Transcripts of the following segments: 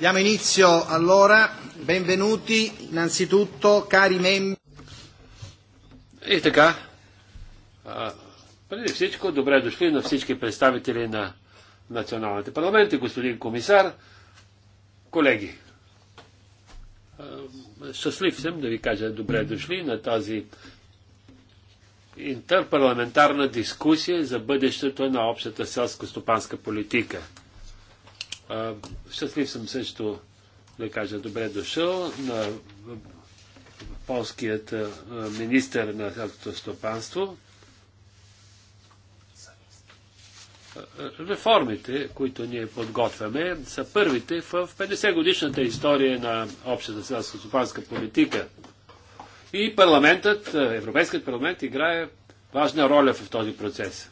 Diamo inizio allora. Benvenuti innanzitutto, cari membri. И така, преди всичко, добре дошли на всички представители на националните парламенти, господин комисар, колеги. А, щастлив съм да ви кажа добре дошли на тази интерпарламентарна дискусия за бъдещето на общата селско-стопанска политика – щастлив съм също да кажа добре дошъл на полският министър на селското стопанство. Реформите, които ние подготвяме, са първите в 50-годишната история на общата селско-стопанска политика. И парламентът, Европейският парламент играе важна роля в този процес.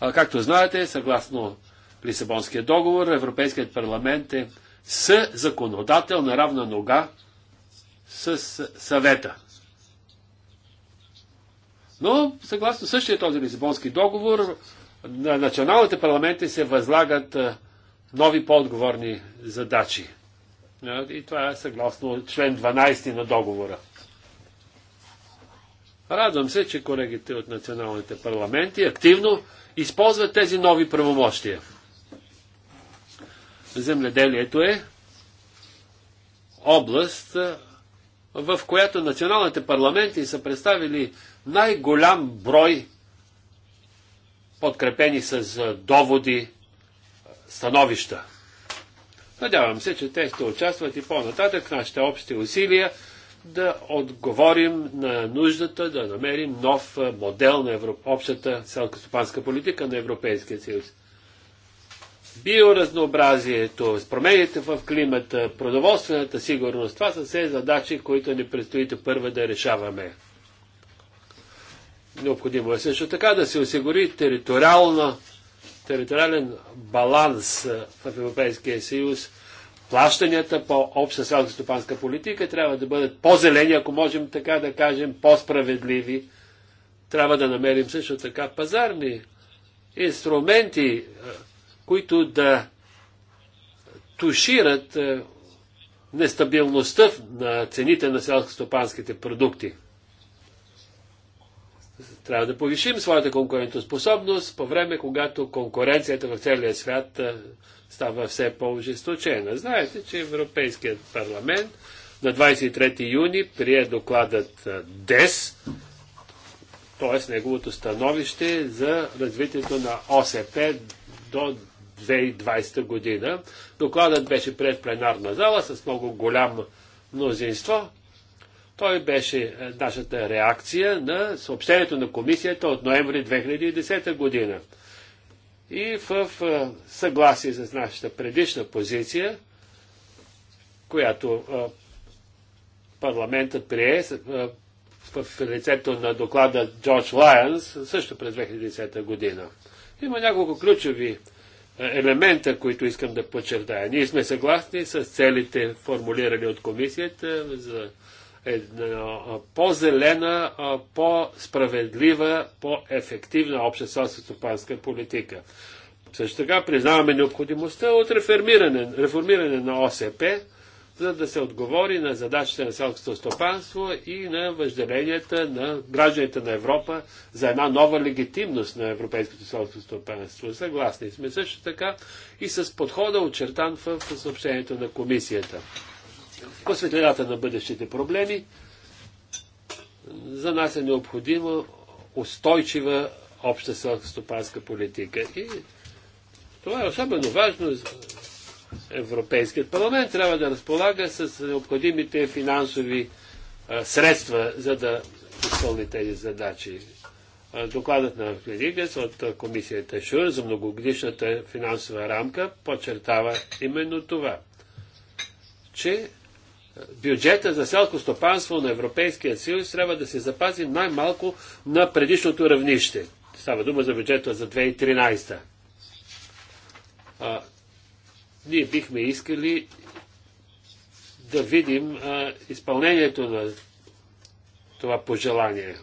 А, както знаете, съгласно Лисабонския договор, Европейският парламент е с законодател на равна нога с съвета. Но, съгласно същия този Лисабонски договор, на националните парламенти се възлагат нови по-отговорни задачи. И това е съгласно член 12 на договора. Радвам се, че колегите от националните парламенти активно използват тези нови правомощия земледелието е област, в която националните парламенти са представили най-голям брой подкрепени с доводи становища. Надявам се, че те ще участват и по-нататък в нашите общи усилия да отговорим на нуждата да намерим нов модел на Европ... общата селкостопанска политика на Европейския съюз биоразнообразието, промените в климата, продоволствената сигурност, това са все задачи, които ни предстои първа да решаваме. Необходимо е също така да се осигури териториален баланс в Европейския съюз. Плащанията по обща селско-стопанска политика трябва да бъдат по-зелени, ако можем така да кажем, по-справедливи. Трябва да намерим също така пазарни инструменти, които да тушират е, нестабилността на цените на селскостопанските продукти. Трябва да повишим своята конкурентоспособност по време, когато конкуренцията в целия свят е, става все по-ожесточена. Знаете, че Европейският парламент на 23 юни прие докладът е, ДЕС, т.е. неговото становище за развитието на ОСП до 2020 година. Докладът беше пред пленарна зала с много голям мнозинство. Той беше е, нашата реакция на съобщението на комисията от ноември 2010 година. И в е, съгласие с нашата предишна позиция, която е, парламентът прие в лицето на доклада Джордж Лайонс, също през 2010 година. Има няколко ключови елемента, които искам да подчертая. Ние сме съгласни с целите, формулирани от комисията за една по-зелена, по-справедлива, по-ефективна обща селско-стопанска политика. Също така признаваме необходимостта от реформиране, реформиране на ОСП, за да се отговори на задачите на селското стопанство и на въжделенията на гражданите на Европа за една нова легитимност на европейското селско стопанство. Съгласни сме също така и с подхода очертан в съобщението на комисията. По светлината на бъдещите проблеми, за нас е необходима устойчива обща селско-стопанска политика. И това е особено важно Европейският парламент трябва да разполага с необходимите финансови средства, за да изпълни тези задачи. докладът на Клинигес от комисията ШУР за многогодишната финансова рамка подчертава именно това, че бюджета за селско стопанство на Европейския съюз трябва да се запази най-малко на предишното равнище. Става дума за бюджета за 2013 ние бихме искали да видим а, изпълнението на това пожелание.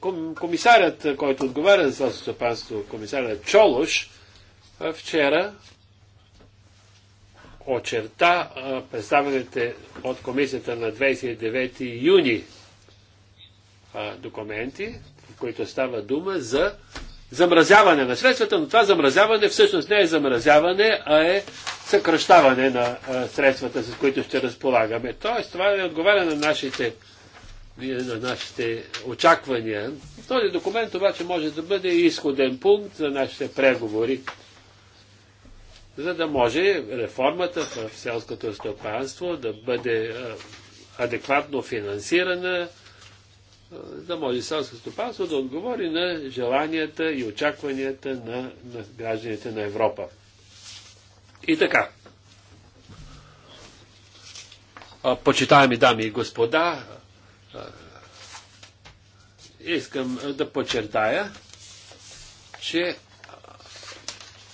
Ком, комисарят, който отговаря за селското стопанство, комисарят Чолош, а, вчера очерта а, представените от комисията на 29 юни а, документи, в които става дума за замразяване на средствата, но това замразяване всъщност не е замразяване, а е съкръщаване на средствата, с които ще разполагаме. Тоест, това не отговаря на нашите, на нашите очаквания. Този документ обаче може да бъде изходен пункт за нашите преговори, за да може реформата в селското стопанство да бъде адекватно финансирана, да може селско стопанство да отговори на желанията и очакванията на, на гражданите на Европа. И така. Почитаеми дами и господа, искам да подчертая, че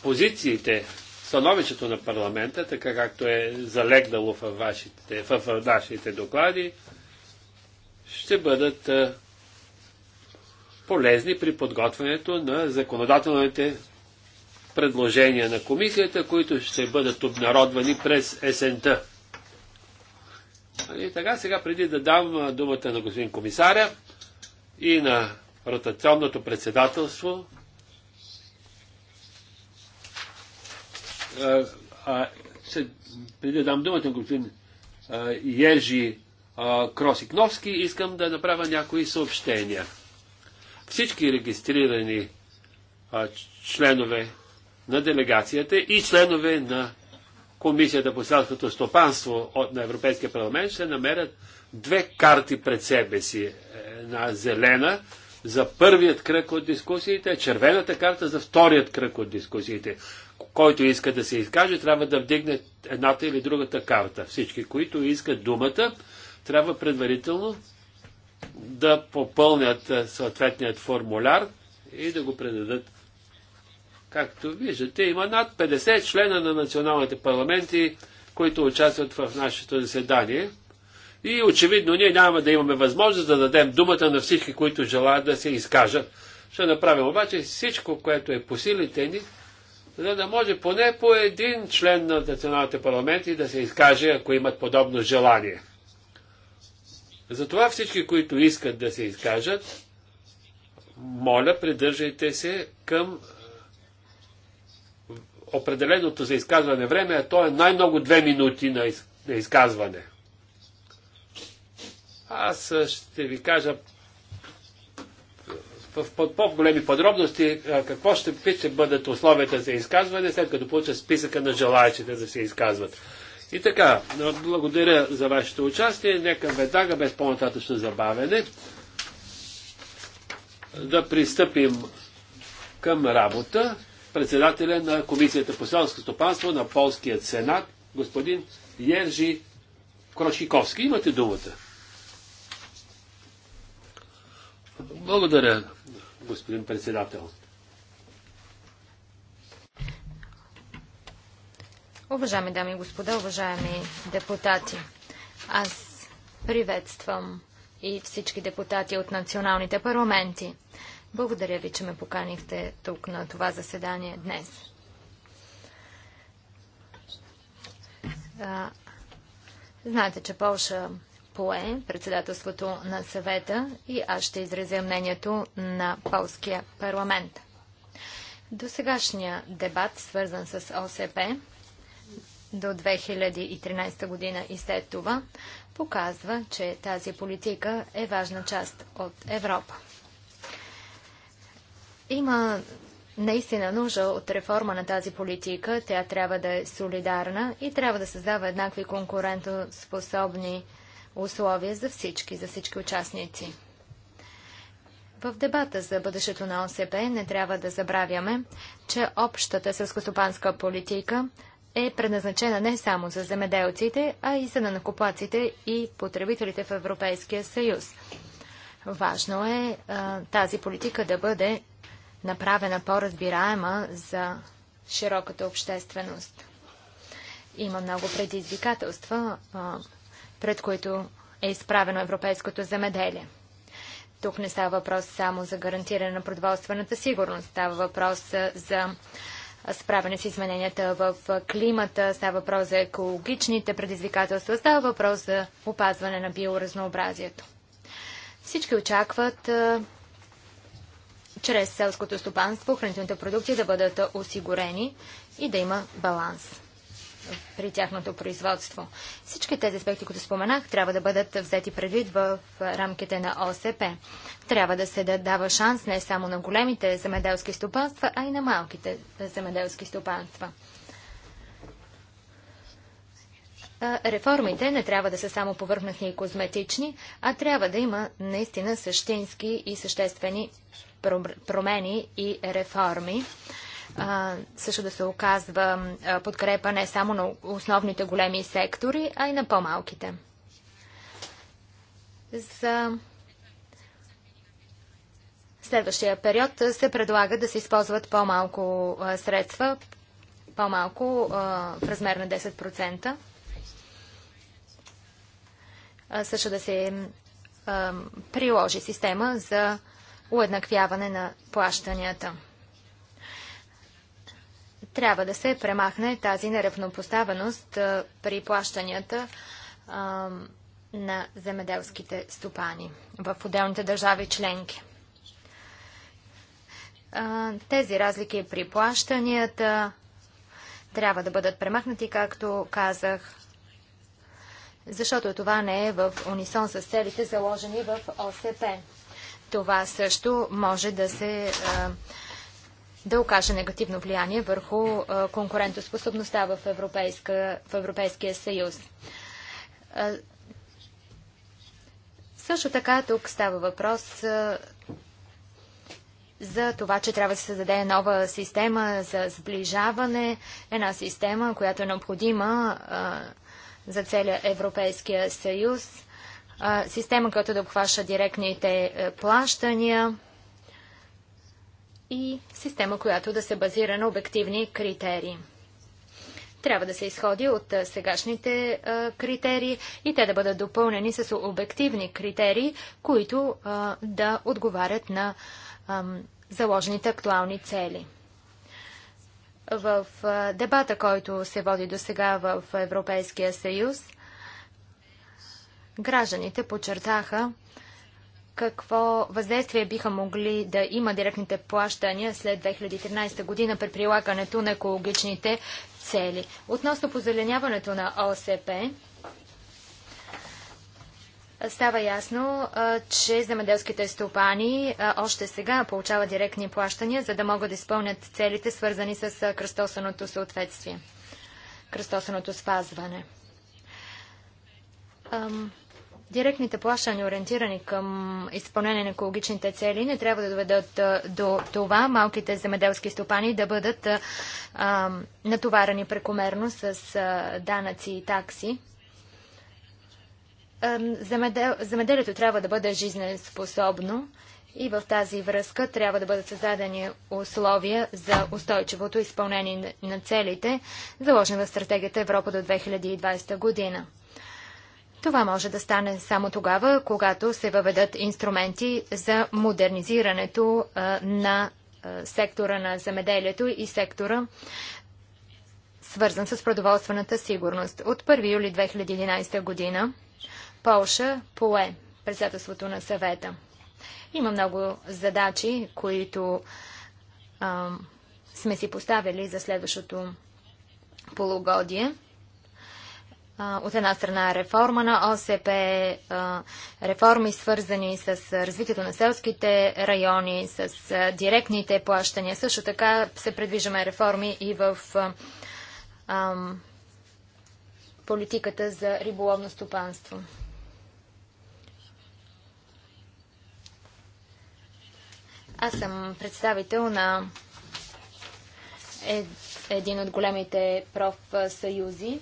позициите, становището на парламента, така както е залегнало в, вашите, в нашите доклади, ще бъдат полезни при подготвянето на законодателните предложения на комисията, които ще бъдат обнародвани през есента. И нали, така, сега преди да дам думата на господин комисаря и на ротационното председателство, а, а, преди да дам думата на господин а, Ежи Кросикновски, искам да направя някои съобщения. Всички регистрирани а, членове на делегацията и членове на Комисията по селското стопанство от, на Европейския парламент ще намерят две карти пред себе си. Една зелена за първият кръг от дискусиите, червената карта за вторият кръг от дискусиите. Който иска да се изкаже, трябва да вдигне едната или другата карта. Всички, които искат думата, трябва предварително да попълнят е, съответният формуляр и да го предадат. Както виждате, има над 50 члена на националните парламенти, които участват в нашето заседание. И очевидно ние няма да имаме възможност да дадем думата на всички, които желаят да се изкажат. Ще направим обаче всичко, което е по силите ни, за да може поне по един член на националните парламенти да се изкаже, ако имат подобно желание. Затова всички, които искат да се изкажат, моля, придържайте се към е, определеното за изказване време, а то е най-много две минути на, из... на изказване. Аз е, ще ви кажа е, в по-големи подробности какво ще, ще бъдат условията за изказване, след като получа списъка на желаящите да се изказват. И така, благодаря за вашето участие. Нека веднага, без по-нататъчно забавяне, да пристъпим към работа председателя на Комисията по селско стопанство на Полският сенат, господин Ержи Крошиковски. Имате думата. Благодаря, господин председател. Уважаеми дами и господа, уважаеми депутати, аз приветствам и всички депутати от националните парламенти. Благодаря ви, че ме поканихте тук на това заседание днес. Знаете, че Полша пое председателството на съвета и аз ще изразя мнението на полския парламент. До сегашния дебат, свързан с ОСП, до 2013 година и след това, показва, че тази политика е важна част от Европа. Има наистина нужда от реформа на тази политика. Тя трябва да е солидарна и трябва да създава еднакви конкурентоспособни условия за всички, за всички участници. В дебата за бъдещето на ОСП не трябва да забравяме, че общата селскостопанска политика е предназначена не само за земеделците, а и за накопаците и потребителите в Европейския съюз. Важно е а, тази политика да бъде направена по-разбираема за широката общественост. Има много предизвикателства, а, пред които е изправено европейското земеделие. Тук не става въпрос само за гарантиране на продоволствената сигурност, става въпрос за справяне с измененията в климата, става въпрос за екологичните предизвикателства, става въпрос за опазване на биоразнообразието. Всички очакват чрез селското стопанство хранителните продукти да бъдат осигурени и да има баланс при тяхното производство. Всички тези аспекти, които споменах, трябва да бъдат взети предвид в рамките на ОСП. Трябва да се дава шанс не само на големите земеделски стопанства, а и на малките земеделски стопанства. Реформите не трябва да са само повърхностни и козметични, а трябва да има наистина същински и съществени промени и реформи също да се оказва подкрепа не само на основните големи сектори, а и на по-малките. За следващия период се предлага да се използват по-малко средства, по-малко в размер на 10%. също да се приложи система за уеднаквяване на плащанията трябва да се премахне тази неравнопоставеност при плащанията на земеделските стопани в отделните държави членки. тези разлики при плащанията трябва да бъдат премахнати, както казах, защото това не е в унисон с целите заложени в ОСП. Това също може да се а, да окаже негативно влияние върху конкурентоспособността в, Европейска, в Европейския съюз. Също така тук става въпрос за това, че трябва да се създаде нова система за сближаване, една система, която е необходима за целия Европейския съюз, система, която да обхваща директните плащания, и система, която да се базира на обективни критерии. Трябва да се изходи от сегашните а, критерии и те да бъдат допълнени с обективни критерии, които а, да отговарят на а, заложените актуални цели. В дебата, който се води до сега в Европейския съюз, гражданите подчертаха, какво въздействие биха могли да има директните плащания след 2013 година при прилагането на екологичните цели. Относно позеленяването на ОСП, става ясно, че земеделските стопани още сега получават директни плащания, за да могат да изпълнят целите, свързани с кръстосаното съответствие, кръстосаното спазване. Директните плащания, ориентирани към изпълнение на екологичните цели, не трябва да доведат до това малките земеделски стопани да бъдат а, натоварени прекомерно с а, данъци и такси. Земеделието трябва да бъде жизнеспособно и в тази връзка трябва да бъдат създадени условия за устойчивото изпълнение на целите, заложени в стратегията Европа до 2020 година. Това може да стане само тогава, когато се въведат инструменти за модернизирането на сектора на земеделието и сектора свързан с продоволствената сигурност. От 1 юли 2011 година Полша пое председателството на съвета. Има много задачи, които а, сме си поставили за следващото полугодие от една страна реформа на ОСП, реформи свързани с развитието на селските райони, с директните плащания. Също така се предвижаме реформи и в политиката за риболовно стопанство. Аз съм представител на е, един от големите профсъюзи.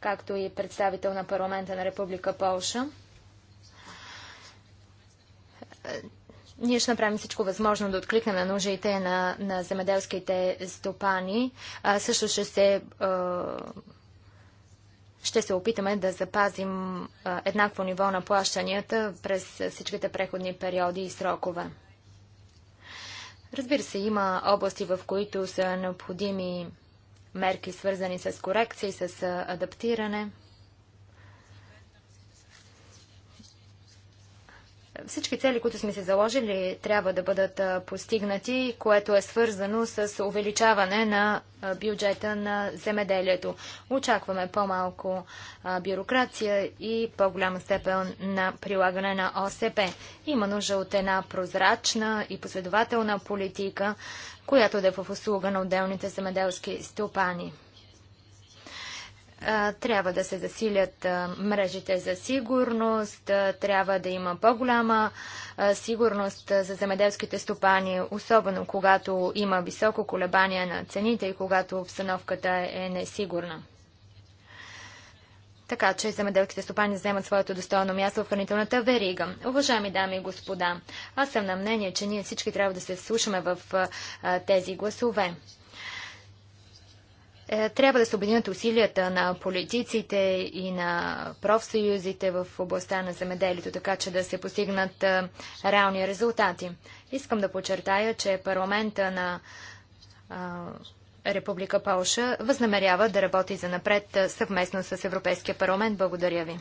както и представител на парламента на Република Полша. Ние ще направим всичко възможно да откликнем на нуждите на, на земеделските стопани. А, също ще се, а, ще се опитаме да запазим а, еднакво ниво на плащанията през всичките преходни периоди и срокове. Разбира се, има области, в които са необходими мерки свързани с корекции, с адаптиране. Всички цели, които сме се заложили, трябва да бъдат постигнати, което е свързано с увеличаване на бюджета на земеделието. Очакваме по-малко бюрокрация и по-голяма степен на прилагане на ОСП. Има нужда от една прозрачна и последователна политика, която да е в услуга на отделните земеделски стопани. Трябва да се засилят мрежите за сигурност, трябва да има по-голяма сигурност за земеделските стопани, особено когато има високо колебание на цените и когато обстановката е несигурна. Така че земеделските стопани вземат своето достойно място в хранителната верига. Уважаеми дами и господа, аз съм на мнение, че ние всички трябва да се слушаме в тези гласове. Е, трябва да се объединят усилията на политиците и на профсъюзите в областта на земеделието, така че да се постигнат е, реални резултати. Искам да подчертая, че парламента на е, Република Полша възнамерява да работи за напред съвместно с Европейския парламент. Благодаря ви.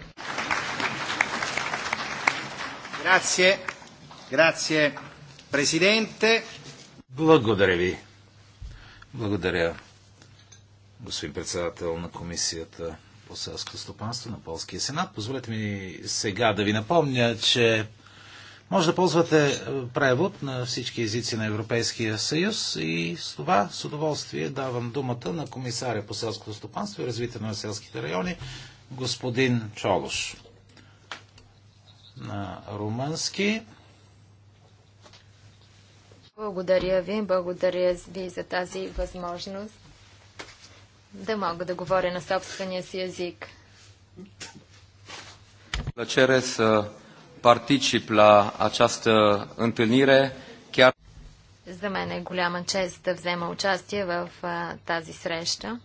Грация. Грация, президенте. Благодаря ви. Благодаря, господин председател на комисията по селско стопанство на Полския сенат. Позволете ми сега да ви напомня, че може да ползвате е, превод на всички езици на Европейския съюз и с това с удоволствие давам думата на комисаря по селското стопанство и развитие на селските райони, господин Чолош. На румънски. Благодаря ви, благодаря ви за тази възможност да мога да говоря на собствения си език. întâlnire chiar за мен е голяма чест да взема участие в а, тази среща.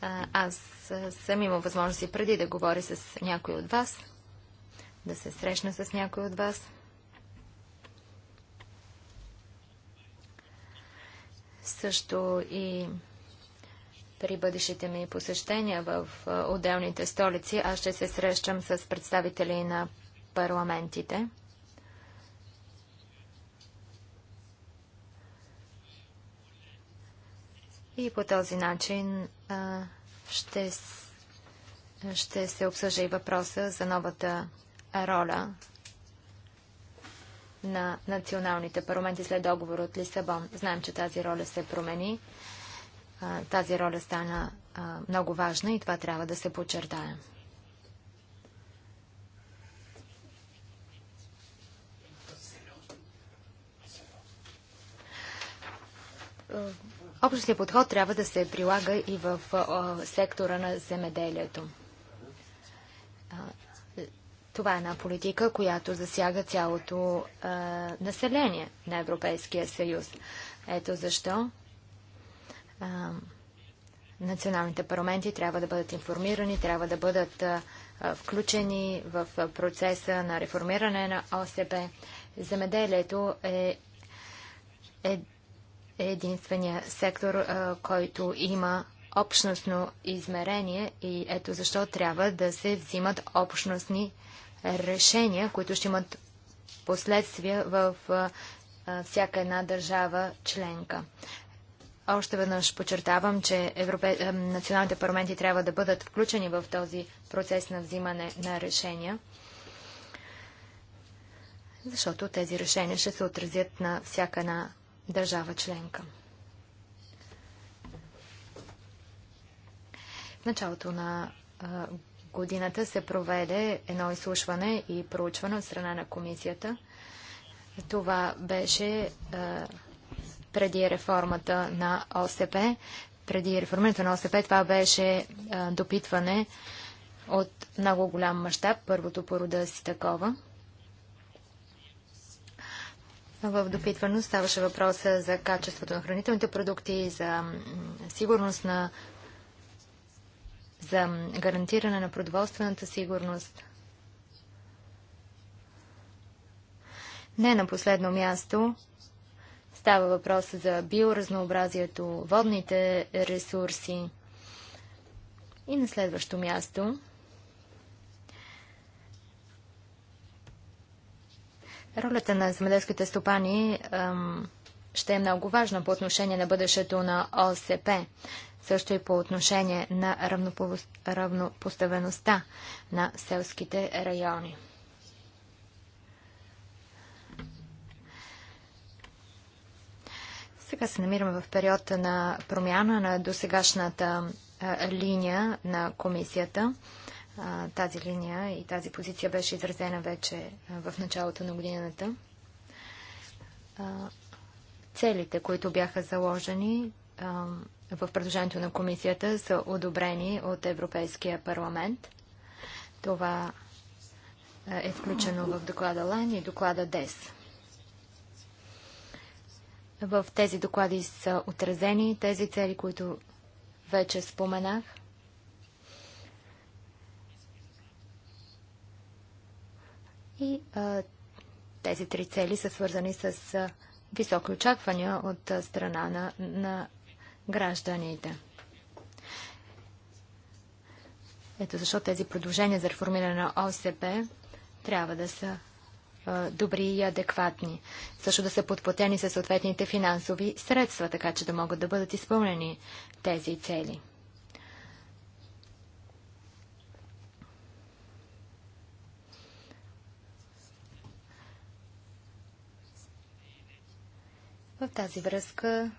А, аз съм имал възможност и преди да говоря с някой от вас, да се срещна с някой от вас. също и при бъдещите ми посещения в отделните столици, аз ще се срещам с представители на парламентите. И по този начин ще, ще се обсъжа и въпроса за новата роля на националните парламенти след договор от Лисабон. Знаем, че тази роля се промени. Тази роля стана много важна и това трябва да се подчертая. Общия подход трябва да се прилага и в сектора на земеделието. Това е една политика, която засяга цялото а, население на Европейския съюз. Ето защо а, националните парламенти трябва да бъдат информирани, трябва да бъдат а, включени в процеса на реформиране на ОСП. Земеделието е, е единствения сектор, а, който има общностно измерение и ето защо трябва да се взимат общностни решения, които ще имат последствия в всяка една държава членка. Още веднъж подчертавам, че европе... националните парламенти трябва да бъдат включени в този процес на взимане на решения, защото тези решения ще се отразят на всяка една държава членка. В началото на годината се проведе едно изслушване и проучване от страна на комисията. Това беше е, преди реформата на ОСП. Преди реформата на ОСП това беше е, допитване от много голям мащаб, първото по рода си такова. В допитване ставаше въпроса за качеството на хранителните продукти, за сигурност на за гарантиране на продоволствената сигурност. Не на последно място става въпрос за биоразнообразието, водните ресурси. И на следващо място ролята на земеделските стопани ще е много важна по отношение на бъдещето на ОСП също и по отношение на равнопоставеността на селските райони. Сега се намираме в период на промяна на досегашната линия на комисията. тази линия и тази позиция беше изразена вече в началото на годината. Целите, които бяха заложени, в предложението на комисията са одобрени от Европейския парламент. Това е, е включено в доклада ЛАН и доклада ДЕС. В тези доклади са отразени тези цели, които вече споменах. И а, тези три цели са свързани с високи очаквания от страна на, на гражданите. Ето защо тези предложения за реформиране на ОСП трябва да са добри и адекватни. Също да са подплатени със съответните финансови средства, така че да могат да бъдат изпълнени тези цели. В тази връзка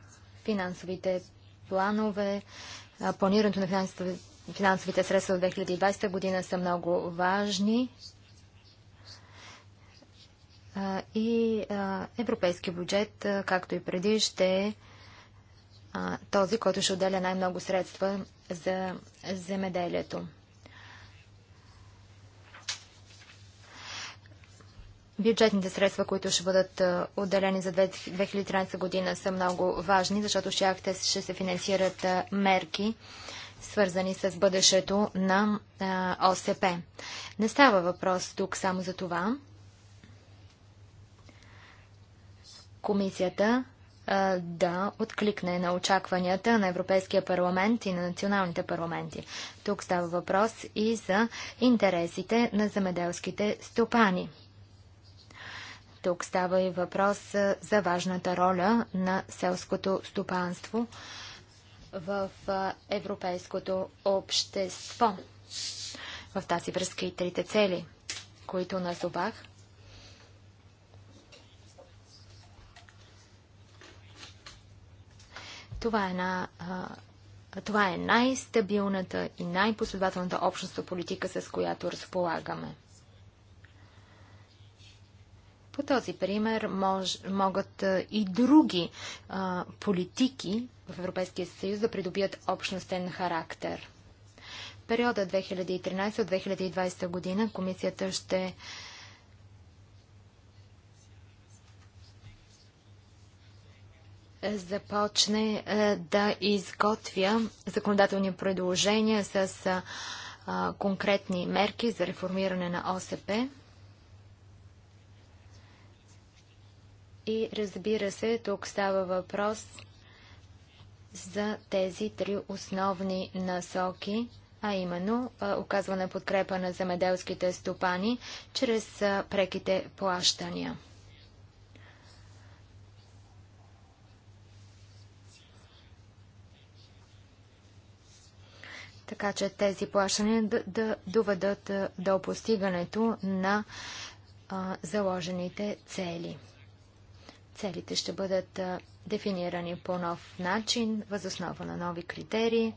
финансовите планове. Планирането на финансовите, средства от 2020 година са много важни. И европейски бюджет, както и преди, ще е този, който ще отделя най-много средства за земеделието. Бюджетните средства, които ще бъдат отделени за 2013 година са много важни, защото ще се финансират мерки, свързани с бъдещето на ОСП. Не става въпрос тук само за това. Комисията да откликне на очакванията на Европейския парламент и на националните парламенти. Тук става въпрос и за интересите на земеделските стопани. Тук става и въпрос за важната роля на селското стопанство в европейското общество. В тази връзка и трите цели, които назовах, Това е, на а, това е най-стабилната и най-последователната общност политика, с която разполагаме. По този пример мож, могат и други а, политики в Европейския съюз да придобият общностен характер. Периода 2013-2020 година комисията ще започне да изготвя законодателни предложения с конкретни мерки за реформиране на ОСП. И разбира се, тук става въпрос за тези три основни насоки, а именно оказване подкрепа на земеделските стопани чрез преките плащания. така че тези плащания да, да доведат до постигането на а, заложените цели. Целите ще бъдат дефинирани по нов начин, възоснова на нови критерии.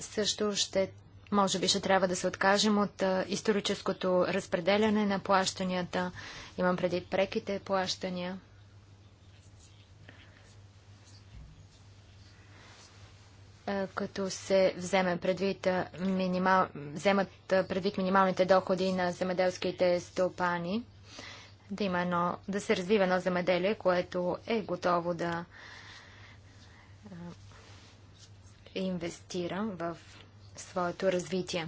Също ще може би ще трябва да се откажем от историческото разпределяне на плащанията. Имам преди преките плащания. Е, като се вземе предвид е, минимал... вземат е, предвид минималните доходи на земеделските стопани, да има едно, да се развива едно земеделие, което е готово да инвестира в своето развитие.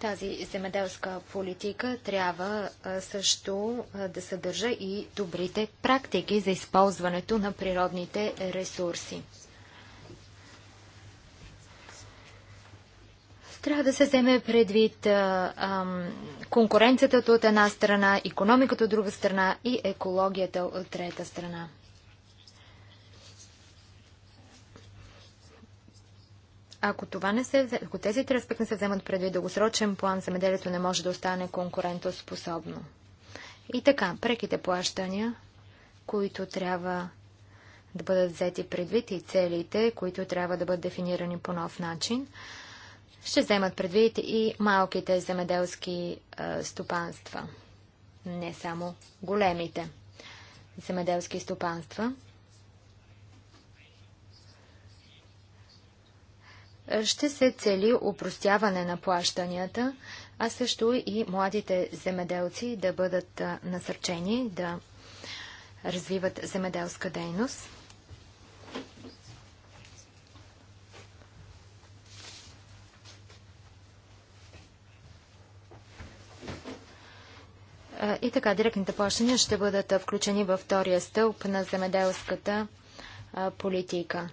Тази земеделска политика трябва също да съдържа и добрите практики за използването на природните ресурси. Трябва да се вземе предвид ам, конкуренцията от една страна, економиката от друга страна и екологията от трета страна. Ако, това не се, ако тези три аспекта не се вземат предвид дългосрочен план, земеделието не може да остане конкурентоспособно. И така, преките плащания, които трябва да бъдат взети предвид и целите, които трябва да бъдат дефинирани по нов начин, ще вземат предвид и малките земеделски е, стопанства, не само големите земеделски стопанства. ще се цели упростяване на плащанията, а също и младите земеделци да бъдат насърчени да развиват земеделска дейност. И така, директните плащания ще бъдат включени във втория стълб на земеделската политика.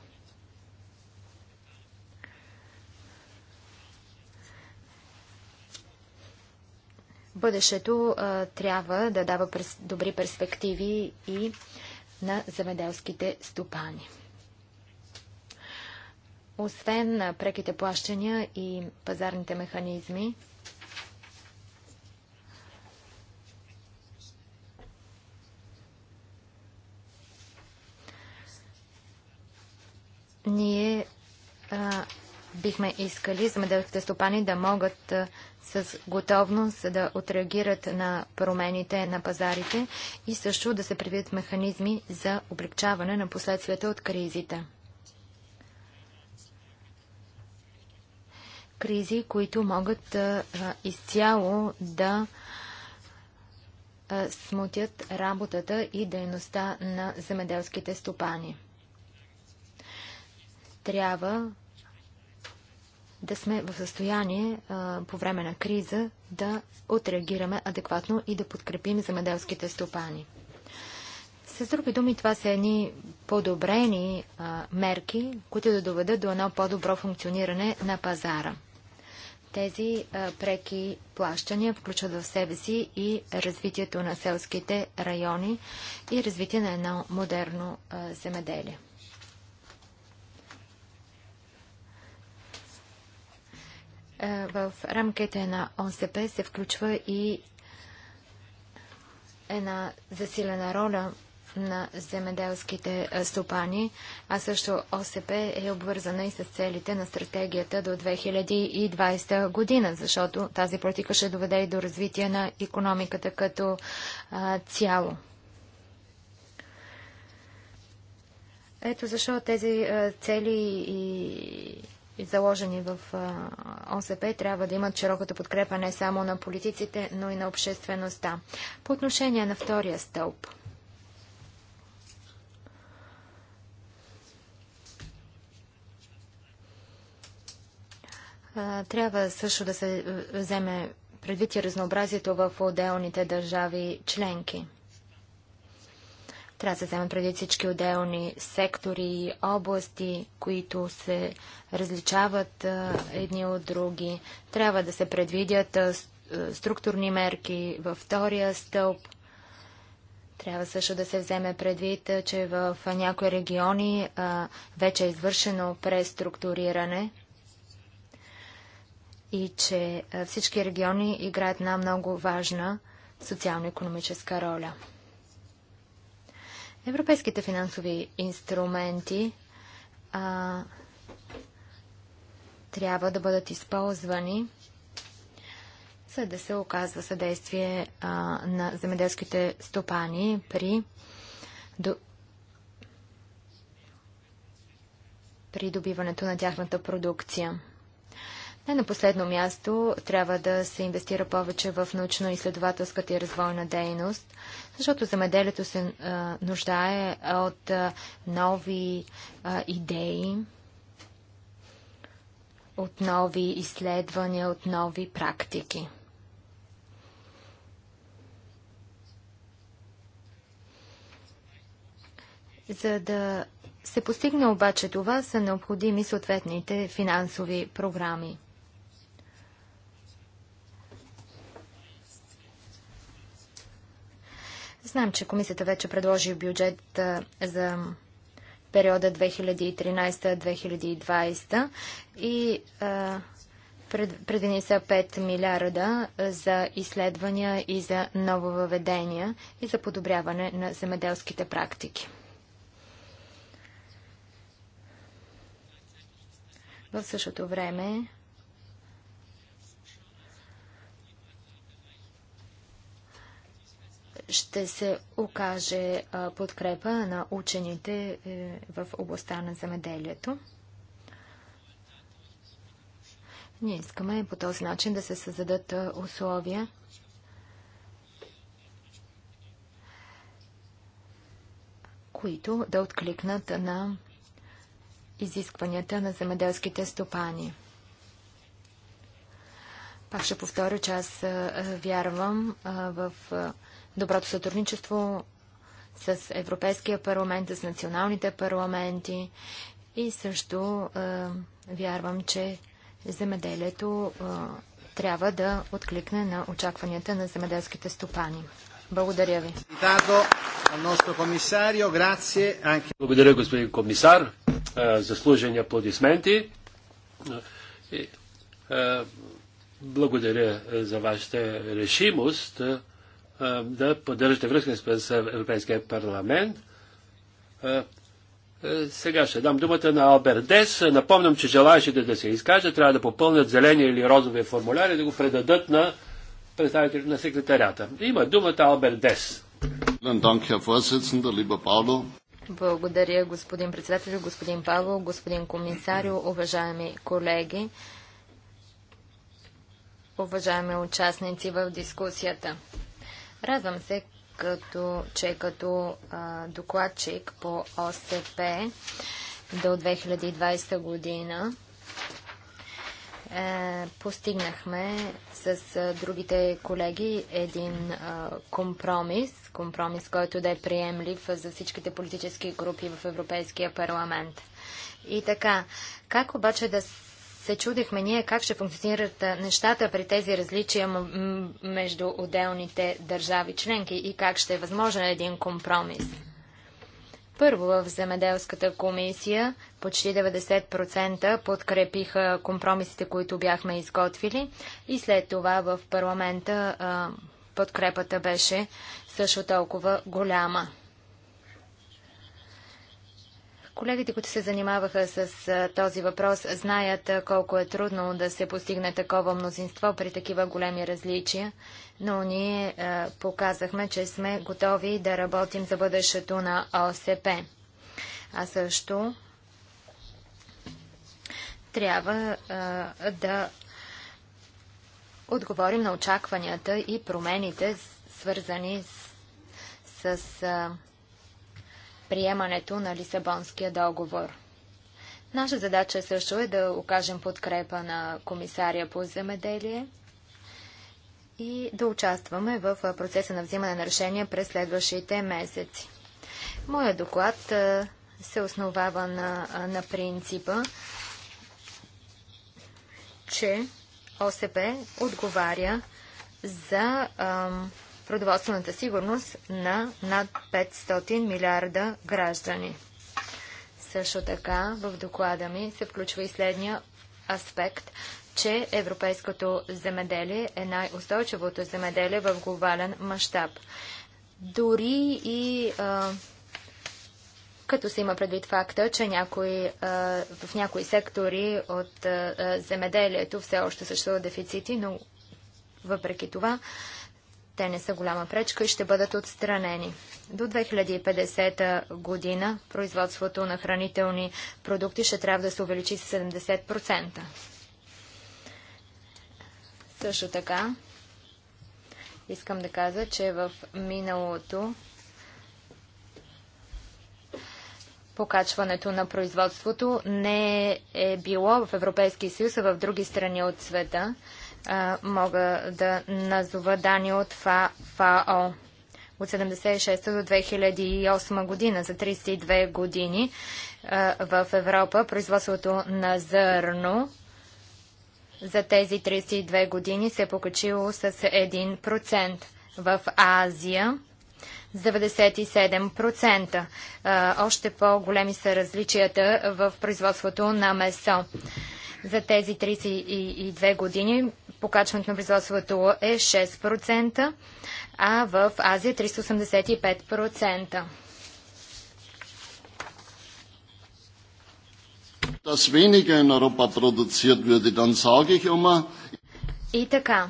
бъдещето а, трябва да дава добри перспективи и на земеделските стопани. Освен на преките плащания и пазарните механизми, ние бихме искали земеделските стопани да могат с готовност да отреагират на промените на пазарите и също да се предвидят механизми за облегчаване на последствията от кризите. Кризи, които могат а, изцяло да а, смутят работата и дейността на земеделските стопани. Трябва да сме в състояние по време на криза да отреагираме адекватно и да подкрепим земеделските стопани. С други думи, това са едни подобрени мерки, които да доведат до едно по-добро функциониране на пазара. Тези преки плащания включват в себе си и развитието на селските райони и развитие на едно модерно земеделие. Е, в рамките на ОСП се включва и една засилена роля на земеделските е, стопани, а също ОСП е обвързана и с целите на стратегията до 2020 година, защото тази политика ще доведе и до развитие на економиката като цяло. Ето защо тези е, цели и заложени в ОСП, трябва да имат широката подкрепа не само на политиците, но и на обществеността. По отношение на втория стълб. Трябва също да се вземе предвид и разнообразието в отделните държави членки. Трябва да се вземат преди всички отделни сектори и области, които се различават едни от други. Трябва да се предвидят структурни мерки във втория стълб. Трябва също да се вземе предвид, че в някои региони вече е извършено преструктуриране и че всички региони играят една много важна социално-економическа роля. Европейските финансови инструменти а, трябва да бъдат използвани за да се оказва съдействие а, на земеделските стопани при, до, при добиването на тяхната продукция. Не на последно място трябва да се инвестира повече в научно-изследователската и развойна дейност защото замеделието се а, нуждае от а, нови а, идеи, от нови изследвания, от нови практики. За да се постигне обаче това, са необходими съответните финансови програми. Знаем, че комисията вече предложи бюджет за периода 2013-2020 и предвини са 5 милиарда за изследвания и за нововъведения и за подобряване на земеделските практики. В същото време ще се окаже подкрепа на учените е, в областта на земеделието. Ние искаме по този начин да се създадат условия които да откликнат на изискванията на земеделските стопани. Пак ще повторя, че аз вярвам в доброто сътрудничество с Европейския парламент, с националните парламенти и също е, вярвам, че земеделието е, трябва да откликне на очакванията на земеделските стопани. Благодаря ви. Благодаря, господин комисар, за служени аплодисменти. Благодаря за вашата решимост да поддържате връзка с Европейския парламент. Сега ще дам думата на Албердес. Напомням, че желаящите да се изкажат трябва да попълнят зелени или розови формуляри и да го предадат на представителите на секретарята. Има думата Албердес. Благодаря, господин председател, господин Павло, господин комисарио, уважаеми колеги, уважаеми участници в дискусията. Радвам се, като, че като а, докладчик по ОСП до 2020 година е, постигнахме с а, другите колеги един а, компромис, компромис, който да е приемлив за всичките политически групи в Европейския парламент. И така, как обаче да се чудехме ние как ще функционират нещата при тези различия между отделните държави членки и как ще е възможен един компромис. Първо в земеделската комисия почти 90% подкрепиха компромисите, които бяхме изготвили и след това в парламента подкрепата беше също толкова голяма. Колегите, които се занимаваха с този въпрос, знаят колко е трудно да се постигне такова мнозинство при такива големи различия, но ние показахме, че сме готови да работим за бъдещето на ОСП. А също трябва да отговорим на очакванията и промените, свързани с, с приемането на Лисабонския договор. Наша задача също е да окажем подкрепа на комисария по земеделие и да участваме в процеса на взимане на решения през следващите месеци. Моя доклад се основава на, на принципа, че ОСП отговаря за ам, продоволствената сигурност на над 500 милиарда граждани. Също така в доклада ми се включва и следния аспект, че европейското земеделие е най-устойчивото земеделие в глобален мащаб. Дори и а, като се има предвид факта, че някой, а, в някои сектори от а, земеделието все още съществуват дефицити, но въпреки това те не са голяма пречка и ще бъдат отстранени. До 2050 година производството на хранителни продукти ще трябва да се увеличи с 70%. Също така, искам да кажа, че в миналото покачването на производството не е било в Европейския съюз, а в други страни от света мога да назова данни от ФАО от 76 до 2008 година, за 32 години в Европа. Производството на зърно за тези 32 години се е покачило с 1%. В Азия 97%. още по-големи са различията в производството на месо. За тези 32 години покачването на производството е 6%, а в Азия 385%. weniger in Europa produziert würde, dann sage ich immer. И така.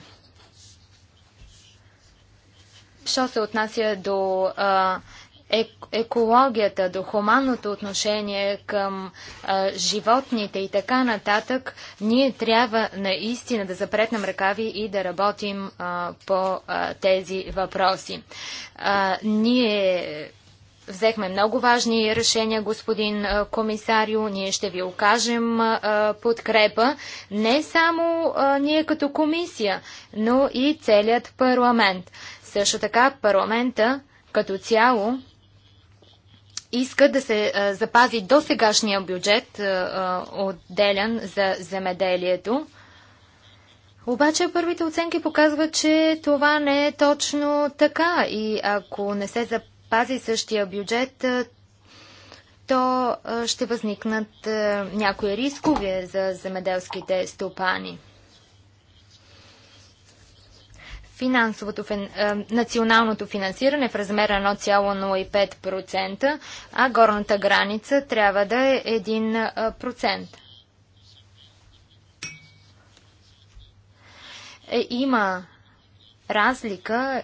Що се отнася до екологията, до хуманното отношение към а, животните и така нататък, ние трябва наистина да запретнем ръкави и да работим а, по а, тези въпроси. А, ние Взехме много важни решения, господин комисарио. Ние ще ви окажем а, подкрепа не само а, ние като комисия, но и целият парламент. Също така парламента като цяло иска да се а, запази до сегашния бюджет, а, за земеделието. Обаче първите оценки показват, че това не е точно така и ако не се запази същия бюджет, то ще възникнат някои рискове за земеделските стопани. финансовото, е, националното финансиране в размер на 1,05%, а горната граница трябва да е 1%. Е, е, има разлика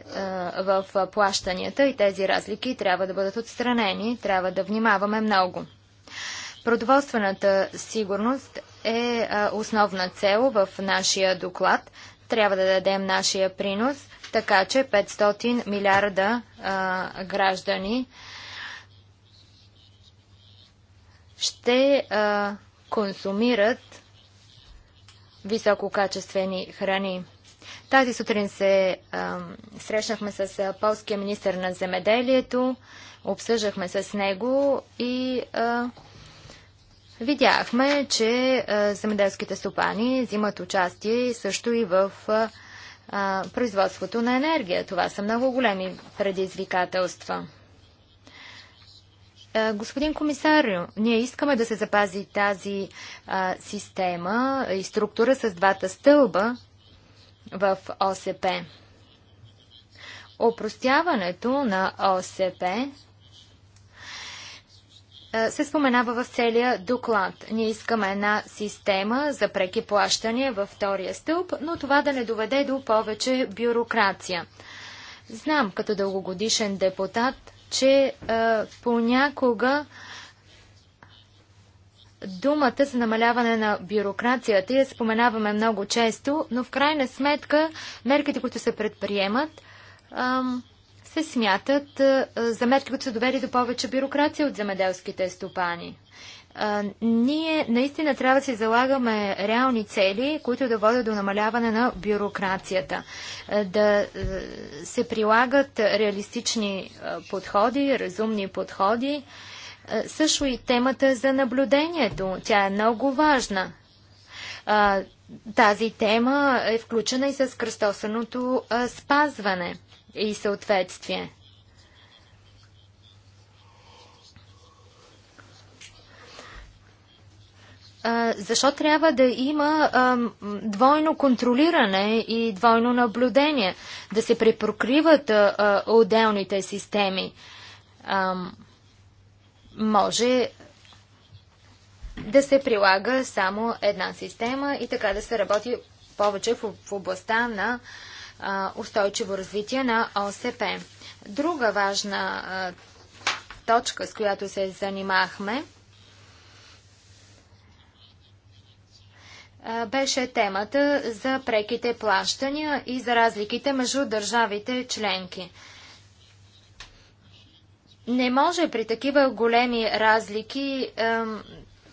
в плащанията и тези разлики трябва да бъдат отстранени, трябва да внимаваме много. Продоволствената сигурност е основна цел в нашия доклад – трябва да дадем нашия принос, така че 500 милиарда а, граждани ще а, консумират висококачествени храни. Тази сутрин се а, срещнахме с а, полския министр на земеделието, обсъждахме с него и а, Видяхме, че земеделските стопани взимат участие също и в производството на енергия. Това са много големи предизвикателства. господин комисар, ние искаме да се запази тази система и структура с двата стълба в ОСП. Опростяването на ОСП е, се споменава в целия доклад. Ние искаме една система за преки плащания във втория стълб, но това да не доведе до повече бюрокрация. Знам като дългогодишен депутат, че е, понякога думата за намаляване на бюрокрацията я споменаваме много често, но в крайна сметка мерките, които се предприемат, е, се смятат за мерки, които са довели до повече бюрокрация от земеделските стопани. ние наистина трябва да си залагаме реални цели, които да водят до намаляване на бюрокрацията. да се прилагат реалистични подходи, разумни подходи. Също и темата за наблюдението. Тя е много важна. Тази тема е включена и с кръстосаното спазване и съответствие. Защо трябва да има а, двойно контролиране и двойно наблюдение? Да се препокриват а, отделните системи? А, може да се прилага само една система и така да се работи повече в, в областта на устойчиво развитие на ОСП. Друга важна точка, с която се занимахме, беше темата за преките плащания и за разликите между държавите членки. Не може при такива големи разлики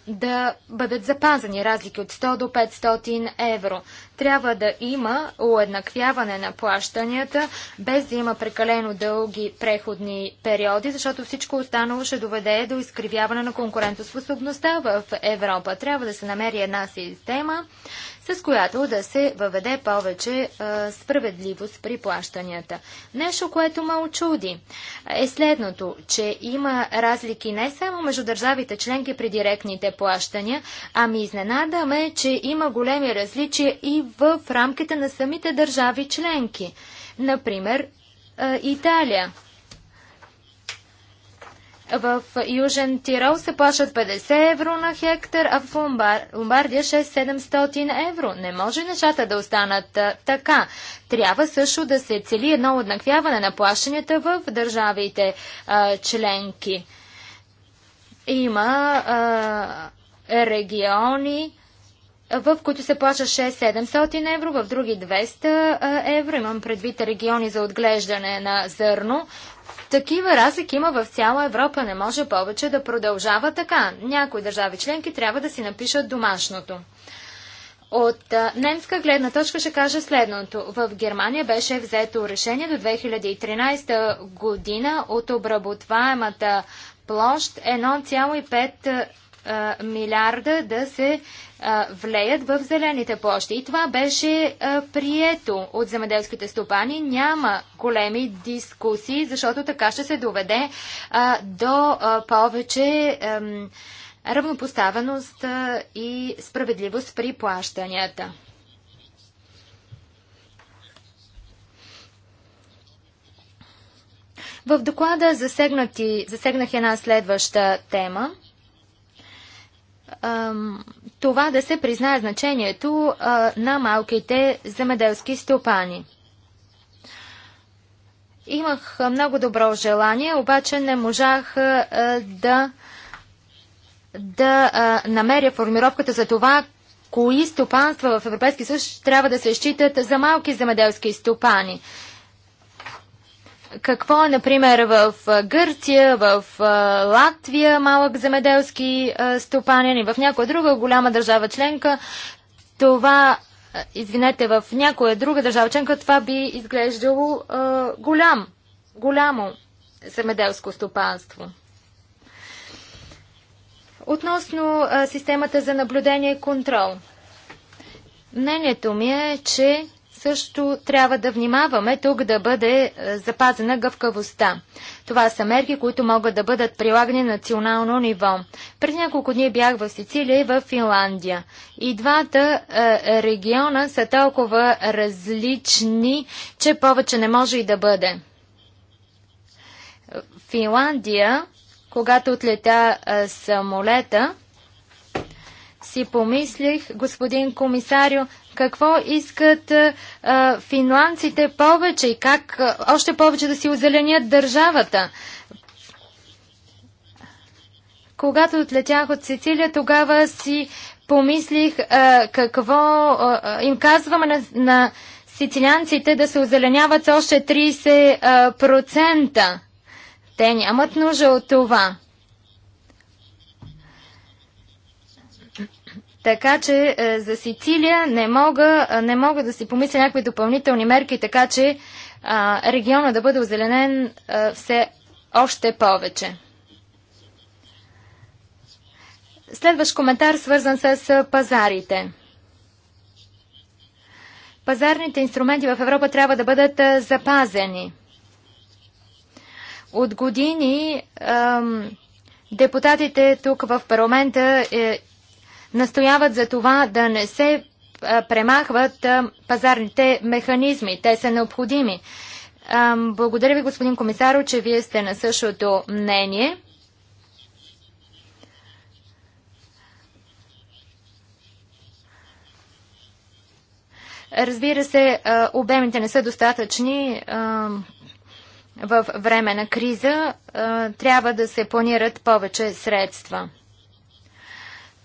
да бъдат запазени разлики от 100 до 500 евро. Трябва да има уеднаквяване на плащанията, без да има прекалено дълги преходни периоди, защото всичко останало ще доведе до изкривяване на конкурентоспособността в Европа. Трябва да се намери една система, с която да се въведе повече а, справедливост при плащанията. Нещо, което ме очуди е следното, че има разлики не само между държавите членки при директните плащания, ами изненадаме, че има големи различия и в рамките на самите държави членки. Например, а, Италия. В Южен Тирол се плащат 50 евро на хектар, а в Ломбар... Ломбардия 6-700 евро. Не може нещата да останат така. Трябва също да се цели едно уеднаквяване на плащанията в държавите а, членки. Има а, региони, в които се плаща 6-700 евро, в други 200 евро. Имам предвид региони за отглеждане на зърно, такива разлики има в цяла Европа. Не може повече да продължава така. Някои държави членки трябва да си напишат домашното. От немска гледна точка ще кажа следното. В Германия беше взето решение до 2013 година от обработваемата площ 1,5 а, милиарда да се а, влеят в зелените площи. И това беше а, прието от земеделските стопани. Няма големи дискусии, защото така ще се доведе а, до а, повече а, равнопоставеност а, и справедливост при плащанията. В доклада засегнати, засегнах една следваща тема – това да се признае значението на малките земеделски стопани. Имах много добро желание, обаче не можах да, да намеря формировката за това, кои стопанства в Европейски съюз трябва да се считат за малки земеделски стопани. Какво е, например, в Гърция, в Латвия малък земеделски стопанин и в някоя друга голяма държава членка, това, извинете, в някоя друга държава членка, това би изглеждало голям, голямо земеделско стопанство. Относно системата за наблюдение и контрол. Мнението ми е, че също трябва да внимаваме тук да бъде е, запазена гъвкавостта. Това са мерки, които могат да бъдат прилагани на национално ниво. През няколко дни бях в Сицилия и в Финландия. И двата е, региона са толкова различни, че повече не може и да бъде. Финландия, когато отлета е, самолета, си помислих, господин комисарио, какво искат а, финландците повече и как а, още повече да си озеленят държавата? Когато отлетях от Сицилия, тогава си помислих а, какво а, им казваме на, на сицилианците да се озеленяват още 30%. Те нямат нужда от това. Така че е, за Сицилия не мога, е, не мога да си помисля някакви допълнителни мерки, така че е, региона да бъде озеленен е, все още повече. Следващ коментар свързан с е, пазарите. Пазарните инструменти в Европа трябва да бъдат е, запазени. От години депутатите тук в парламента настояват за това да не се премахват пазарните механизми. Те са необходими. Благодаря ви, господин комисаро, че вие сте на същото мнение. Разбира се, обемите не са достатъчни в време на криза. Трябва да се планират повече средства.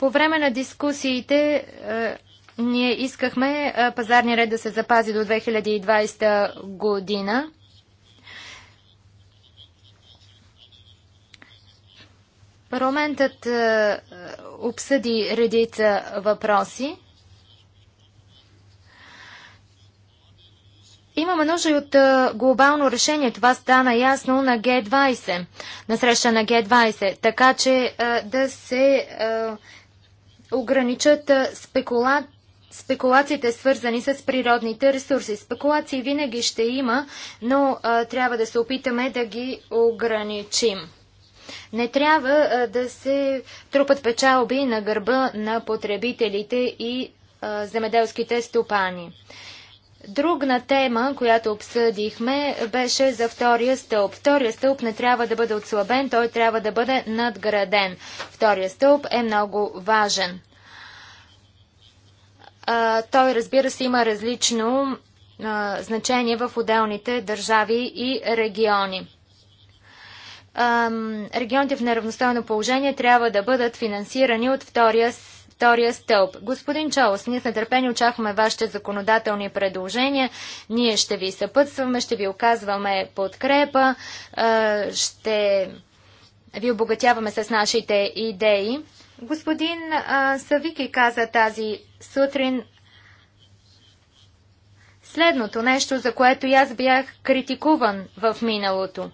По време на дискусиите е, ние искахме е, пазарния ред да се запази до 2020 година. Парламентът е, обсъди редица въпроси. Имаме нужда и от е, глобално решение. Това стана ясно на Г20, на среща на Г20, така че е, да се е, ограничат спекула... спекулациите, свързани с природните ресурси. Спекулации винаги ще има, но а, трябва да се опитаме да ги ограничим. Не трябва а, да се трупат печалби на гърба на потребителите и а, земеделските стопани. Другна тема, която обсъдихме, беше за втория стълб. Втория стълб не трябва да бъде отслабен, той трябва да бъде надграден. Втория стълб е много важен. той, разбира се, има различно значение в отделните държави и региони. регионите в неравностойно положение трябва да бъдат финансирани от втория стълб втория стълб. Господин Чолос, ние с нетърпение очакваме вашите законодателни предложения. Ние ще ви съпътстваме, ще ви оказваме подкрепа, ще ви обогатяваме с нашите идеи. Господин Савики каза тази сутрин следното нещо, за което аз бях критикуван в миналото.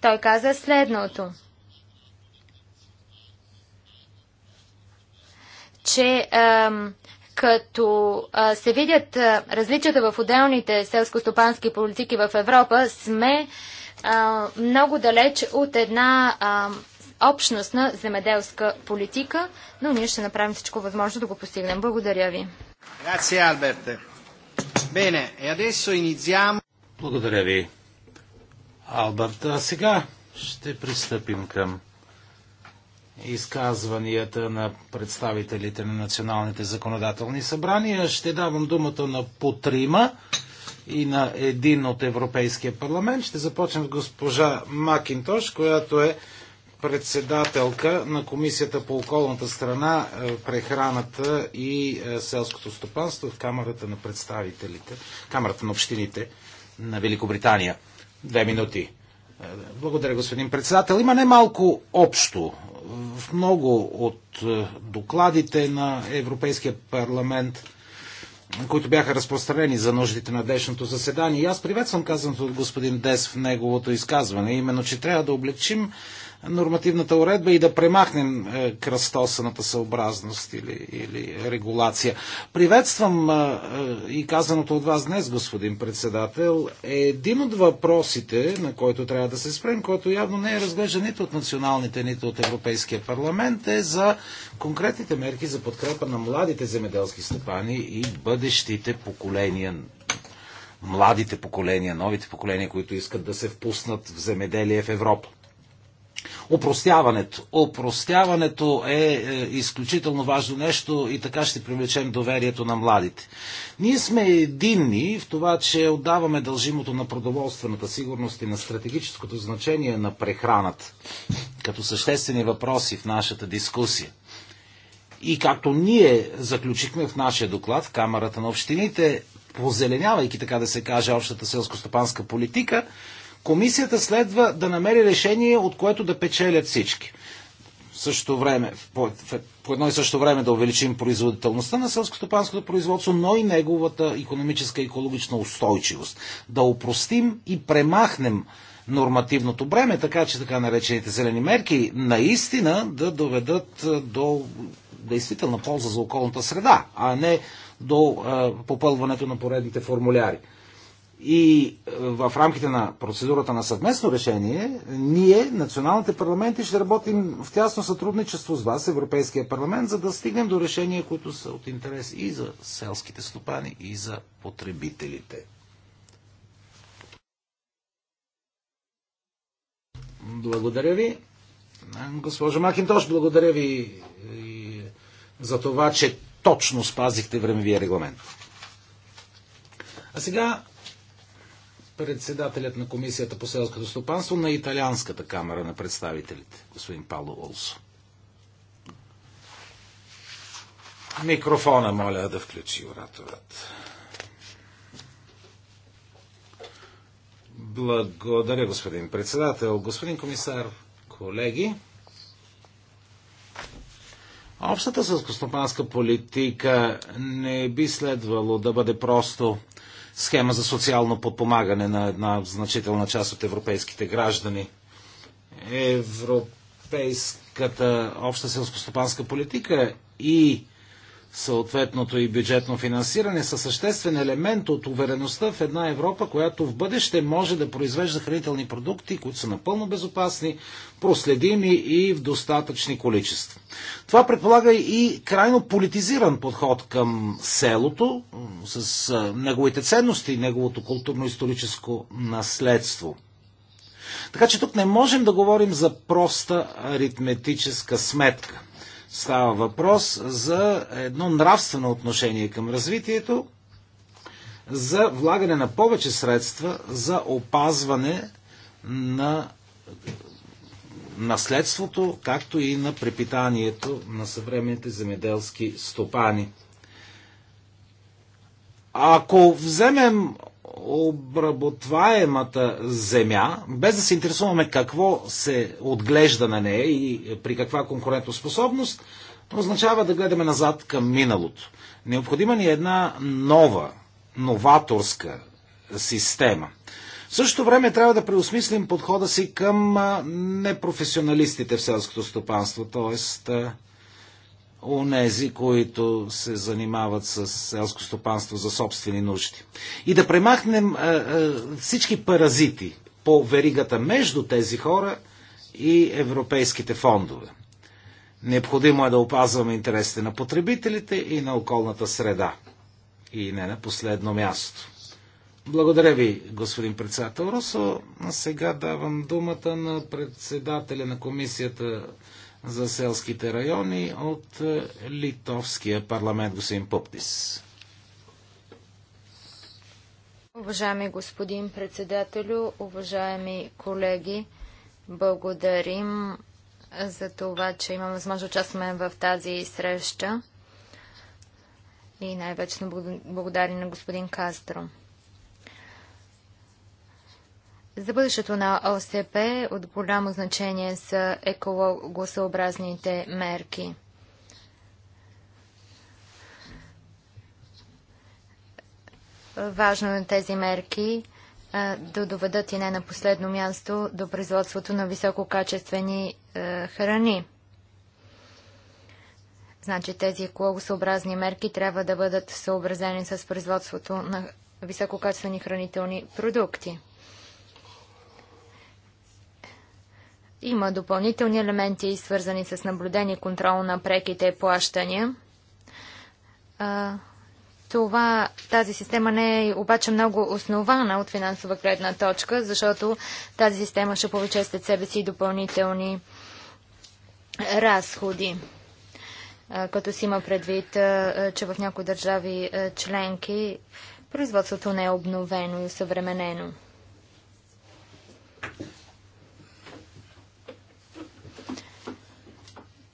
Той каза следното – че като се видят различията в отделните селско-стопански политики в Европа, сме много далеч от една общност на земеделска политика, но ние ще направим всичко възможно да го постигнем. Благодаря ви. E Благодаря ви, Алберт. А сега ще пристъпим към изказванията на представителите на националните законодателни събрания. Ще давам думата на потрима и на един от Европейския парламент. Ще започнем с госпожа Макинтош, която е председателка на Комисията по околната страна, е, прехраната и е, селското стопанство в Камерата на представителите, Камерата на общините на Великобритания. Две минути. Благодаря, господин председател. Има немалко общо в много от е, докладите на Европейския парламент, които бяха разпространени за нуждите на днешното заседание. И аз приветствам казаното от господин Дес в неговото изказване, именно, че трябва да облегчим нормативната уредба и да премахнем е, кръстосаната съобразност или, или регулация. Приветствам е, е, и казаното от вас днес, господин председател, е един от въпросите, на който трябва да се спрем, който явно не е разглежда нито от националните, нито от Европейския парламент, е за конкретните мерки за подкрепа на младите земеделски стопани и бъдещите поколения младите поколения, новите поколения, които искат да се впуснат в земеделие в Европа. Опростяването. Опростяването е, е изключително важно нещо и така ще привлечем доверието на младите. Ние сме единни в това, че отдаваме дължимото на продоволствената сигурност и на стратегическото значение на прехраната като съществени въпроси в нашата дискусия. И както ние заключихме в нашия доклад в Камерата на общините, позеленявайки, така да се каже, общата селско-стопанска политика, комисията следва да намери решение, от което да печелят всички. В същото време, по, по едно и също време да увеличим производителността на селскостопанското производство, но и неговата економическа и екологична устойчивост. Да упростим и премахнем нормативното бреме, така че така наречените зелени мерки наистина да доведат до действителна полза за околната среда, а не до е, попълването на поредните формуляри. И е, в рамките на процедурата на съвместно решение, ние, националните парламенти, ще работим в тясно сътрудничество с вас, Европейския парламент, за да стигнем до решения, които са от интерес и за селските стопани, и за потребителите. Благодаря ви. Госпожо Макинтош, благодаря ви е, за това, че точно спазихте времевия регламент. А сега председателят на Комисията по селското стопанство на Италианската камера на представителите, господин Пало Олсо. Микрофона моля да включи ораторът. Благодаря, господин председател. Господин комисар, колеги. Общата селскостопанска политика не би следвало да бъде просто схема за социално подпомагане на една значителна част от европейските граждани. Европейската обща селскостопанска политика и съответното и бюджетно финансиране са съществен елемент от увереността в една Европа, която в бъдеще може да произвежда хранителни продукти, които са напълно безопасни, проследими и в достатъчни количества. Това предполага и крайно политизиран подход към селото, с неговите ценности и неговото културно-историческо наследство. Така че тук не можем да говорим за проста аритметическа сметка – Става въпрос за едно нравствено отношение към развитието, за влагане на повече средства за опазване на наследството, както и на препитанието на съвременните земеделски стопани. Ако вземем обработваемата земя, без да се интересуваме какво се отглежда на нея и при каква конкурентоспособност, означава да гледаме назад към миналото. Необходима ни е една нова, новаторска система. В същото време трябва да преосмислим подхода си към непрофесионалистите в селското стопанство, т.е онези, които се занимават с селско стопанство за собствени нужди. И да премахнем а, а, всички паразити по веригата между тези хора и европейските фондове. Необходимо е да опазваме интересите на потребителите и на околната среда. И не на последно място. Благодаря ви, господин председател Русо. Сега давам думата на председателя на комисията за селските райони от е, Литовския парламент, господин Пуптис. Уважаеми господин председателю, уважаеми колеги, благодарим за това, че имам възможност да участваме в тази среща и най-вече благодарим на господин Кастро. За бъдещето на ОСП от голямо значение са екологосъобразните мерки. Важно е тези мерки да доведат и не на последно място до производството на висококачествени храни. Значи тези екологосъобразни мерки трябва да бъдат съобразени с производството на висококачествени хранителни продукти. Има допълнителни елементи, свързани с наблюдение и контрол на преките плащания. това, тази система не е обаче много основана от финансова гледна точка, защото тази система ще повече след себе си допълнителни разходи. като си има предвид, че в някои държави членки производството не е обновено и усъвременено.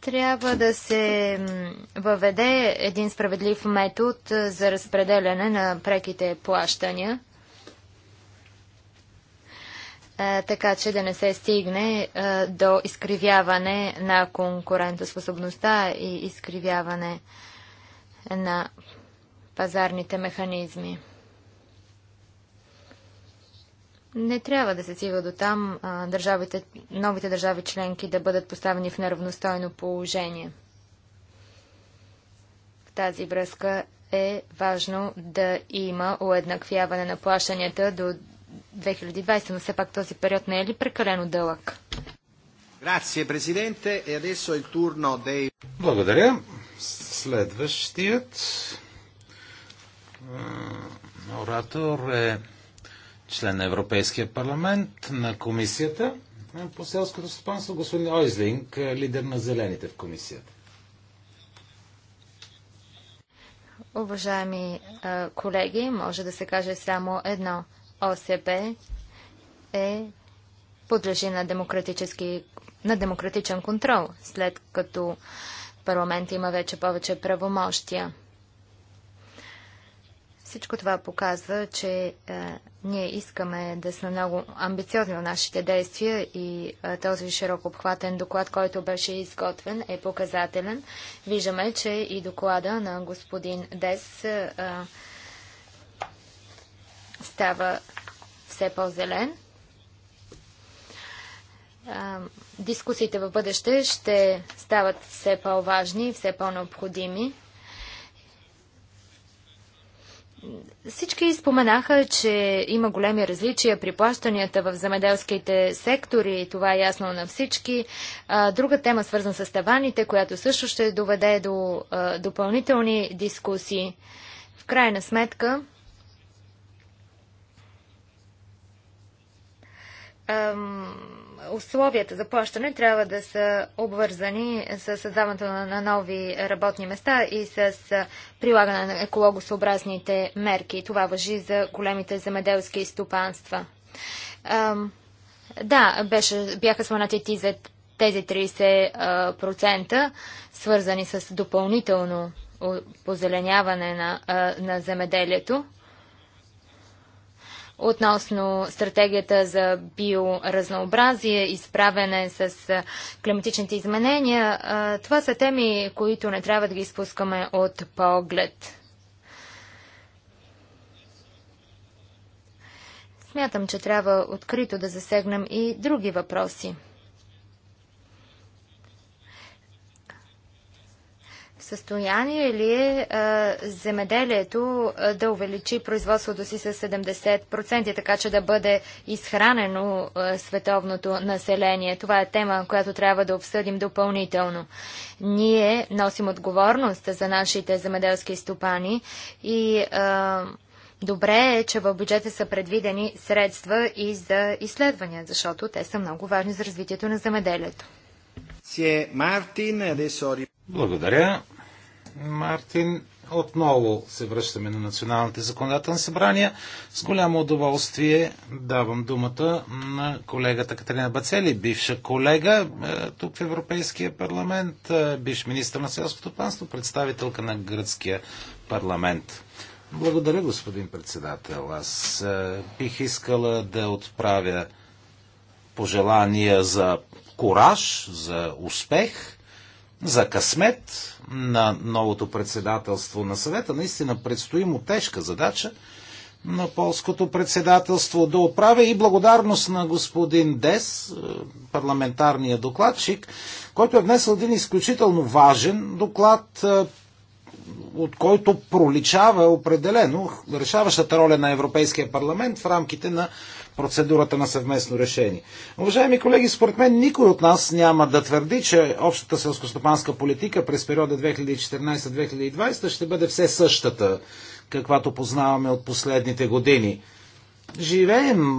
Трябва да се въведе един справедлив метод за разпределяне на преките плащания, така че да не се стигне до изкривяване на конкурентоспособността и изкривяване на пазарните механизми. Не трябва да се сива до там държавите, новите държави членки да бъдат поставени в неравностойно положение. В тази връзка е важно да има уеднаквяване на плащанията до 2020, но все пак този период не е ли прекалено дълъг? Е Благодаря. Следващият оратор е член на Европейския парламент, на комисията по селското стопанство, господин Ойзлинг, лидер на зелените в комисията. Уважаеми а, колеги, може да се каже само едно. ОСП е подлежи на, демократически, на демократичен контрол, след като парламент има вече повече правомощия. Всичко това показва, че е, ние искаме да сме много амбициозни в нашите действия и този широко обхватен доклад, който беше изготвен, е показателен. Виждаме, че и доклада на господин Дес става все по-зелен. Дискусиите в бъдеще ще стават все по-важни и все по-необходими. Всички споменаха, че има големи различия при плащанията в земеделските сектори. Това е ясно на всички. Друга тема, свързана с таваните, която също ще доведе до допълнителни дискусии. В крайна сметка, условията за плащане трябва да са обвързани с създаването на нови работни места и с прилагане на екологосъобразните мерки. Това въжи за големите земеделски стопанства. Да, беше, бяха за тези 30%, свързани с допълнително позеленяване на, на земеделието. Относно стратегията за биоразнообразие и справяне с климатичните изменения, това са теми, които не трябва да ги изпускаме от поглед. Смятам, че трябва открито да засегнем и други въпроси. състояние ли е земеделието да увеличи производството си с 70%, така че да бъде изхранено световното население? Това е тема, която трябва да обсъдим допълнително. Ние носим отговорност за нашите земеделски стопани и а, добре е, че в бюджета са предвидени средства и за изследвания, защото те са много важни за развитието на земеделието. Е Благодаря. Мартин. Отново се връщаме на националните законодателни събрания. С голямо удоволствие давам думата на колегата Катерина Бацели, бивша колега е, тук в Европейския парламент, е, бивш министр на селското панство, представителка на гръцкия парламент. Благодаря, господин председател. Аз е, бих искала да отправя пожелания за кораж, за успех, за късмет на новото председателство на съвета. Наистина предстои му тежка задача на полското председателство да оправя и благодарност на господин Дес, е, парламентарния докладчик, който е внесъл един изключително важен доклад, е, от който проличава определено решаващата роля на Европейския парламент в рамките на процедурата на съвместно решение. Уважаеми колеги, според мен никой от нас няма да твърди, че общата селскостопанска политика през периода 2014-2020 ще бъде все същата, каквато познаваме от последните години. Живеем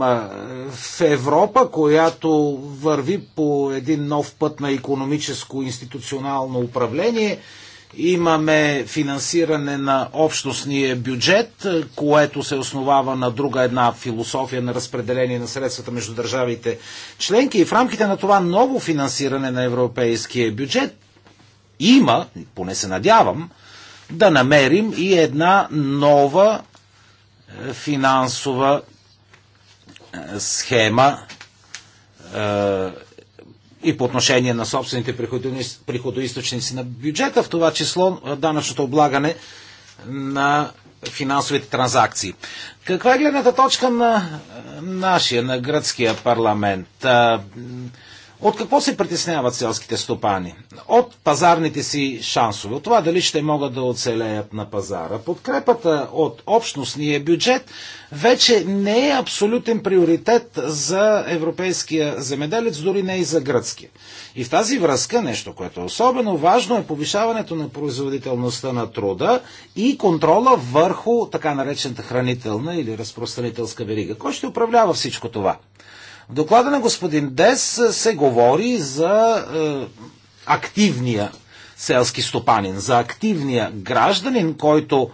в Европа, която върви по един нов път на економическо институционално управление – Имаме финансиране на общностния бюджет, е, което се основава на друга една философия на разпределение на средствата между държавите членки. И в рамките на това ново финансиране на европейския бюджет има, поне се надявам, да намерим и една нова е, финансова е, схема и по отношение на собствените приходоисточници на бюджета, в това число данъчното облагане на финансовите транзакции. Каква е гледната точка на нашия, на гръцкия парламент? От какво се притесняват селските стопани? От пазарните си шансове, от това дали ще могат да оцелеят на пазара. Подкрепата от общностния бюджет вече не е абсолютен приоритет за европейския земеделец, дори не и за гръцкия. И в тази връзка нещо, което е особено важно е повишаването на производителността на труда и контрола върху така наречената хранителна или разпространителска верига. Кой ще управлява всичко това? В доклада на господин Дес се говори за е, активния селски стопанин, за активния гражданин, който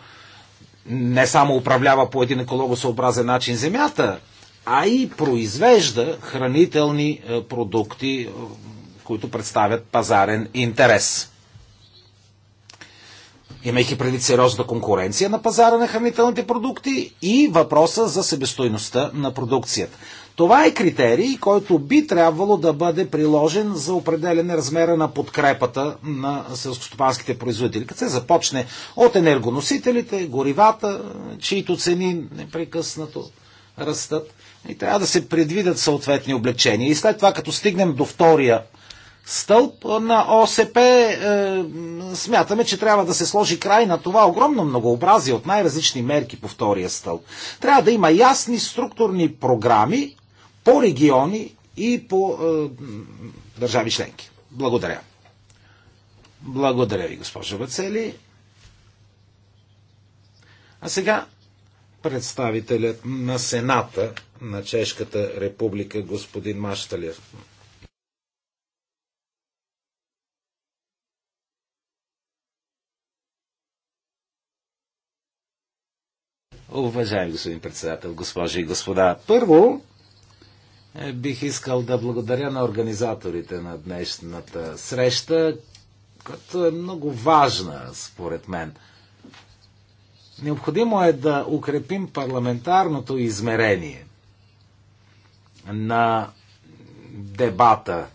не само управлява по един екологосъобразен начин земята, а и произвежда хранителни е, продукти, е, които представят пазарен интерес. Имайки преди сериозна конкуренция на пазара на хранителните продукти и въпроса за себестойността на продукцията. Това е критерий, който би трябвало да бъде приложен за определене размера на подкрепата на селскостопанските производители. Като се започне от енергоносителите, горивата, чието цени непрекъснато растат. И трябва да се предвидят съответни облечения. И след това, като стигнем до втория стълб на ОСП, е, смятаме, че трябва да се сложи край на това огромно многообразие от най-различни мерки по втория стълб. Трябва да има ясни структурни програми, по региони и по е, държави членки. Благодаря. Благодаря ви, госпожо Вацели. А сега представителят на Сената на Чешката република, господин Машталер. Уважаеми господин председател, госпожи и господа, първо е, бих искал да благодаря на организаторите на днешната среща, която е много важна, според мен. Необходимо е да укрепим парламентарното измерение на дебата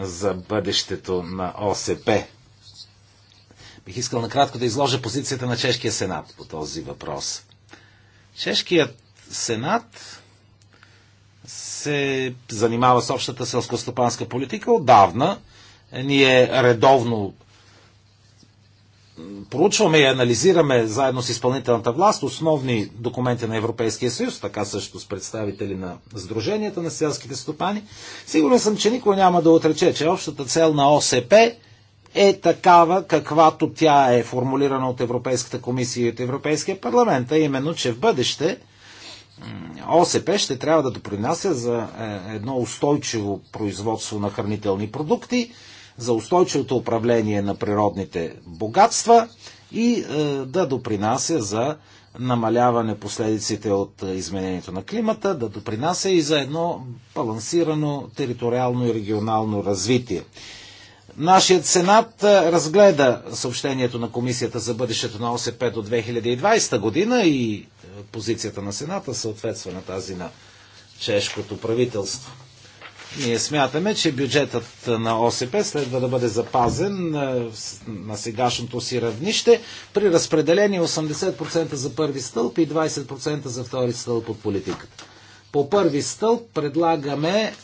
за бъдещето на ОСП. Бих искал накратко да изложа позицията на Чешкия Сенат по този въпрос. Чешкият Сенат се занимава с общата селско-стопанска политика отдавна. Ние редовно проучваме и анализираме заедно с изпълнителната власт основни документи на Европейския съюз, така също с представители на Сдруженията на селските стопани. Сигурен съм, че никой няма да отрече, че общата цел на ОСП е такава, каквато тя е формулирана от Европейската комисия и от Европейския парламент, а именно, че в бъдеще ОСП ще трябва да допринася за е, едно устойчиво производство на хранителни продукти, за устойчивото управление на природните богатства и е, да допринася за намаляване последиците от е, изменението на климата, да допринася и за едно балансирано териториално и регионално развитие. Нашият Сенат разгледа съобщението на Комисията за бъдещето на ОСП до 2020 година и позицията на Сената съответства на тази на чешкото правителство. Ние смятаме, че бюджетът на ОСП следва да бъде запазен на сегашното си равнище при разпределение 80% за първи стълб и 20% за втори стълб от политиката. По първи стълб предлагаме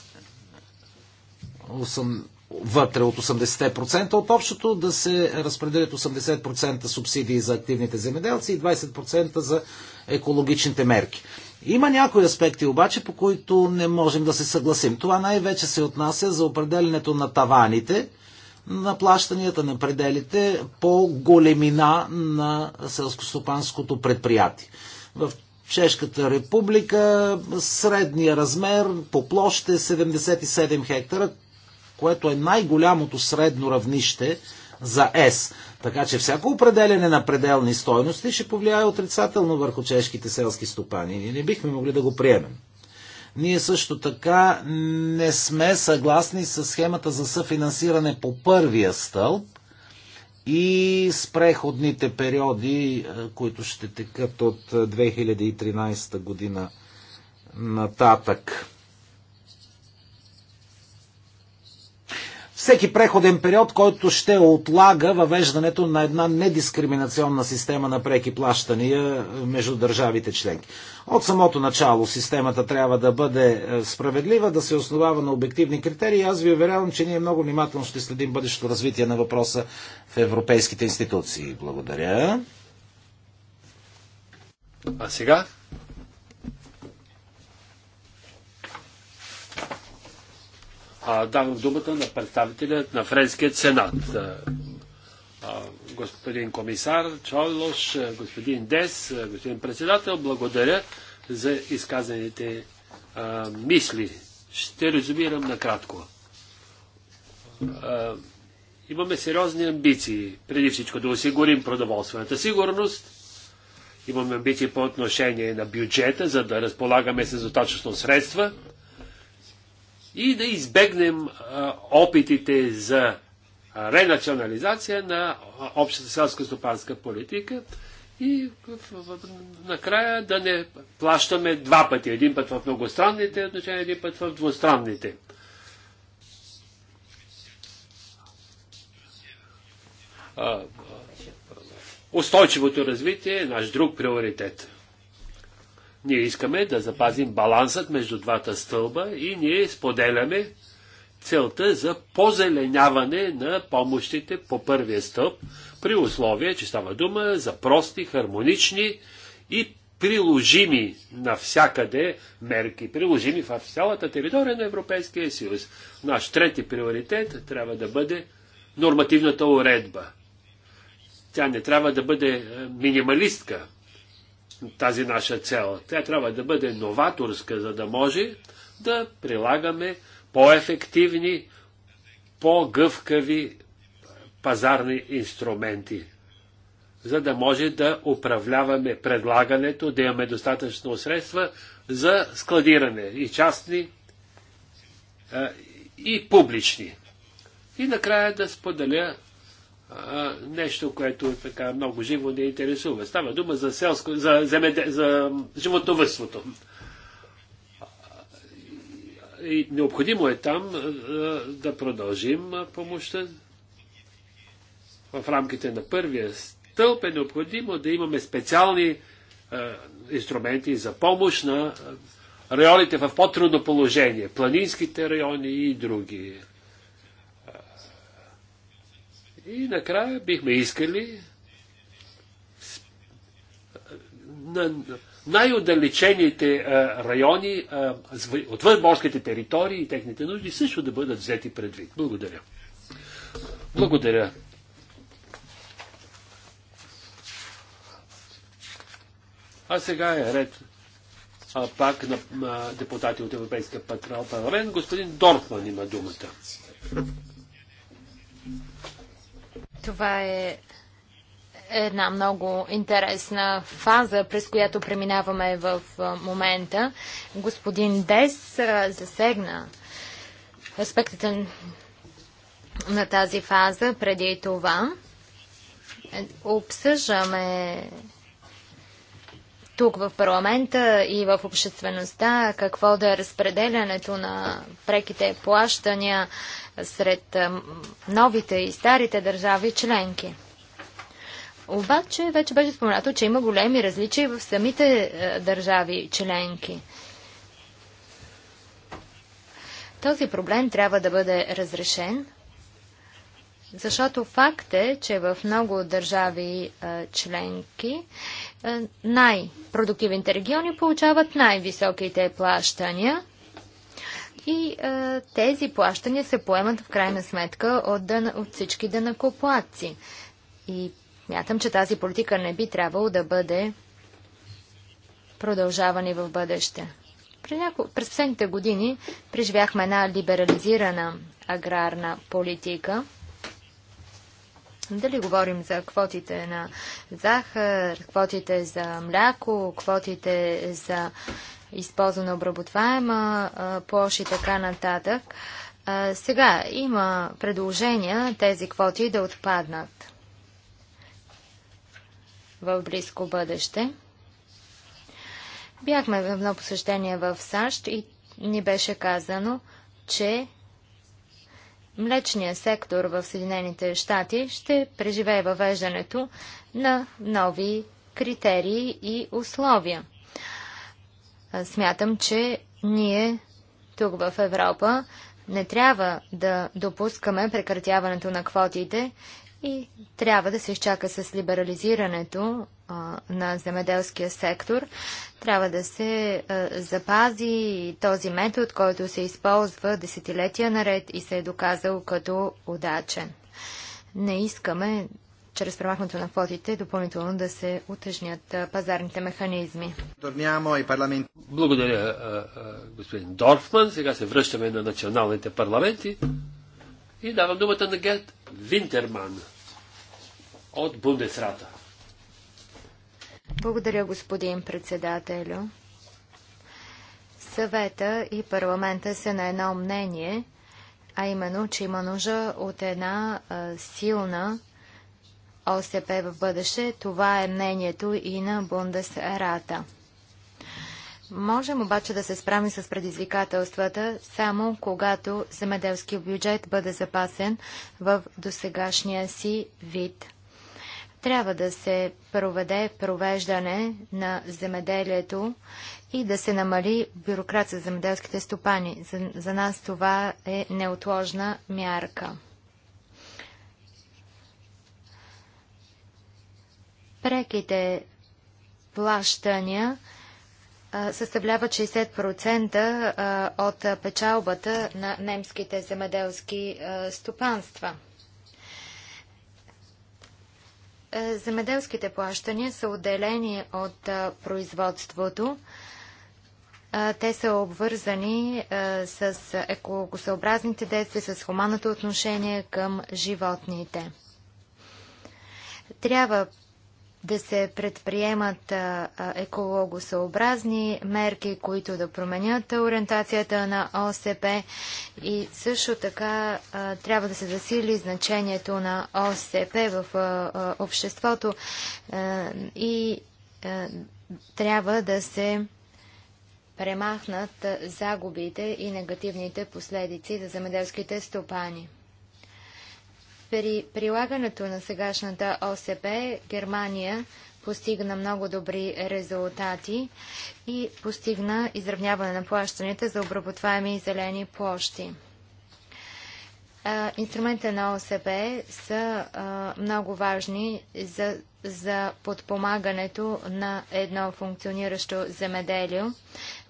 8, вътре от 80% от общото да се разпределят 80% субсидии за активните земеделци и 20% за екологичните мерки. Има някои аспекти обаче, по които не можем да се съгласим. Това най-вече се отнася за определенето на таваните, на плащанията на пределите по големина на селскостопанското предприятие. В Чешката република средния размер по площ е 77 хектара, което е най-голямото средно равнище за ЕС. Така че всяко определене на пределни стойности ще повлияе отрицателно върху чешките селски стопани. Ние не бихме могли да го приемем. Ние също така не сме съгласни с схемата за съфинансиране по първия стълб и с преходните периоди, е, които ще текат от 2013 е, година нататък. всеки преходен период, който ще отлага въвеждането на една недискриминационна система на преки плащания е, между държавите членки. От самото начало системата трябва да бъде е, справедлива, да се основава на обективни критерии. Аз ви уверявам, че ние много внимателно ще следим бъдещето развитие на въпроса в европейските институции. Благодаря. А сега А, давам думата на представителя на Френският сенат. господин комисар Чолош, господин Дес, господин председател, благодаря за изказаните мисли. Ще резюмирам накратко. имаме сериозни амбиции. Преди всичко да осигурим продоволствената сигурност. Имаме амбиции по отношение на бюджета, за да разполагаме с достатъчно средства и да избегнем а, опитите за ренационализация на общата селско-стопанска политика и накрая да не плащаме два пъти. Един път в многостранните отношения, един път в двустранните. устойчивото развитие е наш друг приоритет. Ние искаме да запазим балансът между двата стълба и ние споделяме целта за позеленяване на помощите по първия стълб, при условие, че става дума за прости, хармонични и приложими навсякъде мерки, приложими в цялата територия на Европейския съюз. Наш трети приоритет трябва да бъде нормативната уредба. Тя не трябва да бъде е, минималистка, тази наша цел. Тя трябва да бъде новаторска, за да може да прилагаме по-ефективни, по-гъвкави пазарни инструменти, за да може да управляваме предлагането, да имаме достатъчно средства за складиране и частни, и публични. И накрая да споделя нещо, което така много живо не интересува. Става дума за, селско, за, земеде, за животновътството. И необходимо е там да продължим помощта. В рамките на първия стълб е необходимо да имаме специални инструменти за помощ на районите в по-трудно положение, планинските райони и други. И накрая бихме искали на най-отдалечените райони отвъд морските територии и техните нужди също да бъдат взети предвид. Благодаря. Благодаря. А сега е ред а, пак на а, депутати от Европейския парламент. Господин Дорфман има думата. Това е една много интересна фаза, през която преминаваме в момента. Господин Дес засегна аспектите на тази фаза преди това. Обсъждаме тук в парламента и в обществеността какво да е разпределянето на преките плащания сред новите и старите държави членки. Обаче вече беше споменато, че има големи различия в самите държави членки. Този проблем трябва да бъде разрешен, защото факт е, че в много държави членки най-продуктивните региони получават най-високите плащания и е, тези плащания се поемат в крайна сметка от, дън, от всички дънакоплатци. И мятам, че тази политика не би трябвало да бъде продължавани в бъдеще. При няко... През последните години преживяхме една либерализирана аграрна политика. Дали говорим за квотите на захар, квотите за мляко, квотите за използвана обработваема площ и така нататък. Сега има предложения тези квоти да отпаднат в близко бъдеще. Бяхме в едно посещение в САЩ и ни беше казано, че млечният сектор в Съединените щати ще преживее въвеждането на нови критерии и условия смятам, че ние тук в Европа не трябва да допускаме прекратяването на квотите и трябва да се изчака с либерализирането на земеделския сектор. Трябва да се запази този метод, който се използва десетилетия наред и се е доказал като удачен. Не искаме чрез премахването на квотите допълнително да се утежнят пазарните механизми. Благодаря, господин Дорфман. Сега се връщаме на националните парламенти и давам думата на Герт Винтерман от Бундесрата. Благодаря, господин председателю. Съвета и парламента са на едно мнение, а именно, че има нужда от една а, силна ОСП в бъдеще. Това е мнението и на Бундесрата. Можем обаче да се справим с предизвикателствата само когато земеделския бюджет бъде запасен в досегашния си вид. Трябва да се проведе провеждане на земеделието и да се намали бюрократ за земеделските стопани. За, за нас това е неотложна мярка. Преките плащания съставлява 60% от печалбата на немските земеделски стопанства. Земеделските плащания са отделени от производството. Те са обвързани с екологосъобразните действия, с хуманното отношение към животните. Трябва да се предприемат екологосъобразни мерки, които да променят ориентацията на ОСП и също така трябва да се засили значението на ОСП в обществото и трябва да се премахнат загубите и негативните последици за земеделските стопани. При прилагането на сегашната ОСП Германия постигна много добри резултати и постигна изравняване на плащанията за обработваеми и зелени площи. Инструментите на ОСП са а, много важни за, за подпомагането на едно функциониращо земеделие.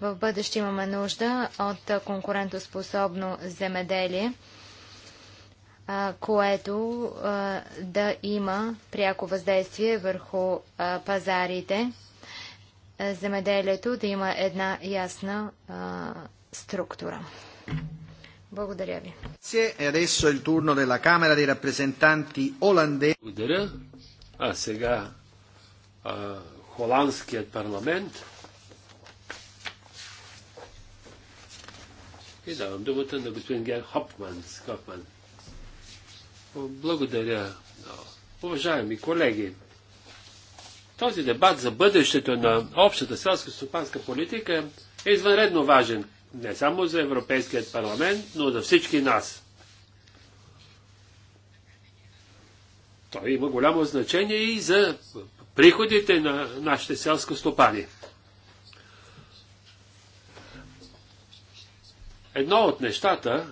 В бъдеще имаме нужда от конкурентоспособно земеделие което да има пряко въздействие върху пазарите, земеделието да има една ясна структура. Благодаря ви. Е, Благодаря. А сега холандският парламент. И давам думата на господин Гер Хопман. Хопман. Благодаря. Уважаеми колеги, този дебат за бъдещето на общата селско-стопанска политика е извънредно важен не само за Европейският парламент, но за всички нас. Той има голямо значение и за приходите на нашите селско-стопани. Едно от нещата,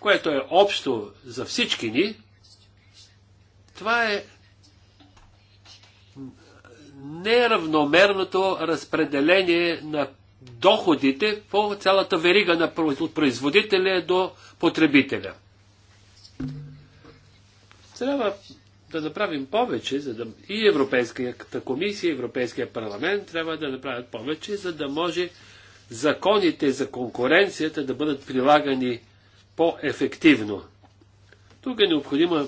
което е общо за всички ни, това е неравномерното разпределение на доходите по цялата верига на производителя до потребителя. Трябва да направим повече, за да и Европейската комисия, и Европейския парламент трябва да направят повече, за да може законите за конкуренцията да бъдат прилагани по-ефективно. Тук е необходима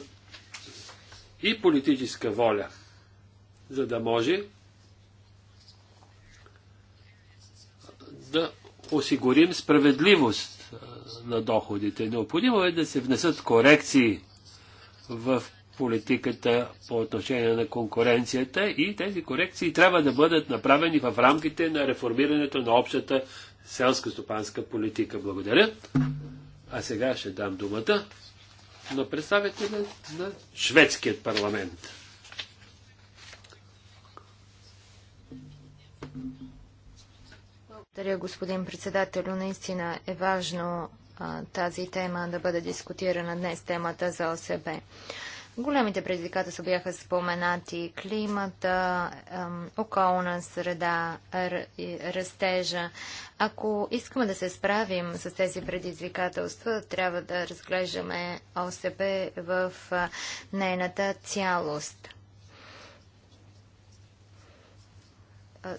и политическа воля, за да може да осигурим справедливост на доходите. Необходимо е да се внесат корекции в политиката по отношение на конкуренцията и тези корекции трябва да бъдат направени в рамките на реформирането на общата селско-стопанска политика. Благодаря. А сега ще дам думата на представителя на шведският парламент. Благодаря, господин председател, Наистина е важно а, тази тема да бъде дискутирана днес, темата за ОСБ. Големите предизвикателства бяха споменати климата, околна среда, растежа. Ако искаме да се справим с тези предизвикателства, трябва да разглеждаме ОСП в нейната цялост.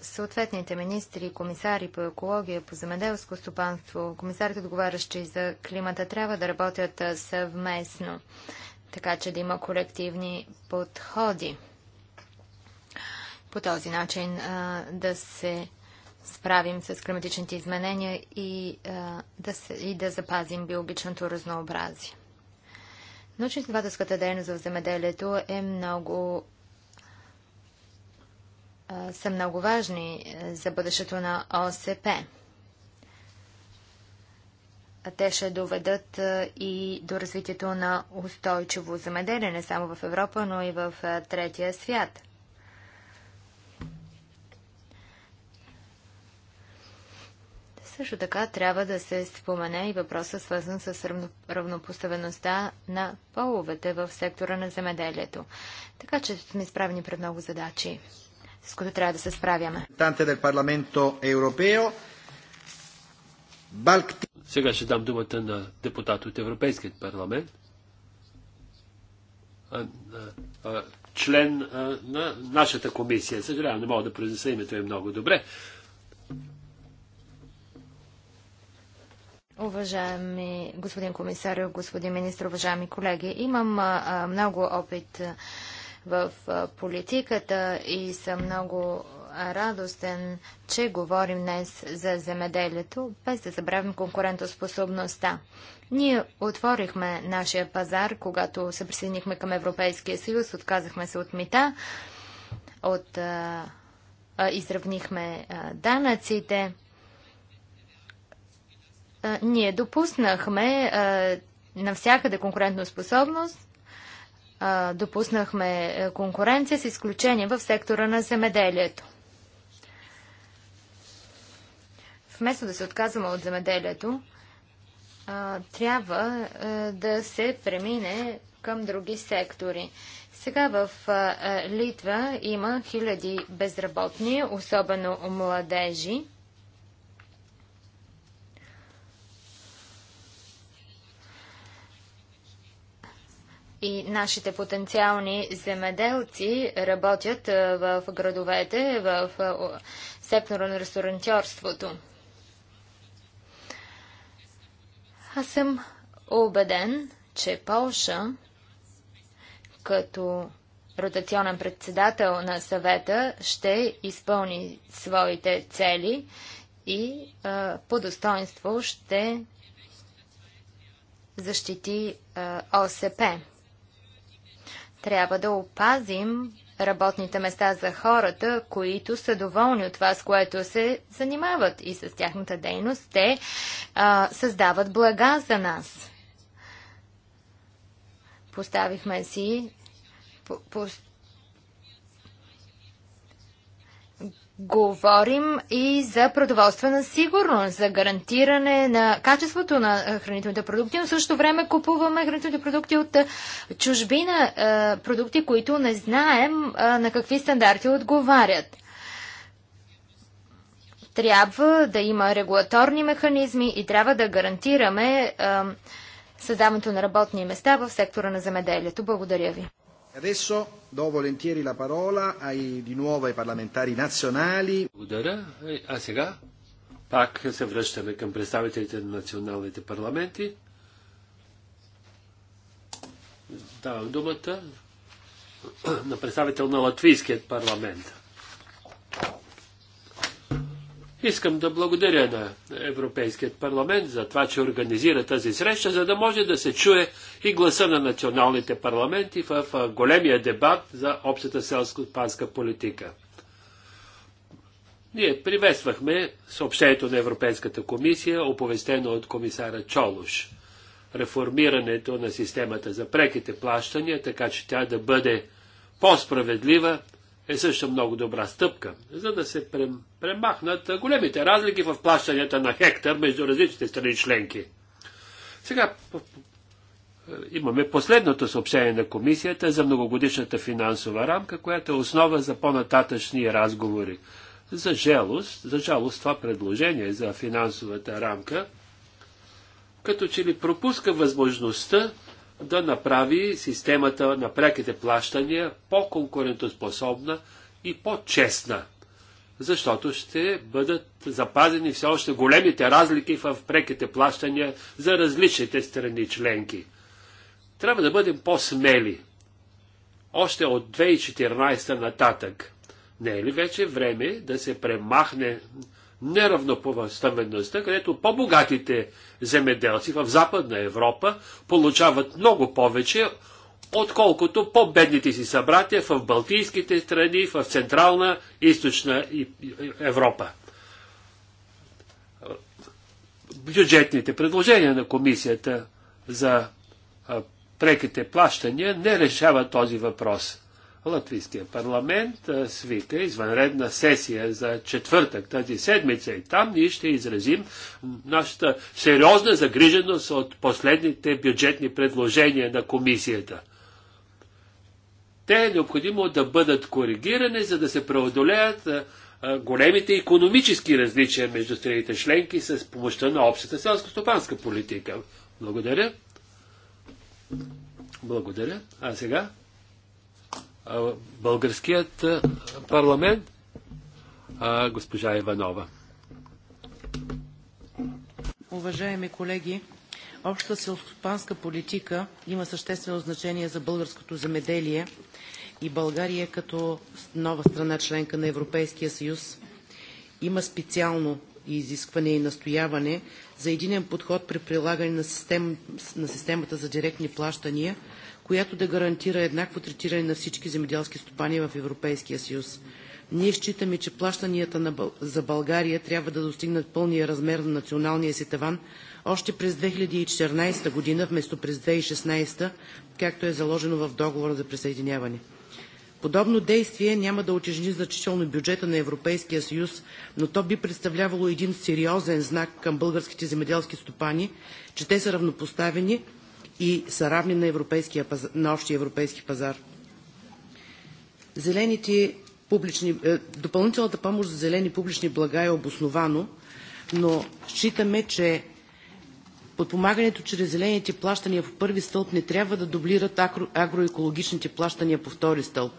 съответните министри, комисари по екология, по земеделско стопанство, комисарите, отговарящи за климата, трябва да работят съвместно така че да има колективни подходи. По този начин а, да се справим с климатичните изменения и, а, да, се, и да запазим биологичното разнообразие. Научно-изследователската дейност в земеделието е много а, са много важни за бъдещето на ОСП те ще доведат и до развитието на устойчиво земеделие не само в Европа, но и в третия свят. Също така трябва да се спомене и въпроса свързан с равнопоставеността на половете в сектора на земеделието. Така че сме изправени пред много задачи, с които трябва да се справяме. Танте del Parlamento europeo Балкти... Сега ще дам думата на депутат от Европейският парламент, а, а, член а, на нашата комисия. Съжалявам, не мога да произнеса името е много добре. Уважаеми господин комисар, господин министр, уважаеми колеги, имам а, много опит в политиката и съм много радостен, че говорим днес за земеделието, без да забравим конкурентоспособността. Ние отворихме нашия пазар, когато се присъединихме към Европейския съюз, отказахме се от мита, от, а, а, изравнихме а, данъците. А, ние допуснахме а, навсякъде конкурентоспособност, допуснахме конкуренция с изключение в сектора на земеделието. вместо да се отказваме от земеделието, трябва да се премине към други сектори. Сега в Литва има хиляди безработни, особено младежи. И нашите потенциални земеделци работят в градовете, в сектора на ресторантьорството. Аз съм убеден, че Полша, като ротационен председател на съвета, ще изпълни своите цели и а, по достоинство ще защити а, ОСП. Трябва да опазим работните места за хората, които са доволни от това, с което се занимават и с тяхната дейност. Те а, създават блага за нас. Поставихме си, по, по, Говорим и за продоволствена сигурност, за гарантиране на качеството на е, хранителните продукти, но също време купуваме хранителните продукти от е, чужбина, е, продукти, които не знаем на какви стандарти отговарят. Трябва да има регулаторни механизми и трябва да гарантираме създаването на работни места в сектора на земеделието. Благодаря ви. Adesso do volentieri la parola ai, di nuovo ai parlamentari nazionali. Благодаря. Е, а сега пак се връщаме към представителите на националните парламенти. Давам думата на представител на Латвийският парламент. Искам да благодаря на Европейският парламент за това, че организира тази среща, за да може да се чуе и гласа на националните парламенти в големия дебат за общата селско-панска политика. Ние приветствахме съобщението на Европейската комисия, оповестено от комисара Чолуш. Реформирането на системата за преките плащания, така че тя да бъде по-справедлива, е също много добра стъпка, за да се прем премахнат големите разлики в плащанията на хектар между различните страни членки. Сега е, имаме последното съобщение на комисията за многогодишната финансова рамка, която е основа за по-нататъчни разговори. За жалост, за жалост това предложение за финансовата рамка като че ли пропуска възможността да направи системата на преките плащания по-конкурентоспособна и по-честна защото ще бъдат запазени все още големите разлики в преките плащания за различните страни членки. Трябва да бъдем по-смели. Още от 2014 нататък. Не е ли вече време да се премахне неравнопоставеността, където по-богатите земеделци в Западна Европа получават много повече отколкото по-бедните си събратя в Балтийските страни, в Централна, Източна Европа. Бюджетните предложения на комисията за преките плащания не решават този въпрос. Латвийския парламент свика извънредна сесия за четвъртък тази седмица и там ние ще изразим нашата сериозна загриженост от последните бюджетни предложения на комисията те е необходимо да бъдат коригирани, за да се преодолеят големите економически различия между страните членки с помощта на общата селско-стопанска политика. Благодаря. Благодаря. А сега? Българският парламент? Госпожа Иванова. Уважаеми колеги, Общата селскостопанска политика има съществено значение за българското земеделие и България като нова страна членка на Европейския съюз има специално изискване и настояване за единен подход при прилагане на, систем, на системата за директни плащания, която да гарантира еднакво третиране на всички земеделски стопани в Европейския съюз. Ние считаме, че плащанията на, за България трябва да достигнат пълния размер на националния си таван още през 2014 година, вместо през 2016, както е заложено в договора за присъединяване. Подобно действие няма да отежни значително бюджета на Европейския съюз, но то би представлявало един сериозен знак към българските земеделски стопани, че те са равнопоставени и са равни на, европейския, на общия европейски пазар. Зелените публични, е, допълнителната помощ за зелени публични блага е обосновано, но считаме, че Подпомагането чрез зелените плащания в първи стълб не трябва да дублират агро агроекологичните плащания по втори стълб.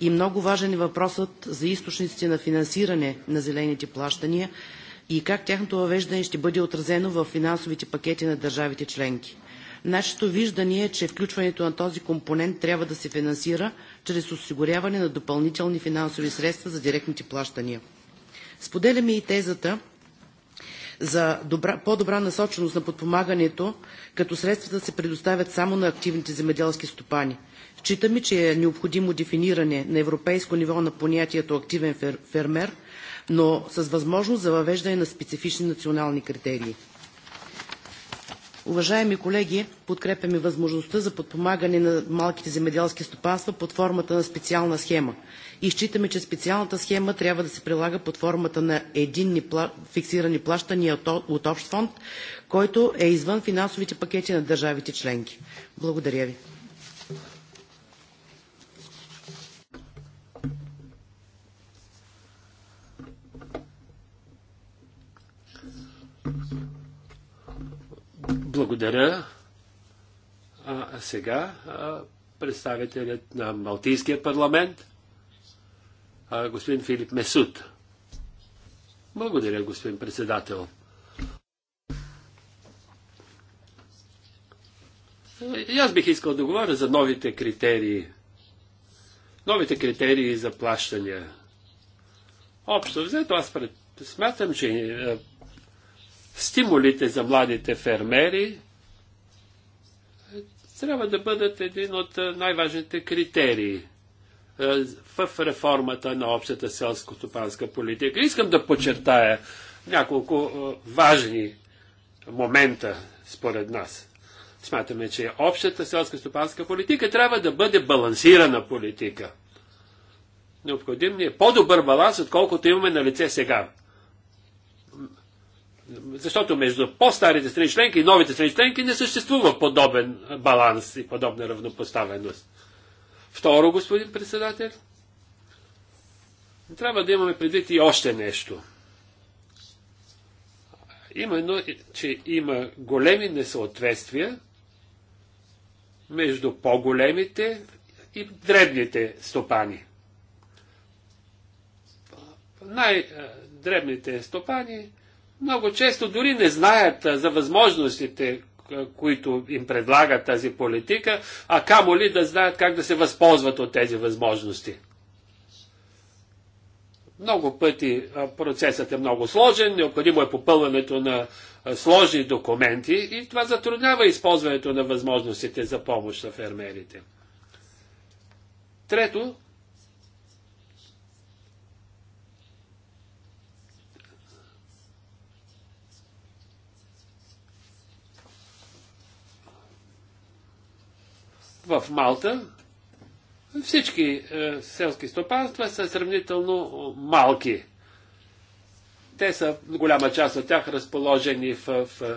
И много важен е въпросът за източниците на финансиране на зелените плащания и как тяхното въвеждане ще бъде отразено в финансовите пакети на държавите членки. Нашето виждане е, че включването на този компонент трябва да се финансира чрез осигуряване на допълнителни финансови средства за директните плащания. Споделяме и тезата, за по-добра насоченост на подпомагането, като средствата се предоставят само на активните земеделски стопани. Считаме, че е необходимо дефиниране на европейско ниво на понятието активен фермер, но с възможност за въвеждане на специфични национални критерии. Уважаеми колеги, подкрепяме възможността за подпомагане на малките земеделски стопанства под формата на специална схема. И считаме, че специалната схема трябва да се прилага под формата на единни фиксирани плащания от общ фонд, който е извън финансовите пакети на държавите членки. Благодаря ви. Благодаря. А, сега а, представителят на Малтийския парламент, а, господин Филип Месут. Благодаря, господин председател. И аз бих искал да говоря за новите критерии. Новите критерии за плащания. Общо взето, аз пред... смятам, че е, стимулите за младите фермери трябва да бъдат един от най-важните критерии в реформата на общата селско-стопанска политика. Искам да подчертая няколко важни момента според нас. Смятаме, че общата селско-стопанска политика трябва да бъде балансирана политика. Необходим ни е по-добър баланс, отколкото имаме на лице сега. Защото между по-старите страни членки и новите страни членки не съществува подобен баланс и подобна равнопоставеност. Второ, господин председател, трябва да имаме предвид и още нещо. Именно, че има големи несъответствия между по-големите и дребните стопани. Най-дребните стопани много често дори не знаят за възможностите, които им предлагат тази политика, а камо ли да знаят как да се възползват от тези възможности. Много пъти процесът е много сложен, необходимо е попълването на сложни документи и това затруднява използването на възможностите за помощ на фермерите. Трето, в Малта всички е, селски стопанства са сравнително е, малки. Те са, голяма част от тях, разположени в, в е,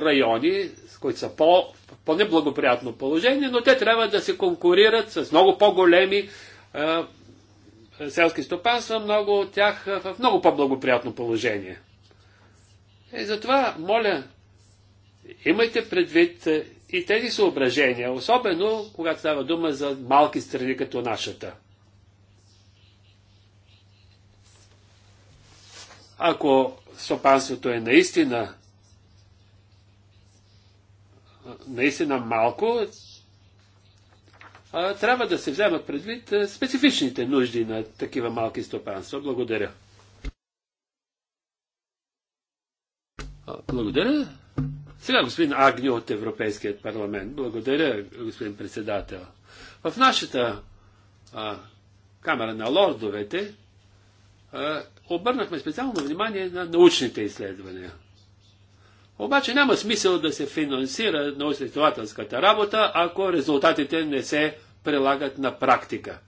райони, с които са по, по-неблагоприятно положение, но те трябва да се конкурират с много по-големи е, селски стопанства, много от тях е, в много по-благоприятно положение. И затова, моля, имайте предвид, и тези съображения, особено когато става дума за малки страни като нашата. Ако стопанството е наистина наистина малко, трябва да се вземат предвид специфичните нужди на такива малки стопанства. Благодаря. Благодаря. Сега господин Агню от Европейският парламент. Благодаря, господин председател. В нашата а, камера на лордовете а, обърнахме специално внимание на научните изследвания. Обаче няма смисъл да се финансира научно-изследователската работа, ако резултатите не се прилагат на практика.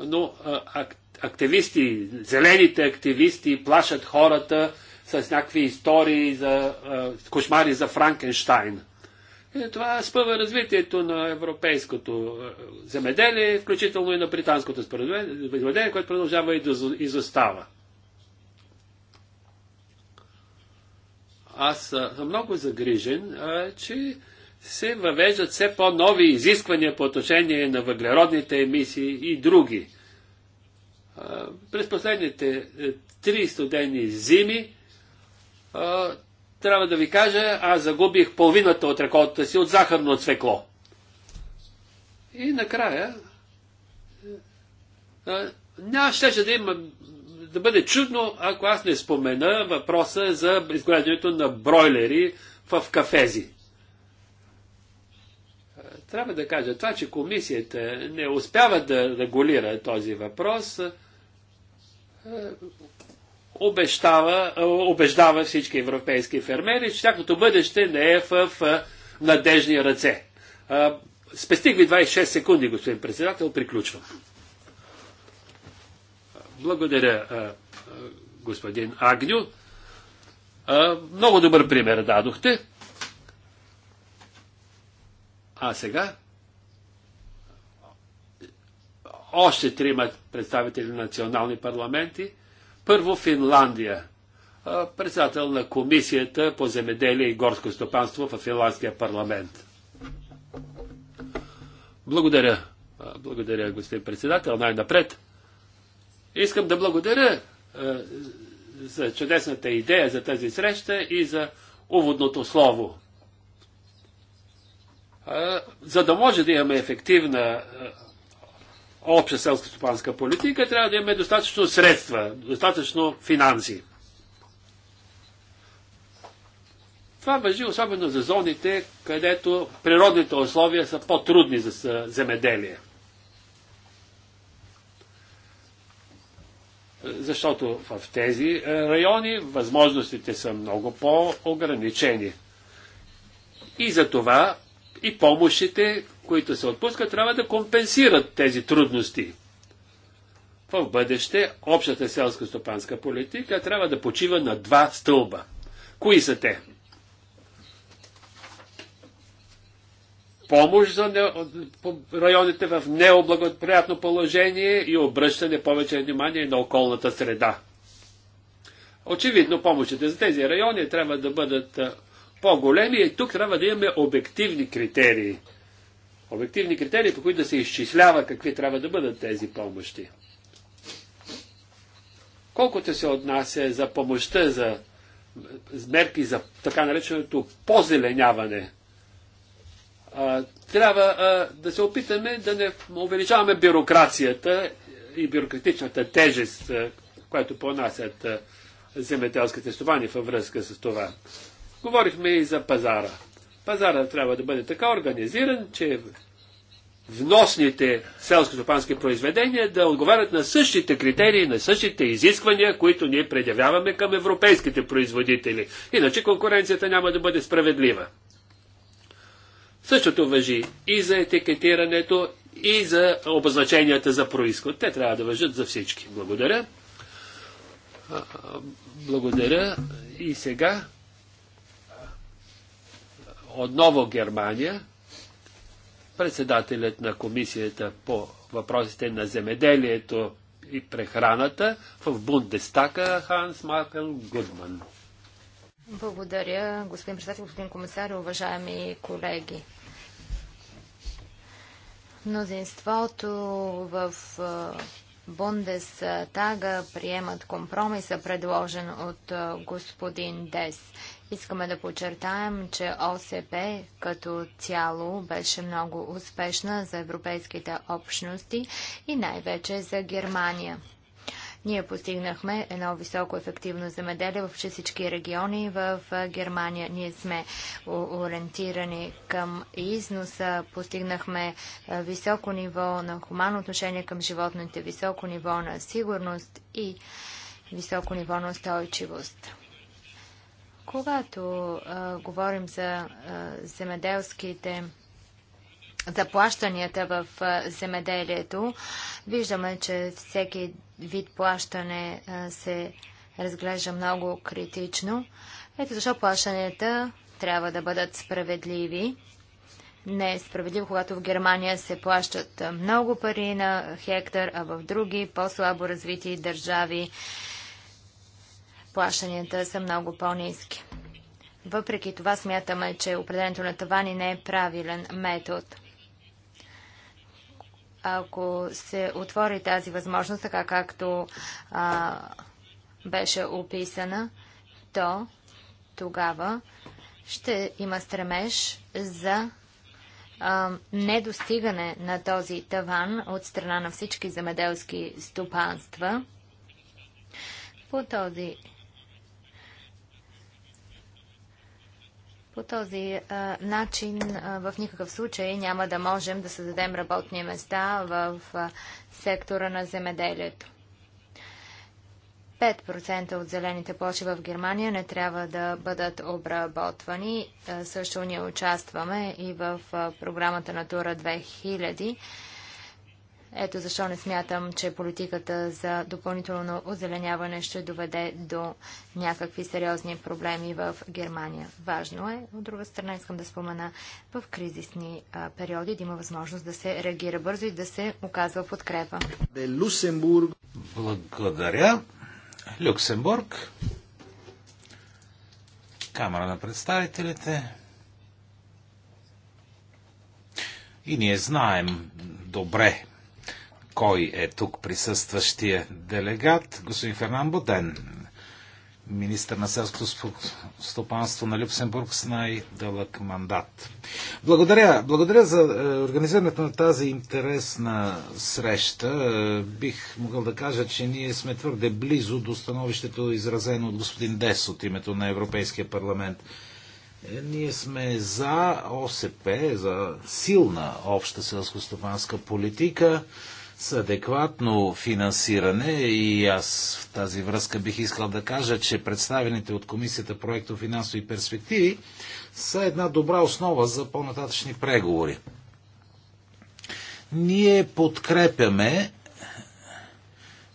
Но а, активисти, зелените активисти плашат хората, с някакви истории, за, кошмари за Франкенштайн. И това спъва развитието на европейското земеделие, включително и на британското земеделие, което продължава и да изостава. Аз съм много загрижен, че се въвеждат все по-нови изисквания по отношение на въглеродните емисии и други. През последните е, три студени зими трябва да ви кажа, аз загубих половината от реколтата си от захарно цвекло. И накрая, няма щеше да има да бъде чудно, ако аз не спомена въпроса за изграждането на бройлери в кафези. Трябва да кажа, това, че комисията не успява да регулира този въпрос, обещава, обеждава е, всички европейски фермери, че тяхното бъдеще не е в, в надежни ръце. Спестих ви 26 секунди, господин председател, приключвам. Благодаря, е, е, господин Агню. Много добър пример дадохте. А сега още трима представители на национални парламенти първо Финландия. Председател на Комисията по земеделие и горско стопанство в Финландския парламент. Благодаря. Благодаря, господин председател. Най-напред. Искам да благодаря за чудесната идея за тази среща и за уводното слово. За да може да имаме ефективна обща селско-стопанска политика, трябва да имаме достатъчно средства, достатъчно финанси. Това въжи особено за зоните, където природните условия са по-трудни за земеделие. Защото в тези е, райони възможностите са много по-ограничени. И за това и помощите които се отпускат, трябва да компенсират тези трудности. В бъдеще общата селско-стопанска политика трябва да почива на два стълба. Кои са те? Помощ за не... районите в необлагоприятно положение и обръщане повече внимание на околната среда. Очевидно, помощите за тези райони трябва да бъдат по-големи и тук трябва да имаме обективни критерии – обективни критерии, по които да се изчислява какви трябва да бъдат тези помощи. Колкото се отнася за помощта за мерки за така нареченото позеленяване, а, трябва а, да се опитаме да не увеличаваме бюрокрацията и бюрократичната тежест, а, която понасят земеделските стопани във връзка с това. Говорихме и за пазара. Пазарът трябва да бъде така организиран, че вносните селско-стопански произведения да отговарят на същите критерии, на същите изисквания, които ние предявяваме към европейските производители. Иначе конкуренцията няма да бъде справедлива. Същото въжи и за етикетирането, и за обозначенията за происход. Те трябва да въжат за всички. Благодаря. Благодаря. И сега отново Германия. Председателят на комисията по въпросите на земеделието и прехраната в Бундестака Ханс Маркел Гудман. Благодаря, господин председател, господин комисар, уважаеми колеги. Мнозинството в Бундестага приемат компромиса, предложен от господин Дес. Искаме да подчертаем, че ОСП като цяло беше много успешна за европейските общности и най-вече за Германия. Ние постигнахме едно високо ефективно земеделие в всички региони в Германия. Ние сме ориентирани към износа, постигнахме високо ниво на хуманно отношение към животните, високо ниво на сигурност и високо ниво на устойчивост. Когато а, говорим за а, земеделските заплащанията в а, земеделието, виждаме, че всеки вид плащане а, се разглежда много критично. Ето защо плащанията трябва да бъдат справедливи. Не е справедливо, когато в Германия се плащат много пари на хектар, а в други по-слабо развити държави плащанията са много по-низки. Въпреки това смятаме, че определенето на тавани не е правилен метод. Ако се отвори тази възможност, така както а, беше описана, то тогава ще има стремеж за а, недостигане на този таван от страна на всички земеделски стопанства. По този По този а, начин а, в никакъв случай няма да можем да създадем работни места в а, сектора на земеделието. 5% от зелените площи в Германия не трябва да бъдат обработвани. Също ние участваме и в програмата Натура 2000 ето защо не смятам, че политиката за допълнително озеленяване ще доведе до някакви сериозни проблеми в Германия. Важно е, от друга страна искам да спомена, в кризисни а, периоди да има възможност да се реагира бързо и да се оказва подкрепа. Благодаря. Люксембург. Камера на представителите. И ние знаем добре кой е тук присъстващия делегат. Господин Фернан Боден, министър на селското стопанство на Люксембург с най-дълъг мандат. Благодаря, благодаря за е, организирането на тази интересна среща. Е, бих могъл да кажа, че ние сме твърде близо до становището, изразено от господин Дес от името на Европейския парламент. Е, ние сме за ОСП, за силна обща селско-стопанска политика с адекватно финансиране и аз в тази връзка бих искал да кажа, че представените от комисията проекто финансови перспективи са една добра основа за по-нататъчни преговори. Ние подкрепяме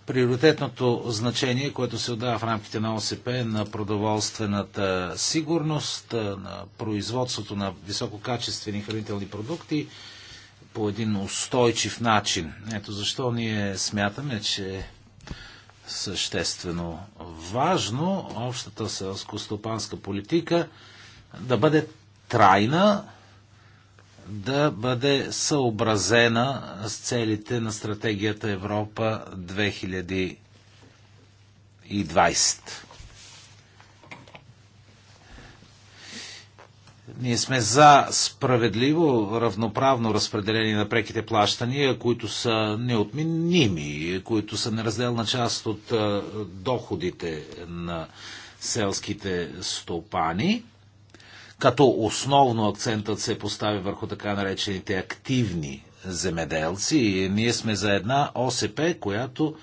приоритетното значение, което се отдава в рамките на ОСП на продоволствената сигурност, на производството на висококачествени хранителни продукти, по един устойчив начин. Ето защо ние смятаме, че е съществено важно общата селско-стопанска политика да бъде трайна, да бъде съобразена с целите на стратегията Европа 2020. Ние сме за справедливо, равноправно разпределение на преките плащания, които са неотменими, които са неразделна част от доходите на селските стопани, като основно акцентът се постави върху така наречените активни земеделци. И ние сме за една ОСП, която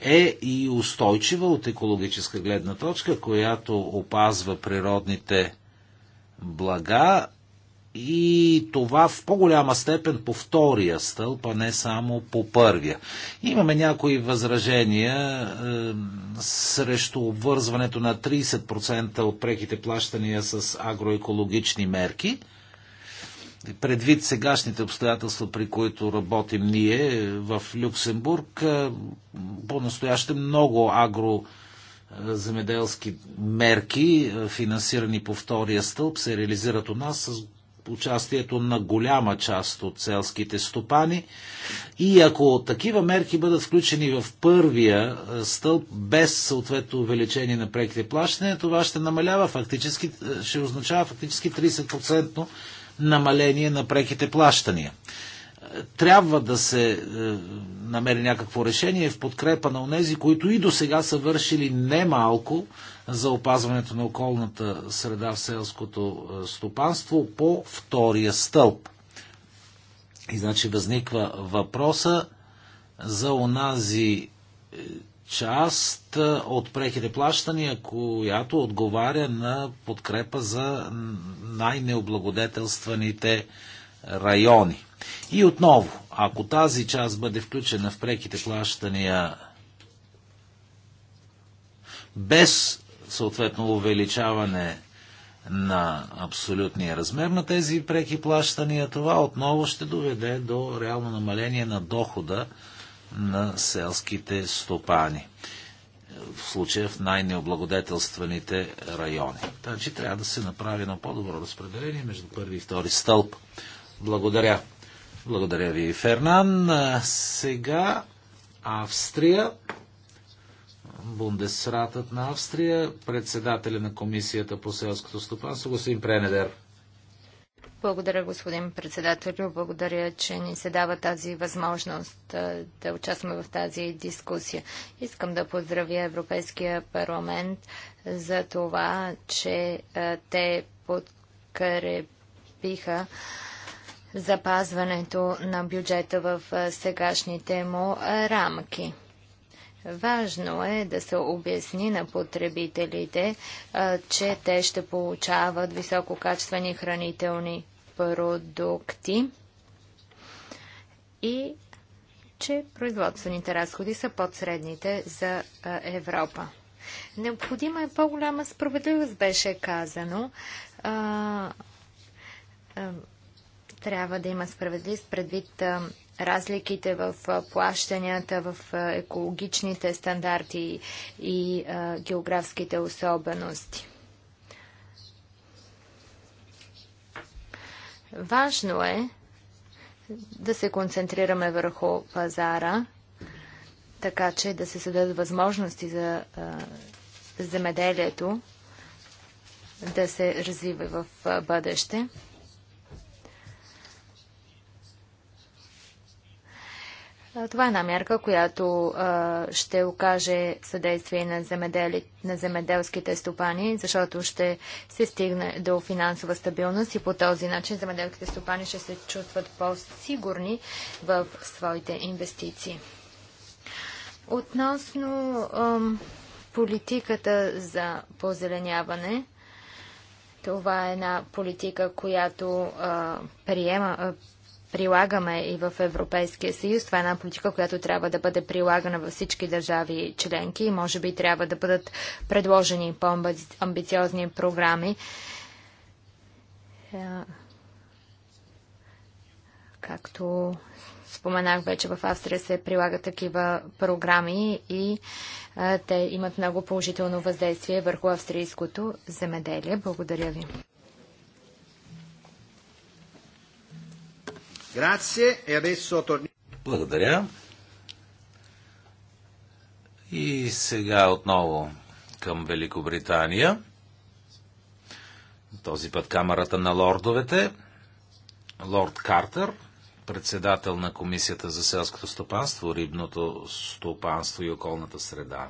е и устойчива от екологическа гледна точка, която опазва природните блага и това в по-голяма степен по втория стълб, а не само по първия. Имаме някои възражения е, срещу обвързването на 30% от преките плащания с агроекологични мерки. Предвид сегашните обстоятелства, при които работим ние в Люксембург, е, по-настояще много агро- земеделски мерки, е, финансирани по втория стълб, се реализират у нас с участието на голяма част от селските стопани. И ако такива мерки бъдат включени в първия е, стълб, без съответно увеличение на преките плащания, това ще намалява фактически, е, ще означава фактически 30% намаление на преките плащания трябва да се е, намери някакво решение в подкрепа на онези, които и до сега са вършили немалко за опазването на околната среда в селското е, стопанство по втория стълб. И значи възниква въпроса за онази е, част от прехите плащания, която отговаря на подкрепа за най-необлагодетелстваните райони. И отново, ако тази част бъде включена в преките плащания без съответно увеличаване на абсолютния размер на тези преки плащания, това отново ще доведе до реално намаление на дохода на селските стопани. В случая в най-необлагодетелстваните райони. Така значи че трябва да се направи на по-добро разпределение между първи и втори стълб. Благодаря. Благодаря ви, Фернан. Сега Австрия. Бундесратът на Австрия, председателя на Комисията по селското стопанство, господин Пренедер. Благодаря, господин председател, Благодаря, че ни се дава тази възможност да участваме в тази дискусия. Искам да поздравя Европейския парламент за това, че те подкрепиха запазването на бюджета в сегашните му рамки. Важно е да се обясни на потребителите, че те ще получават висококачествени хранителни продукти и че производствените разходи са под средните за Европа. Необходима е по-голяма справедливост, беше казано. А, а, трябва да има справедливост предвид разликите в плащанията, в екологичните стандарти и географските особености. Важно е да се концентрираме върху пазара, така че да се създадат възможности за земеделието да се развива в бъдеще. Това е една мярка, която а, ще окаже съдействие на, земедели, на земеделските стопани, защото ще се стигне до финансова стабилност и по този начин земеделските стопани ще се чувстват по-сигурни в своите инвестиции. Относно ам, политиката за позеленяване, това е една политика, която а, приема прилагаме и в Европейския съюз. Това е една политика, която трябва да бъде прилагана във всички държави членки и може би трябва да бъдат предложени по-амбициозни програми. Е, както споменах вече, в Австрия се прилагат такива програми и е, те имат много положително въздействие върху австрийското земеделие. Благодаря ви. E Благодаря. И сега отново към Великобритания. Този път Камерата на лордовете. Лорд Картер, председател на Комисията за селското стопанство, рибното стопанство и околната среда.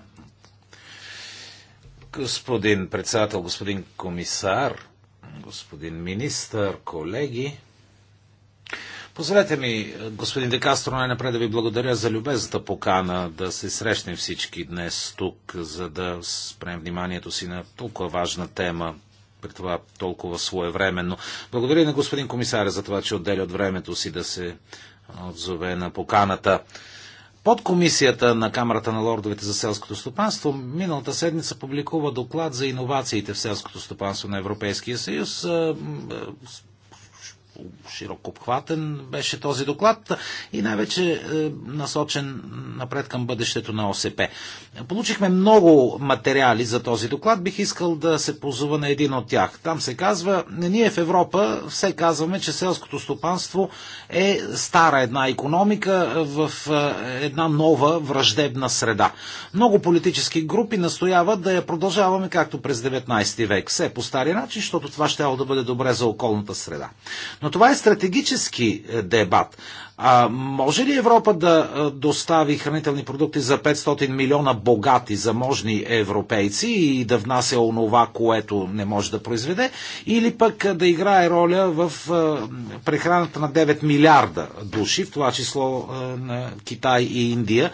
Господин председател, господин комисар, господин министър, колеги, Позволете ми, господин Декастро, най-напред да ви благодаря за любезната покана да се срещнем всички днес тук, за да спрем вниманието си на толкова важна тема, при това толкова своевременно. Благодаря на господин комисаря за това, че отделя от времето си да се отзове на поканата. Под комисията на Камерата на лордовете за селското стопанство миналата седмица публикува доклад за иновациите в селското стопанство на Европейския съюз широко обхватен беше този доклад и най-вече е, насочен напред към бъдещето на ОСП. Получихме много материали за този доклад. Бих искал да се позова на един от тях. Там се казва, ние в Европа все казваме, че селското стопанство е стара една економика в е, една нова враждебна среда. Много политически групи настояват да я продължаваме както през 19 век. Все по стари начин, защото това ще да бъде добре за околната среда. Но това е стратегически е, дебат. А може ли Европа да е, достави хранителни продукти за 500 милиона богати, заможни европейци и да внася онова, което не може да произведе, или пък е, да играе роля в прехраната на 9 милиарда души, в това число на Китай и Индия,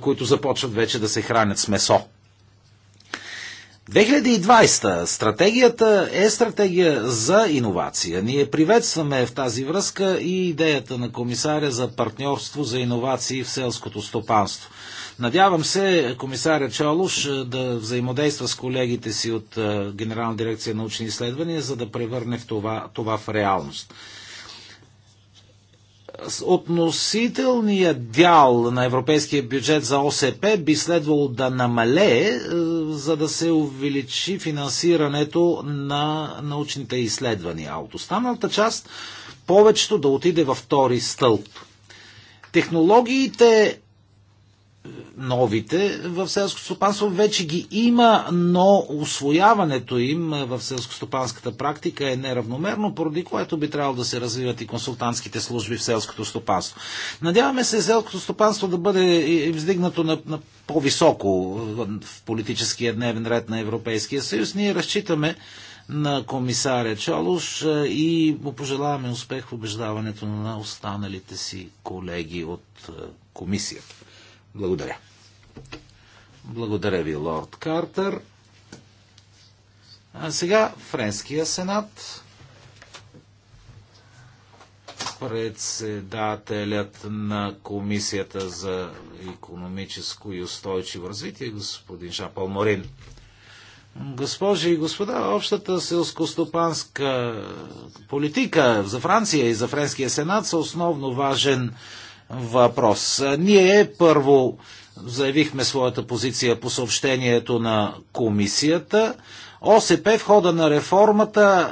които започват вече да се хранят с месо? 2020 стратегията е стратегия за иновация. Ние приветстваме в тази връзка и идеята на комисаря за партньорство за иновации в селското стопанство. Надявам се комисаря Чолуш е, да взаимодейства с колегите си от е, Генерална дирекция научни изследвания, за да превърне в това, това в реалност относителният дял на европейския бюджет за ОСП би следвало да намалее, е, за да се увеличи финансирането на научните изследвания. А от останалата част повечето да отиде във втори стълб. Технологиите новите в селско стопанство вече ги има, но освояването им в селскостопанската практика е неравномерно, поради което би трябвало да се развиват и консултантските служби в селското стопанство. Надяваме се селското стопанство да бъде издигнато на, на по-високо в политическия дневен ред на Европейския съюз. Ние разчитаме на комисаря Чолуш и му пожелаваме успех в убеждаването на останалите си колеги от комисията. Благодаря. Благодаря ви, лорд Картер. А сега Френския сенат. Председателят на Комисията за економическо и устойчиво развитие, господин Шапал Морин. Госпожи и господа, общата селскостопанска политика за Франция и за Френския сенат са основно важен въпрос. Ние първо заявихме своята позиция по съобщението на комисията. ОСП в хода на реформата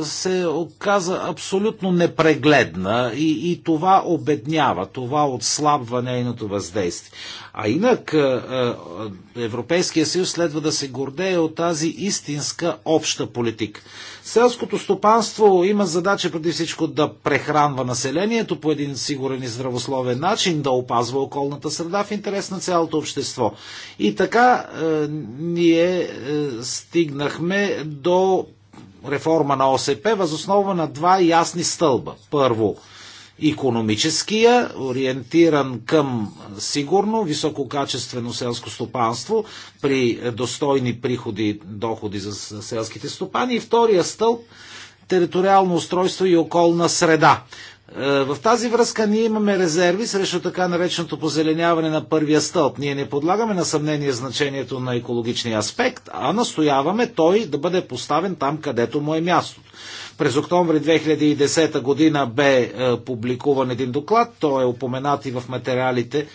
е, се оказа абсолютно непрегледна и, и това обеднява, това отслабва нейното въздействие. А инак е, е, Европейския съюз следва да се гордее от тази истинска обща политика. Селското стопанство има задача преди всичко да прехранва населението по един сигурен и здравословен начин, да опазва околната среда в интерес на цялото общество. И така е, ние е, стигнахме до реформа на ОСП възоснова на два ясни стълба. Първо, економическия, ориентиран към сигурно, висококачествено селско стопанство при достойни приходи, доходи за селските стопани. И втория стълб териториално устройство и околна среда. Е, в тази връзка ние имаме резерви срещу така нареченото позеленяване на първия стълб. Ние не подлагаме на съмнение значението на екологичния аспект, а настояваме той да бъде поставен там, където му е мястото. През октомври 2010 година бе е, публикуван един доклад, той е упоменат и в материалите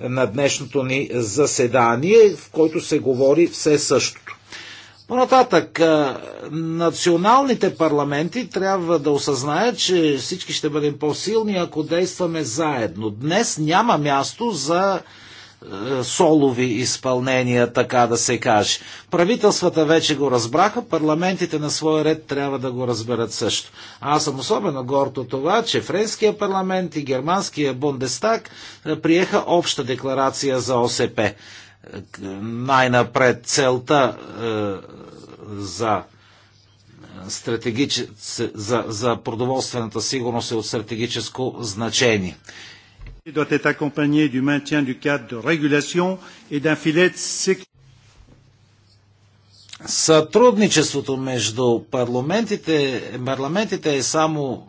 на днешното ни заседание, в който се говори все същото. Понататък, е, националните парламенти трябва да осъзнаят, че всички ще бъдем по-силни, ако действаме заедно. Днес няма място за е, солови изпълнения, така да се каже. Правителствата вече го разбраха, парламентите на своя ред трябва да го разберат също. Аз съм особено горд от това, че френския парламент и германския Бундестаг е, приеха обща декларация за ОСП. Е, най-напред целта е, за стратегич... за, за продоволствената сигурност е от стратегическо значение doit être accompagné du maintien du cadre de régulation et d'un filet de sécurité. Сътрудничеството между парламентите, парламентите е само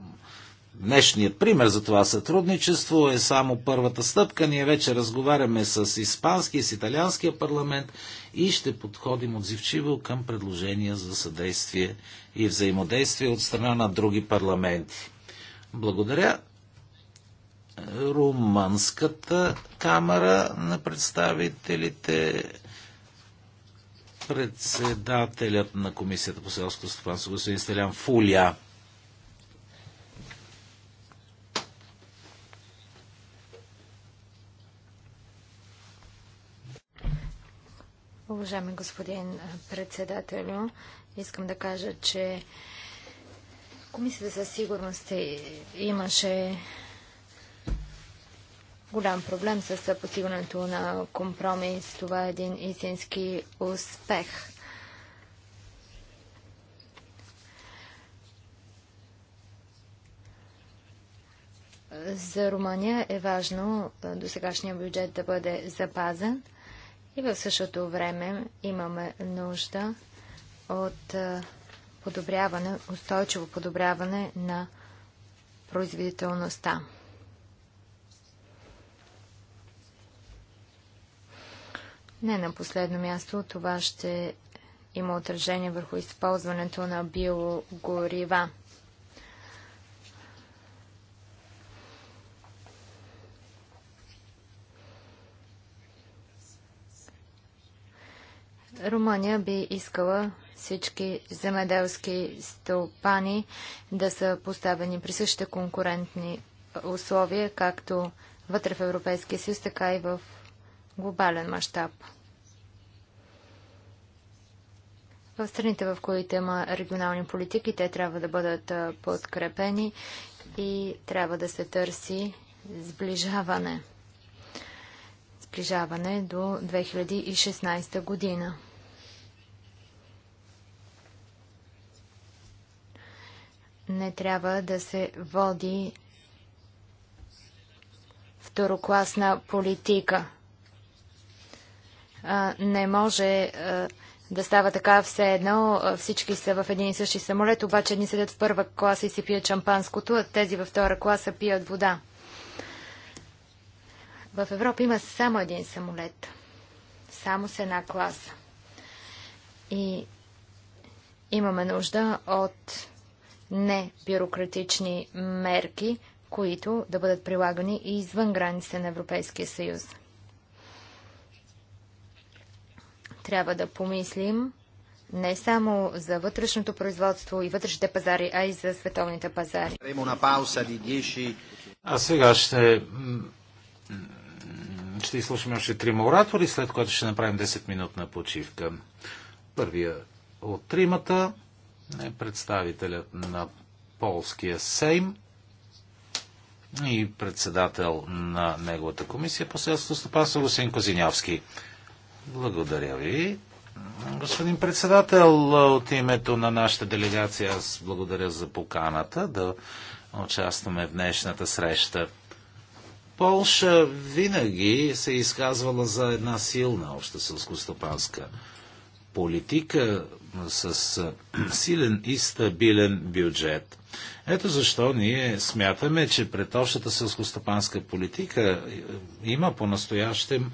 днешният пример за това сътрудничество, е само първата стъпка. Ние вече разговаряме с испанския, с италианския парламент и ще подходим отзивчиво към предложения за съдействие и взаимодействие от страна на други парламенти. Благодаря. Румънската камера на представителите, председателят на Комисията по селско стопанство, господин Стелян Фулия. Уважаеми господин председателю, искам да кажа, че Комисията за сигурност имаше голям проблем с постигането на компромис. Това е един истински успех. За Румъния е важно до сегашния бюджет да бъде запазен и в същото време имаме нужда от подобряване, устойчиво подобряване на производителността. Не на последно място, това ще има отражение върху използването на биогорива. Румъния би искала всички земеделски стълпани да са поставени при същите конкурентни условия, както вътре в Европейския съюз, така и в глобален мащаб. В страните, в които има регионални политики, те трябва да бъдат подкрепени и трябва да се търси сближаване. Сближаване до 2016 година. Не трябва да се води второкласна политика не може да става така все едно. Всички са в един и същи самолет, обаче едни седят в първа класа и си пият шампанското, а тези във втора класа пият вода. В Европа има само един самолет. Само с една класа. И имаме нужда от небюрократични мерки, които да бъдат прилагани и извън границите на Европейския съюз. Трябва да помислим не само за вътрешното производство и вътрешните пазари, а и за световните пазари. А сега ще, ще изслушаме още трима оратори, след което ще направим 10-минутна почивка. Първия от тримата е представителят на полския Сейм и председател на неговата комисия по селството стопанство Госин Козинявски. Благодаря ви. Господин председател, от името на нашата делегация аз благодаря за поканата да участваме в днешната среща. Полша винаги се е изказвала за една силна обща сълскостопанска политика с силен и стабилен бюджет. Ето защо ние смятаме, че пред общата сълскостопанска политика има по-настоящем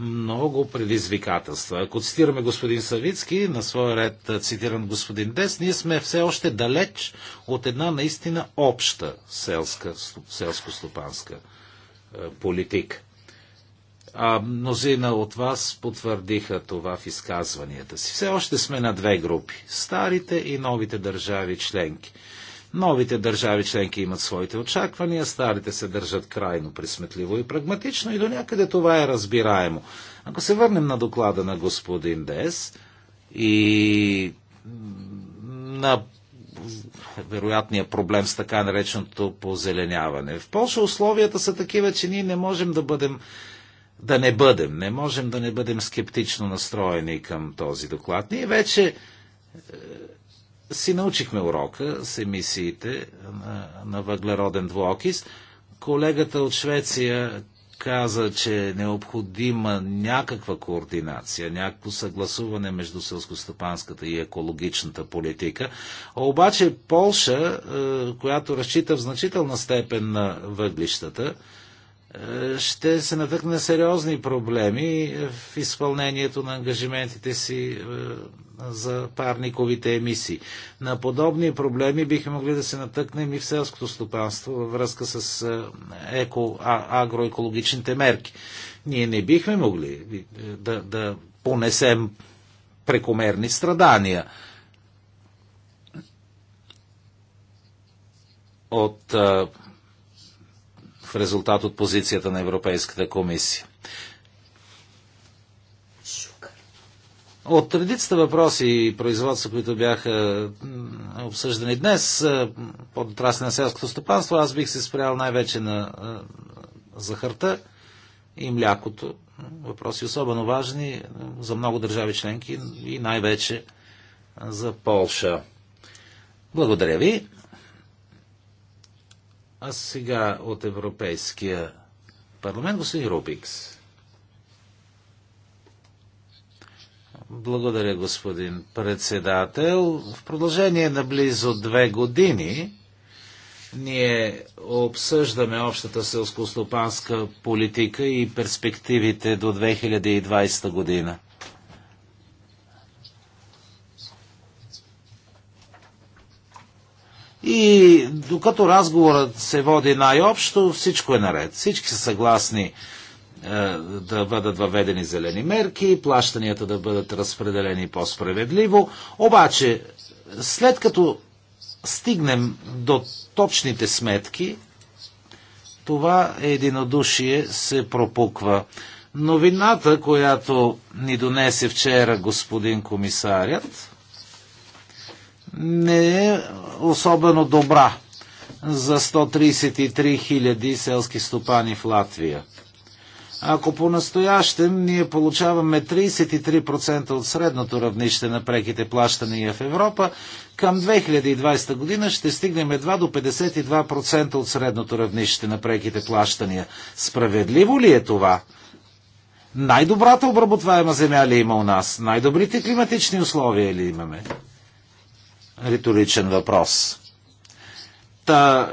много предизвикателства. Ако цитираме господин Савицки, на своя ред цитиран господин Дес, ние сме все още далеч от една наистина обща селска, селско-стопанска политика. А мнозина от вас потвърдиха това в изказванията си. Все още сме на две групи. Старите и новите държави членки – Новите държави членки имат своите очаквания, старите се държат крайно присметливо и прагматично и до някъде това е разбираемо. Ако се върнем на доклада на господин Дес и на вероятния проблем с така нареченото позеленяване. В Польша условията са такива, че ние не можем да бъдем да не бъдем, не можем да не бъдем скептично настроени към този доклад. Ние вече си научихме урока с емисиите на, на въглероден двуокис. Колегата от Швеция каза, че е необходима някаква координация, някакво съгласуване между селскостопанската и екологичната политика. А обаче Полша, е, която разчита в значителна степен на въглищата, е, ще се натъкне на сериозни проблеми в изпълнението на ангажиментите си е, за парниковите емисии. На подобни проблеми бихме могли да се натъкнем и в селското стопанство във връзка с е, еко, а, агроекологичните мерки. Ние не бихме могли е, да, да понесем прекомерни страдания от, е, в резултат от позицията на Европейската комисия. От редицата въпроси и производства, които бяха обсъждани днес е, под отрасли на селското стопанство, аз бих се спрял най-вече на е, захарта и млякото. Въпроси особено важни е, за много държави членки и най-вече за Полша. Благодаря ви. А сега от Европейския парламент господин Рубикс. Благодаря, господин председател. В продължение на близо две години ние обсъждаме общата селско-стопанска политика и перспективите до 2020 година. И докато разговорът се води най-общо, всичко е наред. Всички са съгласни е, да бъдат въведени зелени мерки, плащанията да бъдат разпределени по-справедливо. Обаче, след като стигнем до точните сметки, това единодушие се пропуква. Новината, която ни донесе вчера господин комисарят, не е особено добра за 133 000 селски стопани в Латвия. Ако по-настоящем ние получаваме 33% от средното равнище на преките плащания в Европа, към 2020 година ще стигнем едва до 52% от средното равнище на преките плащания. Справедливо ли е това? Най-добрата обработваема земя ли има у нас? Най-добрите климатични условия ли имаме? Риторичен въпрос. Та,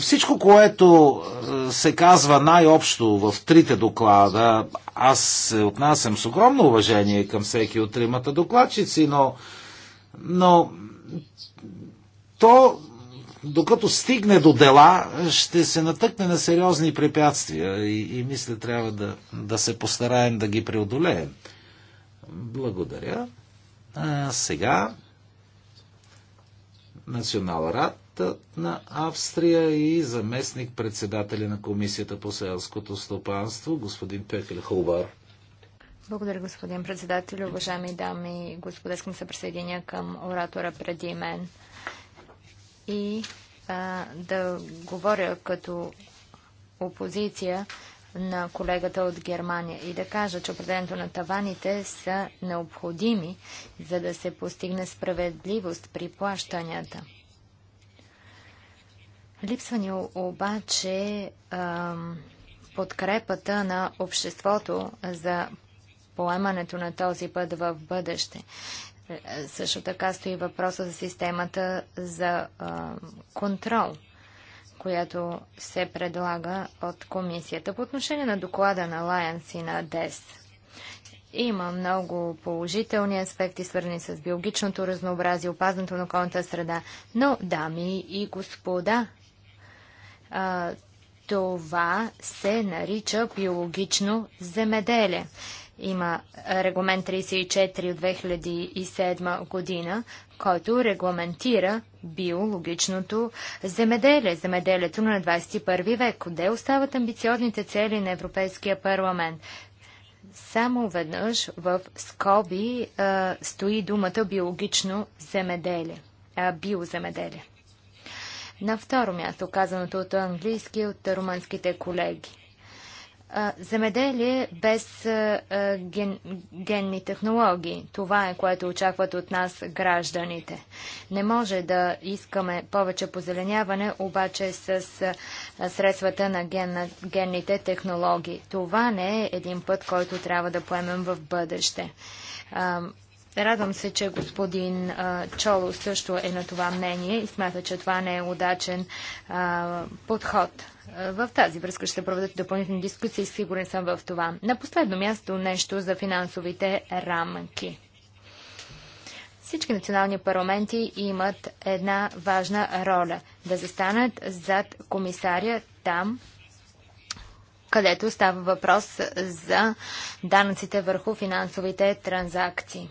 всичко, което се казва най-общо в трите доклада, аз се отнасям с огромно уважение към всеки от тримата докладчици, но, но то, докато стигне до дела, ще се натъкне на сериозни препятствия и, и мисля, трябва да, да се постараем да ги преодолеем. Благодаря. А, сега Национал Рад на Австрия и заместник председателя на Комисията по селското стопанство, господин Пекел Хубар. Благодаря, господин председател. Уважаеми дами и господа, искам се присъединя към оратора преди мен и а, да говоря като опозиция на колегата от Германия и да кажа, че определенето на таваните са необходими, за да се постигне справедливост при плащанията. Липсва ни обаче подкрепата на обществото за поемането на този път в бъдеще. Е, също така стои въпроса за системата за контрол, която се предлага от комисията. По отношение на доклада на Lions и на ДЕС, има много положителни аспекти, свързани с биологичното разнообразие, опазването на околната среда. Но, дами и господа, а, това се нарича биологично земеделие. Има регламент 34 от 2007 година, който регламентира биологичното земеделие, земеделието на 21 век. Къде остават амбициозните цели на Европейския парламент? Само веднъж в скоби а, стои думата биологично земеделие, а, биоземеделие. На второ място, казаното от английски от румънските колеги. Земеделие без ген, генни технологии. Това е което очакват от нас гражданите. Не може да искаме повече позеленяване, обаче с средствата на ген, генните технологии. Това не е един път, който трябва да поемем в бъдеще Радвам се, че господин а, Чоло също е на това мнение и смята, че това не е удачен а, подход. В тази връзка ще проведат допълнителни дискусии, сигурен съм в това. На последно място нещо за финансовите рамки. Всички национални парламенти имат една важна роля да застанат зад комисаря там, където става въпрос за данъците върху финансовите транзакции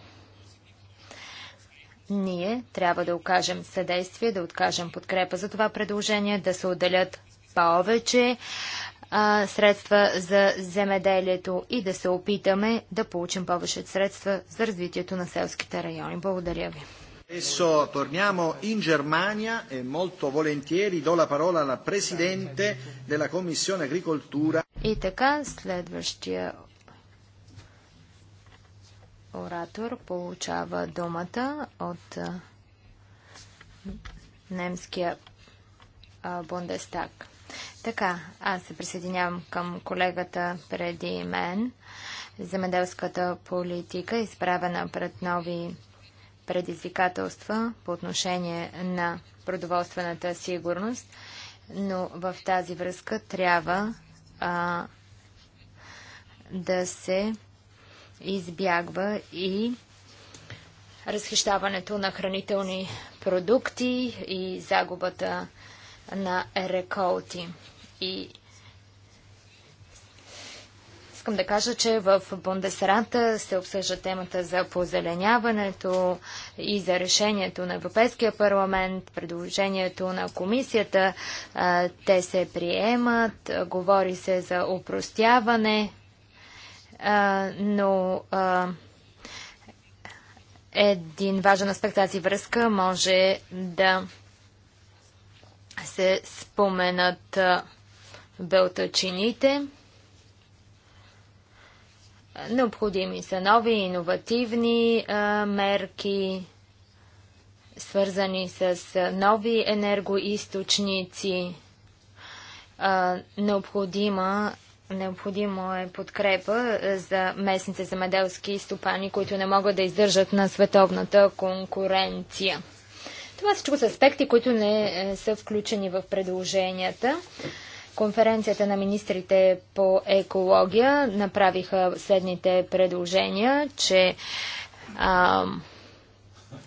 ние трябва да окажем съдействие, да откажем подкрепа за това предложение, да се отделят повече а, средства за земеделието и да се опитаме да получим повече средства за развитието на селските райони. Благодаря ви. Adesso torniamo in Germania e molto volentieri do la parola alla Presidente della Commissione Agricoltura. И така, следващия оратор получава думата от немския Бундестаг. Така, аз се присъединявам към колегата преди мен. Земеделската политика е изправена пред нови предизвикателства по отношение на продоволствената сигурност, но в тази връзка трябва а, да се избягва и разхищаването на хранителни продукти и загубата на реколти. И искам да кажа, че в Бундесрата се обсъжда темата за позеленяването и за решението на Европейския парламент, предложението на комисията. Те се приемат, говори се за упростяване а, но а, един важен аспект тази връзка може да се споменат белтачините. Необходими са нови иновативни мерки, свързани с нови енергоисточници. необходима Необходимо е подкрепа е, за местните земеделски стопани, които не могат да издържат на световната конкуренция. Това всичко са аспекти, които не е, са включени в предложенията. Конференцията на министрите по екология направиха следните предложения, че а,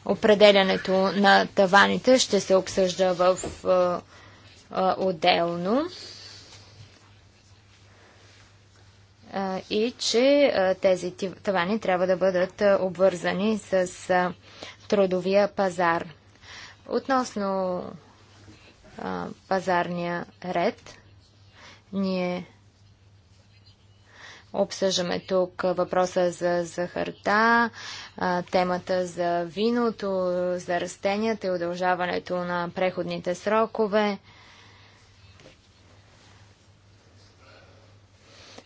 определянето на таваните ще се обсъжда в а, е, а, отделно. и че тези тавани трябва да бъдат обвързани с трудовия пазар. Относно пазарния ред, ние обсъждаме тук въпроса за захарта, темата за виното, за растенията и удължаването на преходните срокове.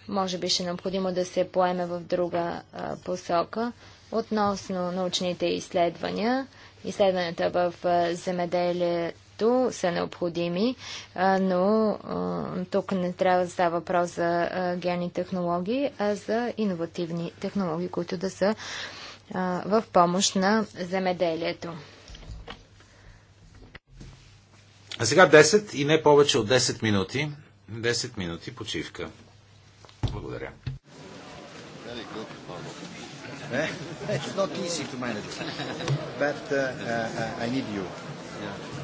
може би ще е необходимо да се поеме в друга а, посока. Относно научните изследвания, изследванията в а, земеделието са необходими, а, но тук не трябва да става въпрос за гени технологии, а за иновативни технологии, които да са в помощ на земеделието. А сега 10 и не повече от 10 минути. 10 минути почивка. Благодаря. It's not easy to manage, but uh, uh, I need you. Yeah.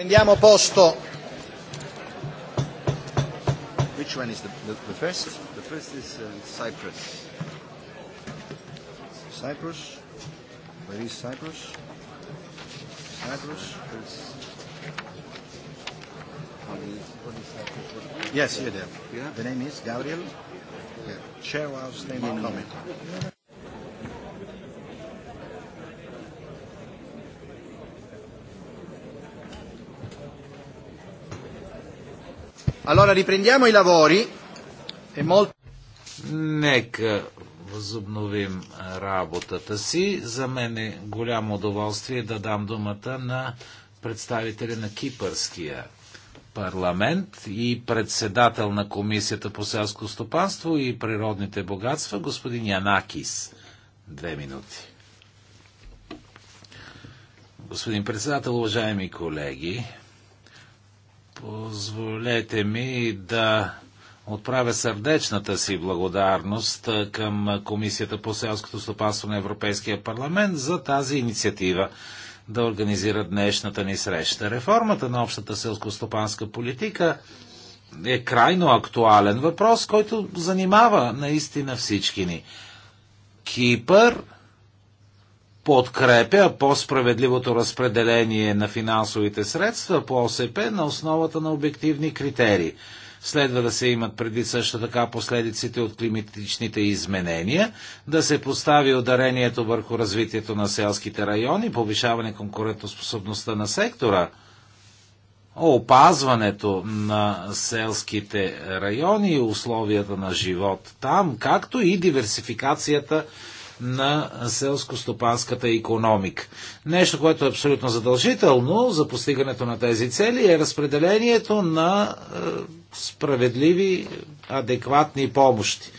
Prendiamo posto. Which one is the, the, the first? The first is uh, Cyprus. Cyprus? Where is Cyprus? Cyprus? It's Yes, you're there. Yeah. The name is Gabriel, Yeah. chair of standing committee. Allora riprendiamo i lavori. Е molto... Нека възобновим работата си. За мен е голямо удоволствие да дам думата на представителя на Кипърския парламент и председател на Комисията по селско стопанство и природните богатства, господин Янакис. Две минути. Господин председател, уважаеми колеги, Позволете ми да отправя сърдечната си благодарност към Комисията по селското стопанство на Европейския парламент за тази инициатива да организира днешната ни среща. Реформата на общата селскостопанска политика е крайно актуален въпрос, който занимава наистина всички ни. Кипър подкрепя по-справедливото разпределение на финансовите средства по ОСП на основата на обективни критерии. Следва да се имат преди също така последиците от климатичните изменения, да се постави ударението върху развитието на селските райони, повишаване конкурентоспособността на сектора, опазването на селските райони и условията на живот там, както и диверсификацията на селско-стопанската економика. Нещо, което е абсолютно задължително за постигането на тези цели е разпределението на е, справедливи, адекватни помощи.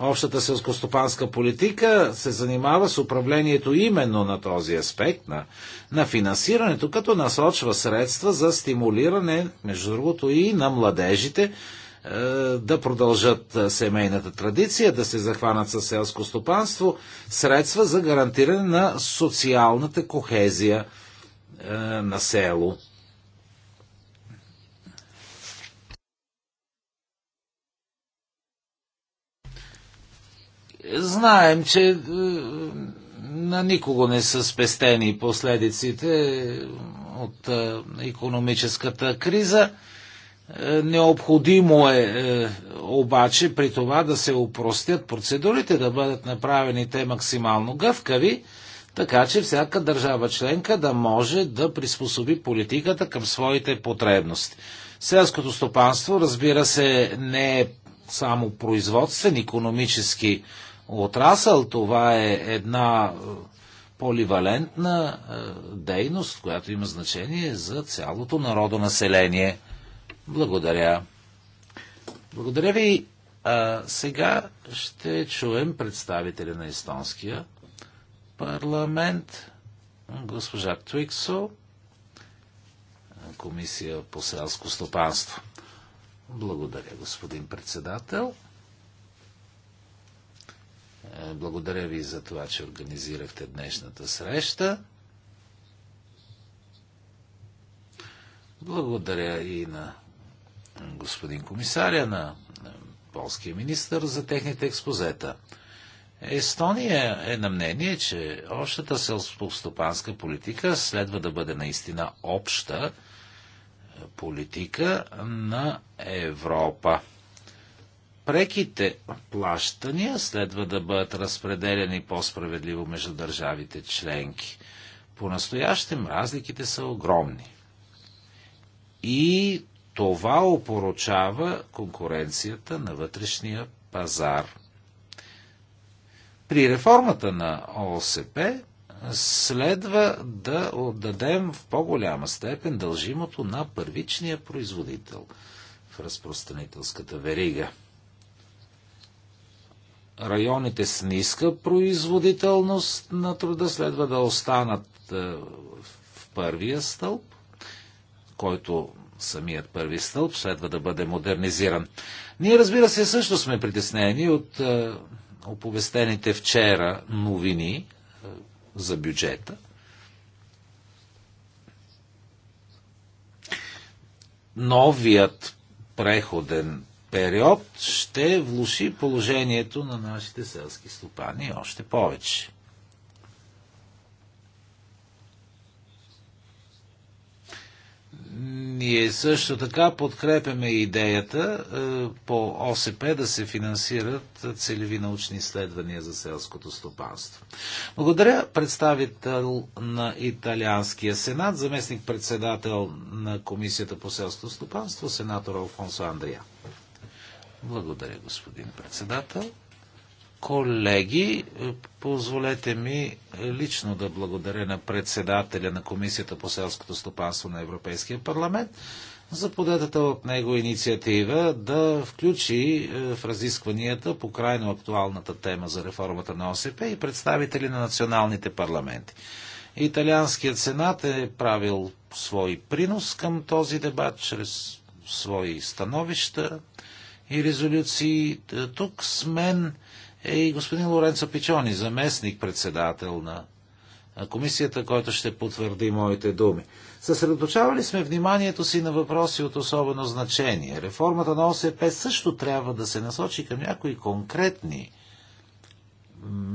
Общата селскостопанска политика се занимава с управлението именно на този аспект, на, на финансирането, като насочва средства за стимулиране, между другото, и на младежите, е, да продължат е, семейната традиция, да се захванат със селско стопанство, средства за гарантиране на социалната кохезия е, на село. Знаем, че на никого не са спестени последиците от економическата криза. Е, необходимо е, е обаче при това да се упростят процедурите, да бъдат направени те максимално гъвкави, така че всяка държава членка да може да приспособи политиката към своите потребности. Селското стопанство, разбира се, не е само производствен, економически отрасъл. Това е една е, поливалентна дейност, която има значение за цялото народонаселение. Благодаря. Благодаря ви. А, сега ще чуем представителя на естонския парламент, госпожа Твиксо, комисия по селско стопанство. Благодаря, господин председател. Е, благодаря ви за това, че организирахте днешната среща. Благодаря и на господин комисаря, на полския министр за техните експозета. Естония е на мнение, че общата селскостопанска политика следва да бъде наистина обща е, политика на Европа. Преките плащания следва да бъдат разпределени по-справедливо между държавите членки. По-настоящем разликите са огромни. И това опорочава конкуренцията на вътрешния пазар. При реформата на ОСП следва да отдадем в по-голяма степен дължимото на първичния производител в разпространителската верига. Районите с ниска производителност на труда следва да останат е, в първия стълб, който самият първи стълб следва да бъде модернизиран. Ние, разбира се, също сме притеснени от е, оповестените вчера новини е, за бюджета. Новият преходен период ще влуши положението на нашите селски стопани още повече. Ние също така подкрепяме идеята е, по ОСП да се финансират целеви научни изследвания за селското стопанство. Благодаря представител на Италианския сенат, заместник председател на Комисията по селското стопанство, сенатор Алфонсо Андрия. Благодаря, господин председател. Колеги, позволете ми лично да благодаря на председателя на Комисията по селското стопанство на Европейския парламент за подетата от него инициатива да включи е, в разискванията по крайно актуалната тема за реформата на ОСП и представители на националните парламенти. Италианският сенат е правил свой принос към този дебат чрез свои становища и резолюции. Е, тук с мен е и господин Лоренцо Пичони, заместник председател на комисията, който ще потвърди моите думи. Съсредоточавали сме вниманието си на въпроси от особено значение. Реформата на ОСП също трябва да се насочи към някои конкретни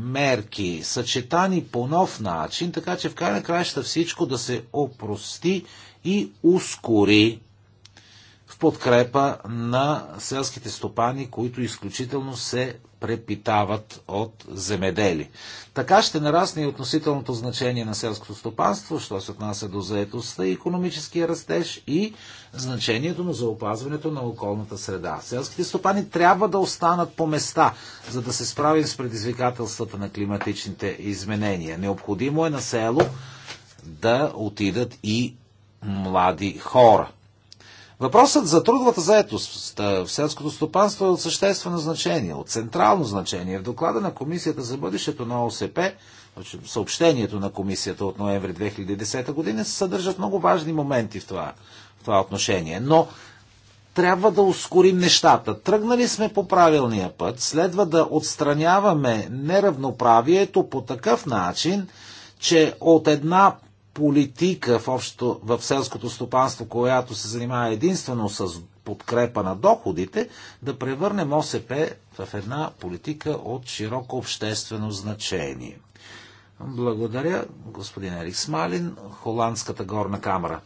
мерки, съчетани по нов начин, така че в край на краища всичко да се опрости и ускори в подкрепа на селските стопани, които изключително се препитават от земедели. Така ще нарасне и относителното значение на селското стопанство, що се отнася до заетостта и економическия растеж и значението на заопазването на околната среда. Селските стопани трябва да останат по места, за да се справим с предизвикателствата на климатичните изменения. Необходимо е на село да отидат и млади хора. Въпросът за трудовата заетост в селското стопанство е от съществено значение, от централно значение. В доклада на Комисията за бъдещето на ОСП, значи, съобщението на Комисията от ноември 2010 година, се съдържат много важни моменти в това, в това отношение. Но трябва да ускорим нещата. Тръгнали сме по правилния път, следва да отстраняваме неравноправието по такъв начин, че от една политика в, общо, в селското стопанство, която се занимава единствено с подкрепа на доходите, да превърнем ОСП в една политика от широко обществено значение. Благодаря, господин Ерик Смалин, Холандската горна камера.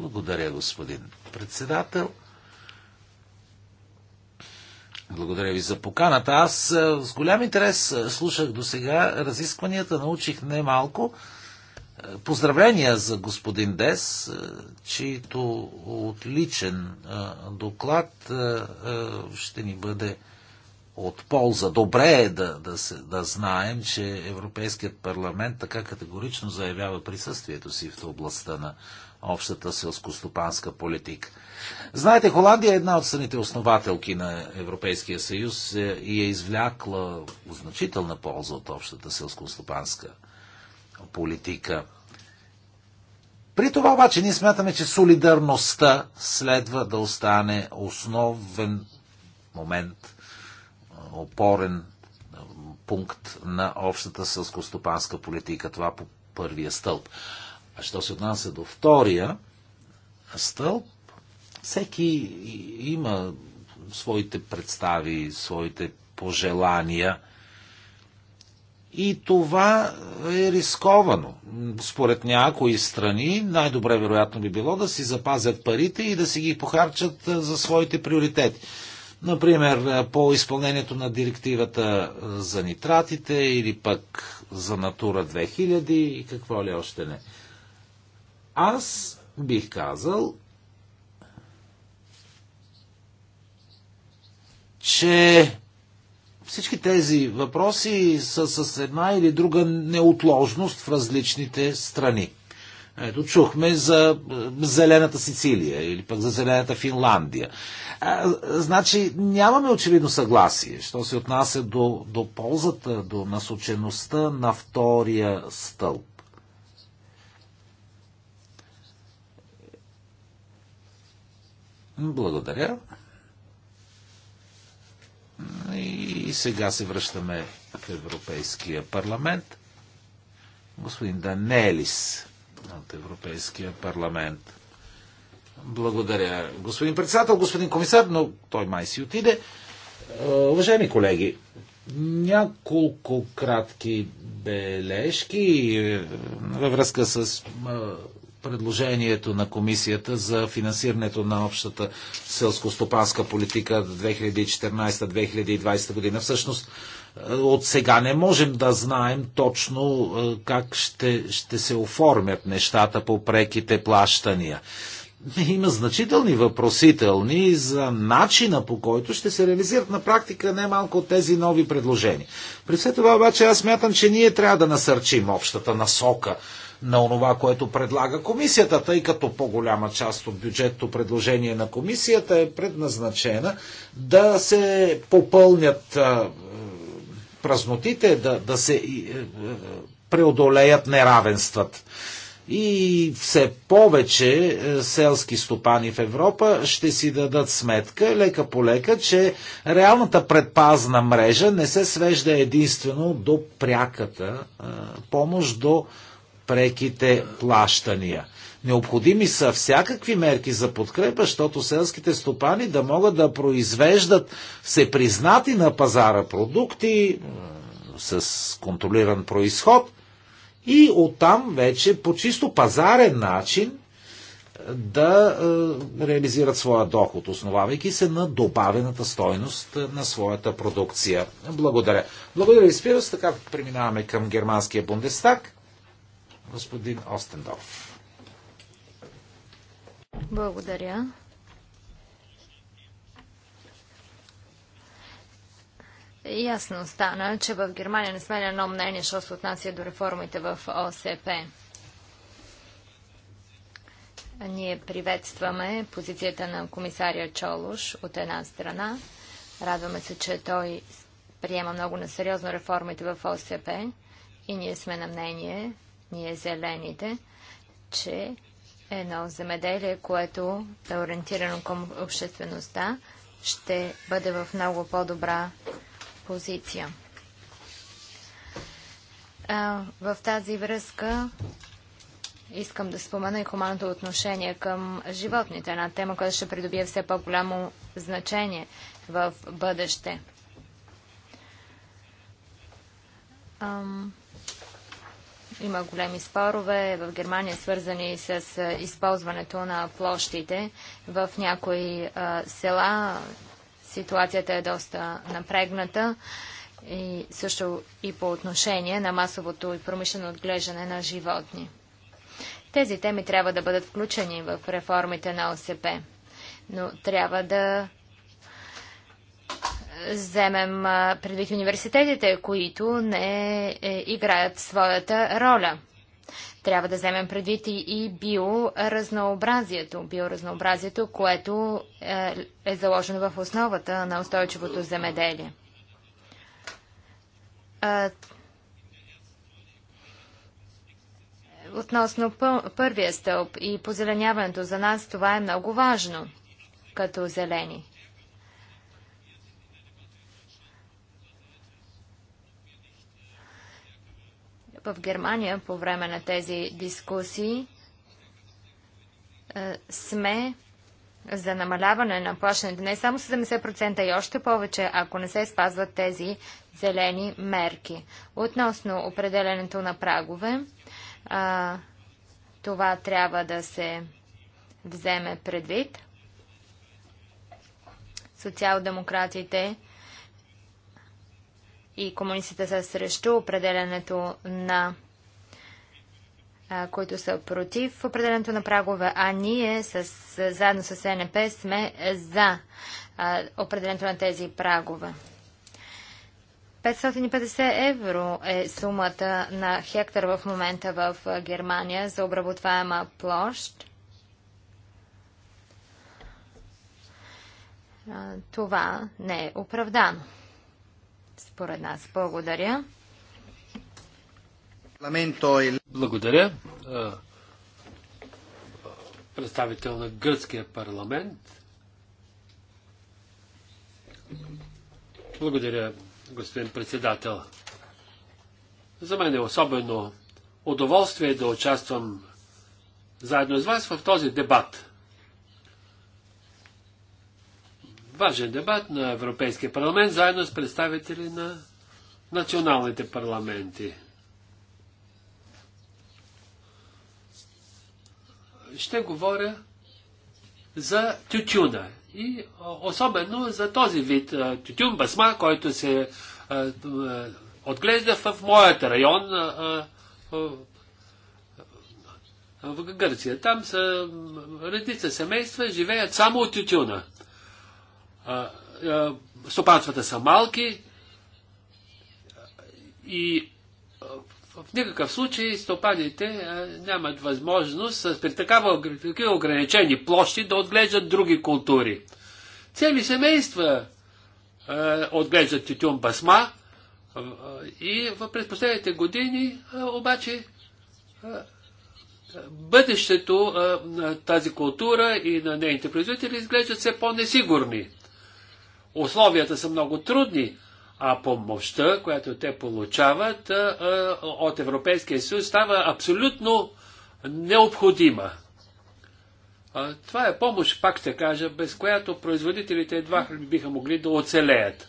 Благодаря, господин председател. Благодаря ви за поканата. Аз с голям интерес слушах до сега разискванията, научих немалко. малко Поздравления за господин Дес, е, чието отличен е, доклад е, ще ни бъде от полза. Добре е да, да, се, да знаем, че Европейският парламент така категорично заявява присъствието си в областта на общата селскостопанска политика. Знаете, Холандия е една от страните основателки на Европейския съюз и е извлякла значителна полза от общата селскостопанска политика политика. При това обаче ние смятаме, че солидарността следва да остане основен момент, опорен пункт на общата сълскостопанска политика. Това по първия стълб. А що се отнася до втория стълб, всеки има своите представи, своите пожелания – и това е рисковано. Според някои страни най-добре вероятно би било да си запазят парите и да си ги похарчат за своите приоритети. Например, по изпълнението на директивата за нитратите или пък за Натура 2000 и какво ли още не. Аз бих казал, че всички тези въпроси са с една или друга неотложност в различните страни. Ето, чухме за зелената Сицилия или пък за зелената Финландия. А, значи, нямаме очевидно съгласие, що се отнася до, до ползата, до насочеността на втория стълб. Благодаря. И сега се връщаме в Европейския парламент. Господин Данелис от Европейския парламент. Благодаря, господин председател, господин комисар, но той май си отиде. Е, уважаеми колеги, няколко кратки бележки е, във връзка с е, предложението на комисията за финансирането на общата селско-стопанска политика 2014-2020 година. Всъщност, е, от сега не можем да знаем точно е, как ще, ще се оформят нещата по преките плащания. Има значителни въпросителни за начина по който ще се реализират на практика най-малко от тези нови предложения. При все това обаче аз мятам, че ние трябва да насърчим общата насока на онова, което предлага комисията, тъй като по-голяма част от бюджетто предложение на комисията е предназначена да се попълнят празнотите, да, да се е, е, преодолеят неравенствата. И все повече е, селски стопани в Европа ще си дадат сметка, лека по лека, че реалната предпазна мрежа не се свежда единствено до пряката помощ, до преките плащания. Необходими са всякакви мерки за подкрепа, защото селските стопани да могат да произвеждат се признати на пазара продукти с контролиран происход и оттам вече по чисто пазарен начин е, да е, реализират своя доход, основавайки се на добавената стойност е, на своята продукция. Благодаря. Благодаря ви, Спирос. Така преминаваме към германския Бундестаг господин Остендорф. Благодаря. Ясно стана, че в Германия не сме на едно мнение, що се отнася до реформите в ОСП. Ние приветстваме позицията на комисария Чолуш от една страна. Радваме се, че той приема много насериозно реформите в ОСП и ние сме на мнение, ние зелените, че едно земеделие, което е ориентирано към обществеността, ще бъде в много по-добра позиция. А, в тази връзка искам да спомена и хуманното отношение към животните. Една тема, която ще придобие все по-голямо значение в бъдеще. Ам... Има големи спорове в Германия, свързани с използването на площите. В някои а, села ситуацията е доста напрегната и също и по отношение на масовото и промишлено отглеждане на животни. Тези теми трябва да бъдат включени в реформите на ОСП, но трябва да вземем предвид университетите, които не е, играят своята роля. Трябва да вземем предвид и, биоразнообразието. Биоразнообразието, което е, е заложено в основата на устойчивото земеделие. Относно първия стълб и позеленяването за нас, това е много важно като зелени. в Германия по време на тези дискусии е, сме за намаляване на плащането не само 70% и още повече, ако не се спазват тези зелени мерки. Относно определенето на прагове, това трябва да се вземе предвид. Социал-демократите и комунистите са срещу определенето на които са против определенето на прагове, а ние с, заедно с СНП сме за а, определенето на тези прагове. 550 евро е сумата на хектар в момента в Германия за обработваема площ. Това не е оправдано според нас. Благодаря. Благодаря. Представител на гръцкия парламент. Благодаря, господин председател. За мен е особено удоволствие да участвам заедно с вас в този дебат. важен дебат на Европейския парламент, заедно с представители на националните парламенти. Ще говоря за тютюна и особено за този вид тютюн басма, който се отглежда в моят район в Гърция. Там са редица семейства, живеят само от тютюна стопанствата са малки и в никакъв случай стопаните нямат възможност при такава, такива ограничени площи да отглеждат други култури. Цели семейства отглеждат тютюн басма и през последните години обаче бъдещето на тази култура и на нейните производители изглеждат все по-несигурни. Условията са много трудни, а помощта, която те получават от Европейския съюз, става абсолютно необходима. Това е помощ, пак ще кажа, без която производителите едва биха могли да оцелеят.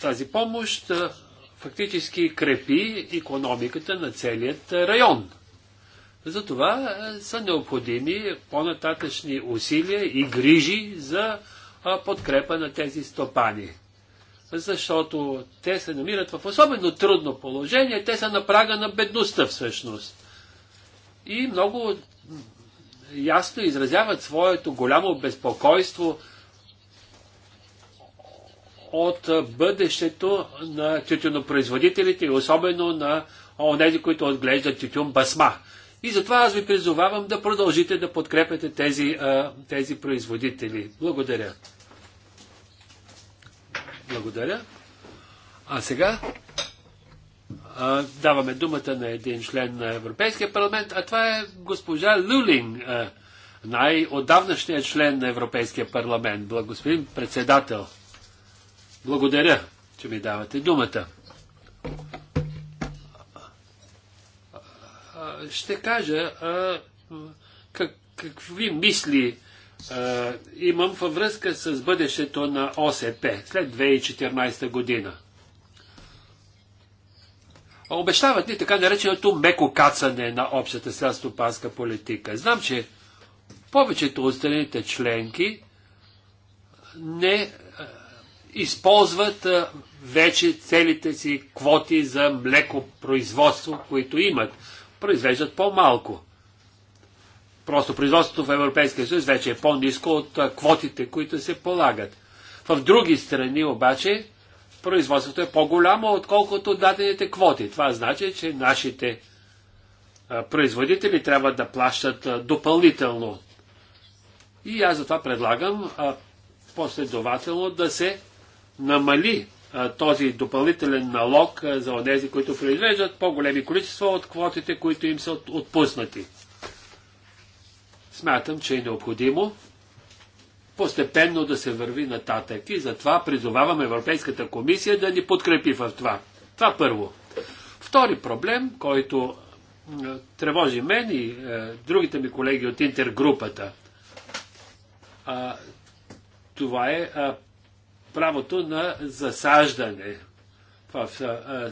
Тази помощ фактически крепи економиката на целият район. Затова е, са необходими по-нататъчни усилия и грижи за е, подкрепа на тези стопани. Защото те се намират в особено трудно положение, те са на прага на бедността всъщност. И много ясно изразяват своето голямо безпокойство от е, бъдещето на тютюнопроизводителите и особено на онези, които отглеждат тютюн басма. И затова аз ви призовавам да продължите да подкрепяте тези, тези производители. Благодаря. Благодаря. А сега а, даваме думата на един член на Европейския парламент, а това е госпожа Люлин, най-отдавнашният член на Европейския парламент. Благословен председател. Благодаря, че ми давате думата ще кажа как, какви мисли имам във връзка с бъдещето на ОСП след 2014 година. Обещават ни така нареченото меко кацане на общата селстопанска политика. Знам, че повечето от страните членки не използват вече целите си квоти за млекопроизводство, които имат произвеждат по-малко. Просто производството в Европейския съюз вече е по-низко от квотите, които се полагат. В други страни обаче производството е по-голямо, отколкото дадените квоти. Това значи, че нашите производители трябва да плащат допълнително. И аз затова предлагам последователно да се намали този допълнителен налог за онези, които произвеждат по-големи количества от квотите, които им са отпуснати. Смятам, че е необходимо постепенно да се върви нататък и затова призовавам Европейската комисия да ни подкрепи в това. Това първо. Втори проблем, който тревожи мен и е, другите ми колеги от интергрупата. А, това е а, правото на засаждане. В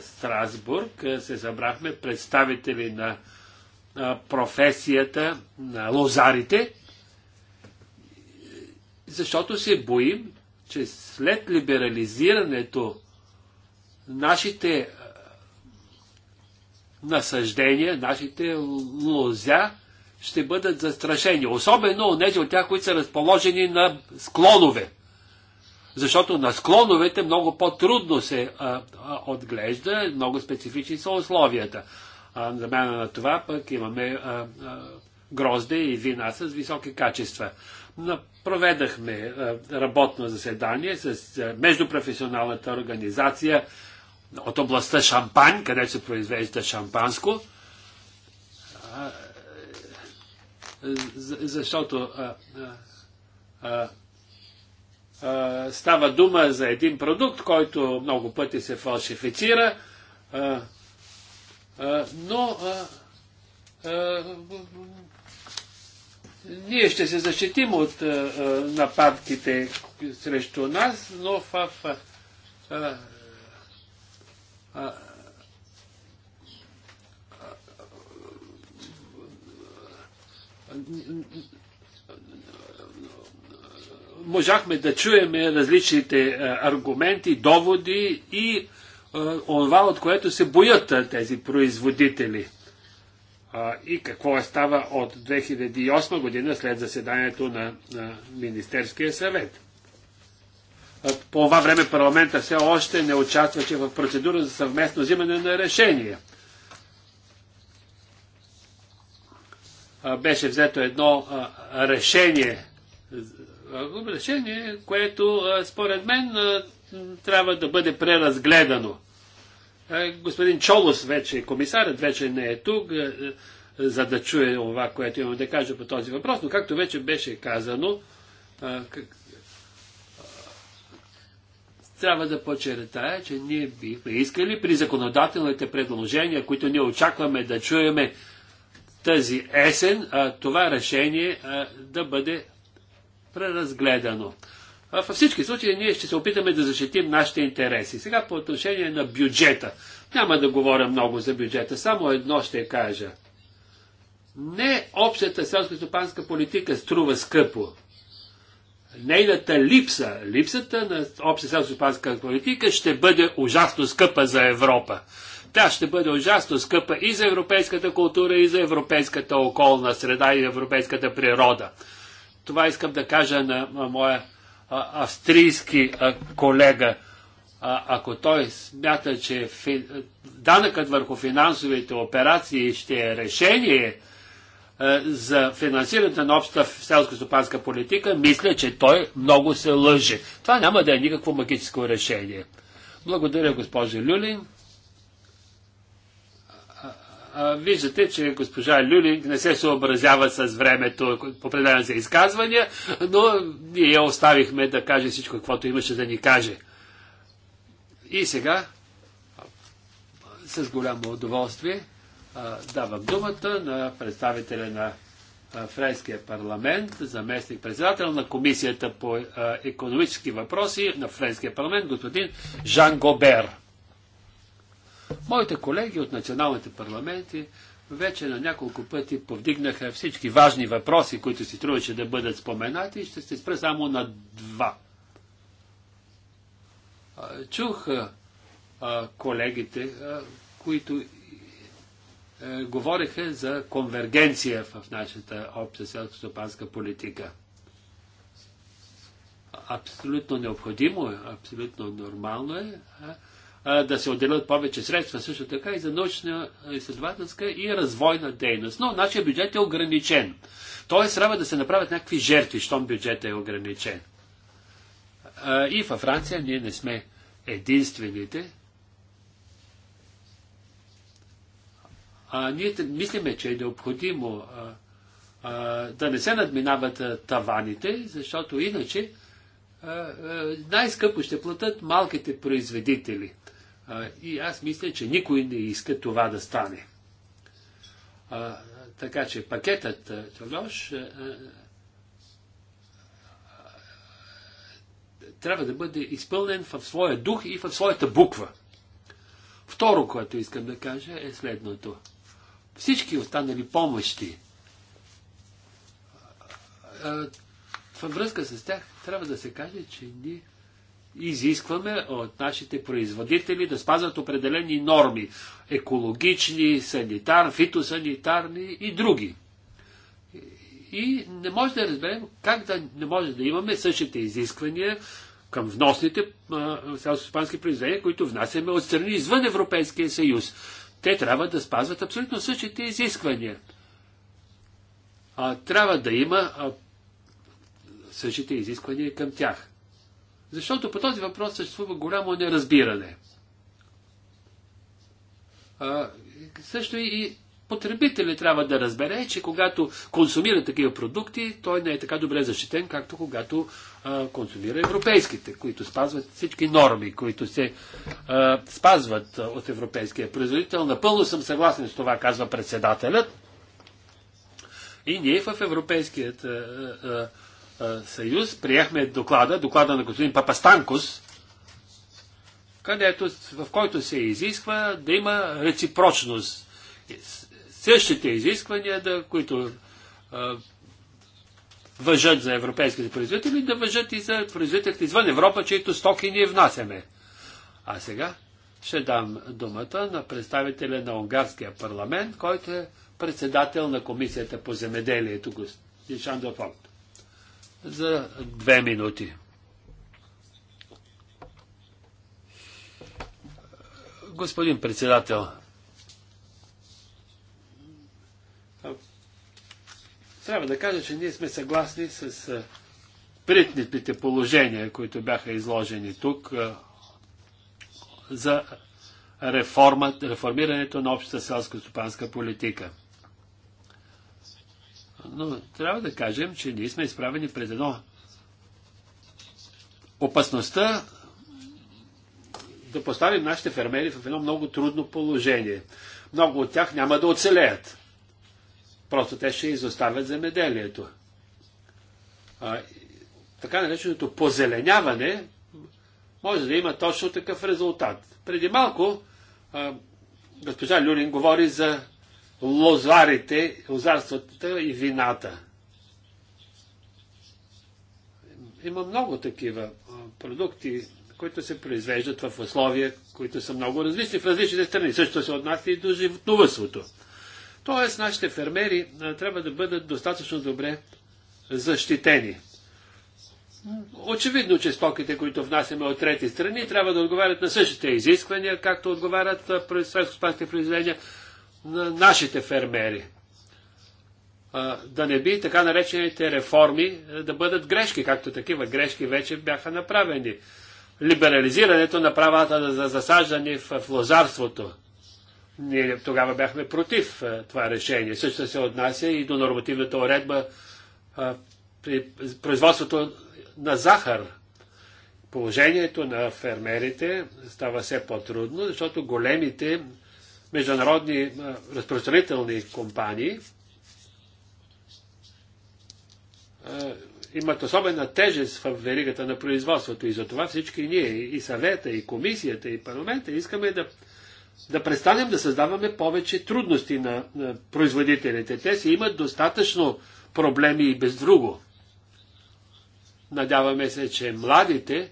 Страсбург се събрахме представители на професията на лозарите, защото се боим, че след либерализирането нашите насъждения, нашите лозя ще бъдат застрашени. Особено от тези от тях, които са разположени на склонове защото на склоновете много по-трудно се а, а, отглежда, много специфични са условията. А, мен на това пък имаме а, а, грозде и вина с високи качества. Но проведахме а, работно заседание с а, междупрофесионалната организация от областта Шампан, където се произвежда шампанско, а, защото а, а, става дума за един продукт, който много пъти се фалшифицира, а, а, но ние ще се защитим от нападките срещу нас, но в можахме да чуем различните е, аргументи, доводи и е, онова, от което се боят е, тези производители. И какво е става от 2008 година след заседанието на, Министерския съвет. По това време парламента все още не участваше в процедура за съвместно взимане на решение. беше взето едно решение решение, което според мен трябва да бъде преразгледано. Господин Чолос вече, е комисарът вече не е тук, за да чуе това, което имам да кажа по този въпрос, но както вече беше казано, трябва да подчертая, че ние бихме искали при законодателните предложения, които ние очакваме да чуеме тази есен, това решение да бъде преразгледано. А във всички случаи ние ще се опитаме да защитим нашите интереси. Сега по отношение на бюджета. Няма да говоря много за бюджета, само едно ще кажа. Не общата селско-стопанска политика струва скъпо. Нейната липса, липсата на обща селско-стопанска политика ще бъде ужасно скъпа за Европа. Тя ще бъде ужасно скъпа и за европейската култура, и за европейската околна среда, и европейската природа това искам да кажа на моя австрийски колега. Ако той смята, че данъкът върху финансовите операции ще е решение е, за финансирането на обща селско-стопанска политика, мисля, че той много се лъже. Това няма да е никакво магическо решение. Благодаря, госпожо Люлин виждате, че госпожа Люлинг не се съобразява с времето, определено за изказвания, но ние я оставихме да каже всичко, каквото имаше да ни каже. И сега, с голямо удоволствие, давам думата на представителя на Френския парламент, заместник председател на Комисията по економически въпроси на Френския парламент, господин Жан Гобер. Моите колеги от националните парламенти вече на няколко пъти повдигнаха всички важни въпроси, които си трудеше да бъдат споменати и ще се спра само на два. Чух а, колегите, а, които а, е, говореха за конвергенция в нашата обща селско-стопанска политика. Абсолютно необходимо е, абсолютно нормално е да се отделят повече средства също така и за научна изследователска и развойна дейност. Но нашия бюджет е ограничен. Тоест трябва да се направят някакви жертви, щом бюджетът е ограничен. и във Франция ние не сме единствените. А, ние мислиме, че е необходимо да не се надминават таваните, защото иначе най-скъпо ще платят малките производители. И аз мисля, че никой не иска това да стане. А, така че пакетът Тролош трябва да бъде изпълнен в своя дух и в своята буква. Второ, което искам да кажа е следното. Всички останали помощи а, във връзка с тях трябва да се каже, че ние изискваме от нашите производители да спазват определени норми екологични, санитар, фитосанитарни и други. И не може да разберем как да не може да имаме същите изисквания към вносните селско-спански произведения, които внасяме от страни извън Европейския съюз. Те трябва да спазват абсолютно същите изисквания. А, трябва да има а, същите изисквания към тях. Защото по този въпрос съществува голямо неразбиране. А, също и потребители трябва да разбере, че когато консумира такива продукти, той не е така добре защитен, както когато а, консумира европейските, които спазват всички норми, които се а, спазват от европейския производител. Напълно съм съгласен с това, казва председателят. И ние в Европейският а, а, съюз, приехме доклада, доклада на господин Папастанкос, където, в който се изисква да има реципрочност. Същите изисквания, да, които а, въжат за европейските производители, да въжат и за производителите извън Европа, чието стоки ние внасяме. А сега ще дам думата на представителя на Унгарския парламент, който е председател на Комисията по земеделието, господин Шандофонт за две минути. Господин председател, трябва да кажа, че ние сме съгласни с принципните положения, които бяха изложени тук за реформа, реформирането на общата селско-стопанска политика. Но трябва да кажем, че ние сме изправени пред едно опасността да поставим нашите фермери в едно много трудно положение. Много от тях няма да оцелеят. Просто те ще изоставят земеделието. А, така нареченото позеленяване може да има точно такъв резултат. Преди малко а, госпожа Люлин говори за лозарите, лозарствата и вината. Има много такива продукти, които се произвеждат в условия, които са много различни в различните страни. Също се отнася и до животновътството. Тоест, нашите фермери трябва да бъдат достатъчно добре защитени. Очевидно, че стоките, които внасяме от трети страни, трябва да отговарят на същите изисквания, както отговарят селско-спанските произведения на нашите фермери. Да не би така наречените реформи да бъдат грешки, както такива грешки вече бяха направени. Либерализирането на правата за засаждане в лозарството. Ние тогава бяхме против това решение. Също се отнася и до нормативната уредба при производството на захар. Положението на фермерите става все по-трудно, защото големите международни разпространителни компании имат особена тежест в веригата на производството и затова всички ние, и съвета, и комисията, и парламента искаме да, да престанем да създаваме повече трудности на, на производителите. Те си имат достатъчно проблеми и без друго. Надяваме се, че младите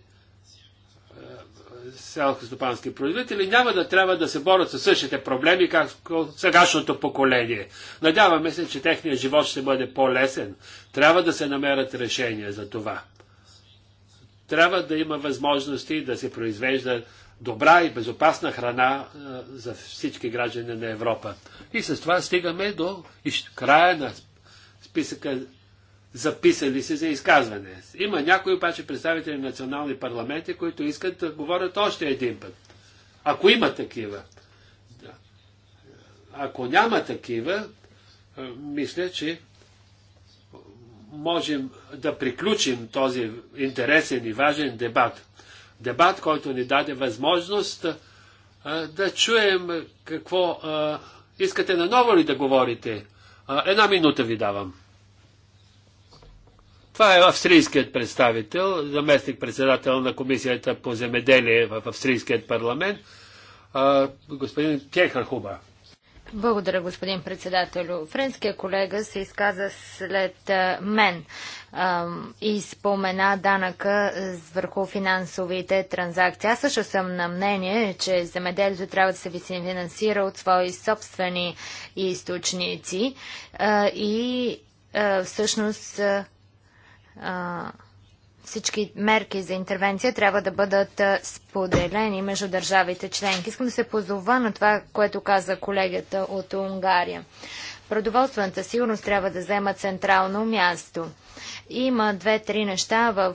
селскостопански производители няма да трябва да се борят с същите проблеми, както сегашното поколение. Надяваме се, че техният живот ще бъде по-лесен. Трябва да се намерят решения за това. Трябва да има възможности да се произвежда добра и безопасна храна за всички граждани на Европа. И с това стигаме до края на списъка записали се за изказване. Има някои обаче представители на национални парламенти, които искат да говорят още един път. Ако има такива. Ако няма такива, е, мисля, че можем да приключим този интересен и важен дебат. Дебат, който ни даде възможност е, да чуем какво е, искате наново ли да говорите. една минута ви давам. Това е австрийският представител, заместник председател на комисията по земеделие в австрийският парламент, господин Кехар Хуба. Благодаря, господин председател. Френския колега се изказа след мен и спомена данъка върху финансовите транзакции. Аз също съм на мнение, че земеделието трябва да се финансира от свои собствени източници и всъщност всички мерки за интервенция трябва да бъдат споделени между държавите членки. Искам да се позова на това, което каза колегата от Унгария. Продоволствената сигурност трябва да взема централно място. Има две-три неща в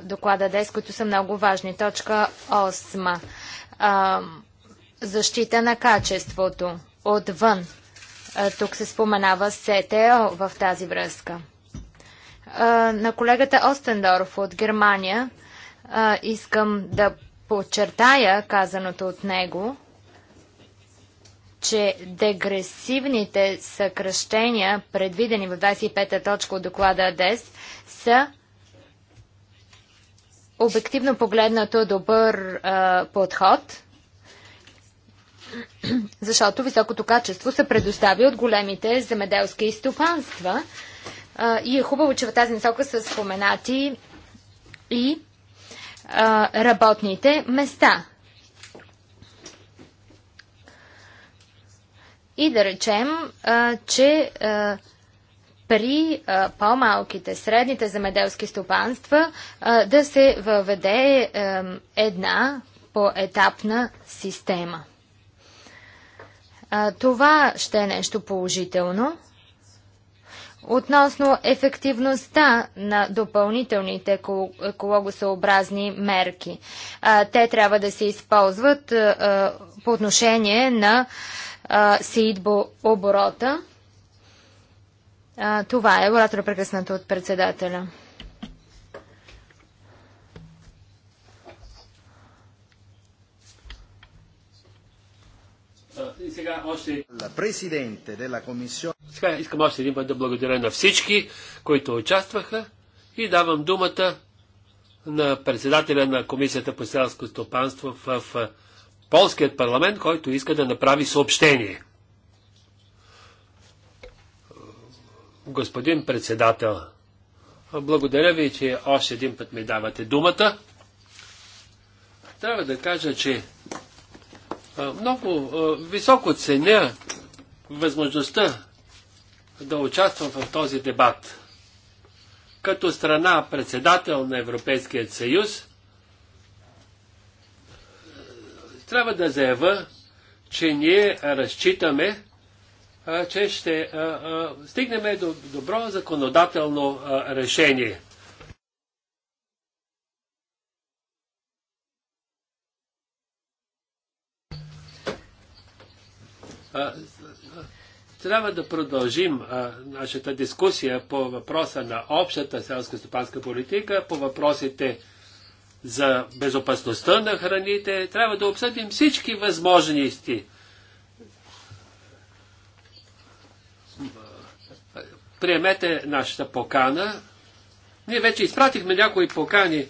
доклада ДЕС, които са много важни. Точка 8. защита на качеството отвън. тук се споменава СТО в тази връзка на колегата Остендорф от Германия искам да подчертая казаното от него, че дегресивните съкръщения, предвидени в 25-та точка от доклада АДЕС, са обективно погледнато добър а, подход, защото високото качество се предостави от големите земеделски стопанства – и е хубаво, че в тази насока са споменати и а, работните места. И да речем, а, че а, при по-малките, средните земеделски стопанства а, да се въведе а, една поетапна система. А, това ще е нещо положително. Относно ефективността на допълнителните екологосъобразни мерки, те трябва да се използват по отношение на сеидбо оборота. Това е оратора прекъснато от председателя. сега още... Сега искам още един път да благодаря на всички, които участваха и давам думата на председателя на Комисията по селско стопанство в, в Полският парламент, който иска да направи съобщение. Господин председател, благодаря ви, че още един път ми давате думата. Трябва да кажа, че много високо ценя възможността да участвам в този дебат. Като страна председател на Европейския съюз, трябва да заявя, че ние разчитаме, че ще стигнем до добро законодателно решение. трябва да продължим а, нашата дискусия по въпроса на общата селско-стопанска политика, по въпросите за безопасността на храните. Трябва да обсъдим всички възможности. Приемете нашата покана. Ние вече изпратихме някои покани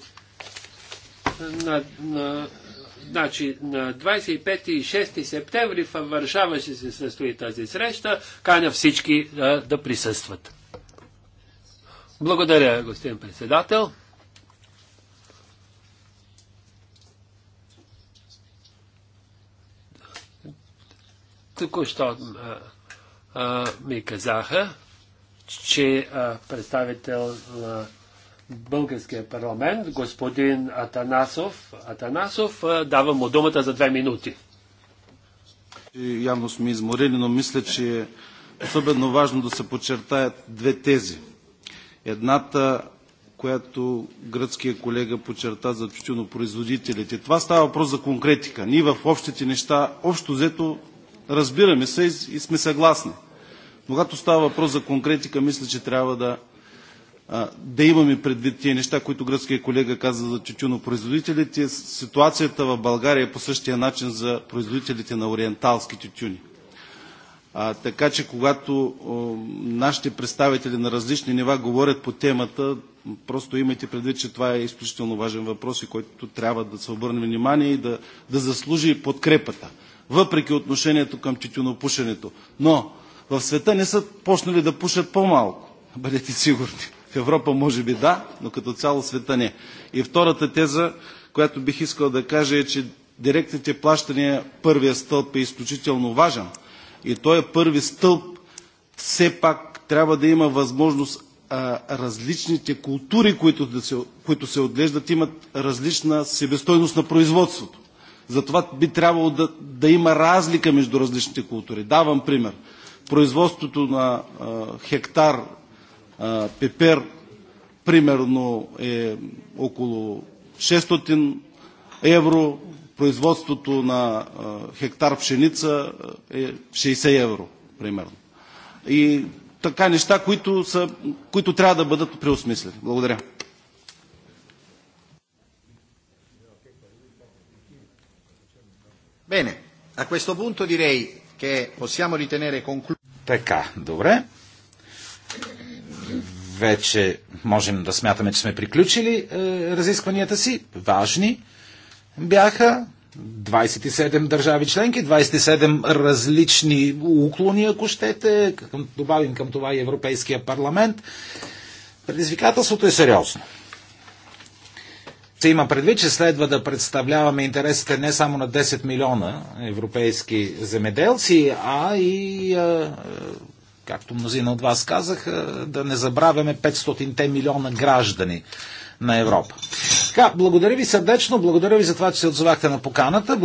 на, на Значи на 25 и 6 септември в Варшава ще се състои тази среща. Каня всички да, да присъстват. Благодаря, господин председател. Току-що ми казаха, че а, представител на българския парламент, господин Атанасов. Атанасов, давам му думата за две минути. Е, явно сме изморени, но мисля, че е особено важно да се подчертаят две тези. Едната, която гръцкия колега подчерта за тютюнопроизводителите. Това става въпрос за конкретика. Ние в общите неща, общо взето, разбираме се и сме съгласни. Но когато става въпрос за конкретика, мисля, че трябва да да имаме предвид тези неща, които гръцкият колега каза за тютюнопроизводителите. Ситуацията в България е по същия начин за производителите на ориенталски тютюни. А, така че, когато о, нашите представители на различни нива говорят по темата, просто имайте предвид, че това е изключително важен въпрос и който трябва да се обърне внимание и да, да заслужи подкрепата, въпреки отношението към тютюнопушенето. Но в света не са почнали да пушат по-малко, бъдете сигурни. В Европа може би да, но като цяло света не. И втората теза, която бих искал да кажа е, че директните плащания, е първия стълб е изключително важен. И той е първи стълб все пак трябва да има възможност а, различните култури, които, да се, които се отглеждат, имат различна себестойност на производството. Затова би трябвало да, да има разлика между различните култури. Давам пример. Производството на а, хектар а, пепер примерно е около 600 евро, производството на хектар пшеница е 60 евро примерно. И така неща, които, са, които трябва да бъдат преосмислени. Благодаря. Bene, a questo punto direi che possiamo ritenere conclusa. Така, добре вече можем да смятаме, че сме приключили е, разискванията си. Важни бяха 27 държави членки, 27 различни уклони, ако щете. Към, добавим към това и Европейския парламент. Предизвикателството е сериозно. Се има предвид, че следва да представляваме интересите не само на 10 милиона европейски земеделци, а и е, както мнозина от вас казаха, да не забравяме 500-те милиона граждани на Европа. Така, благодаря ви сърдечно, благодаря ви за това, че се отзовахте на поканата.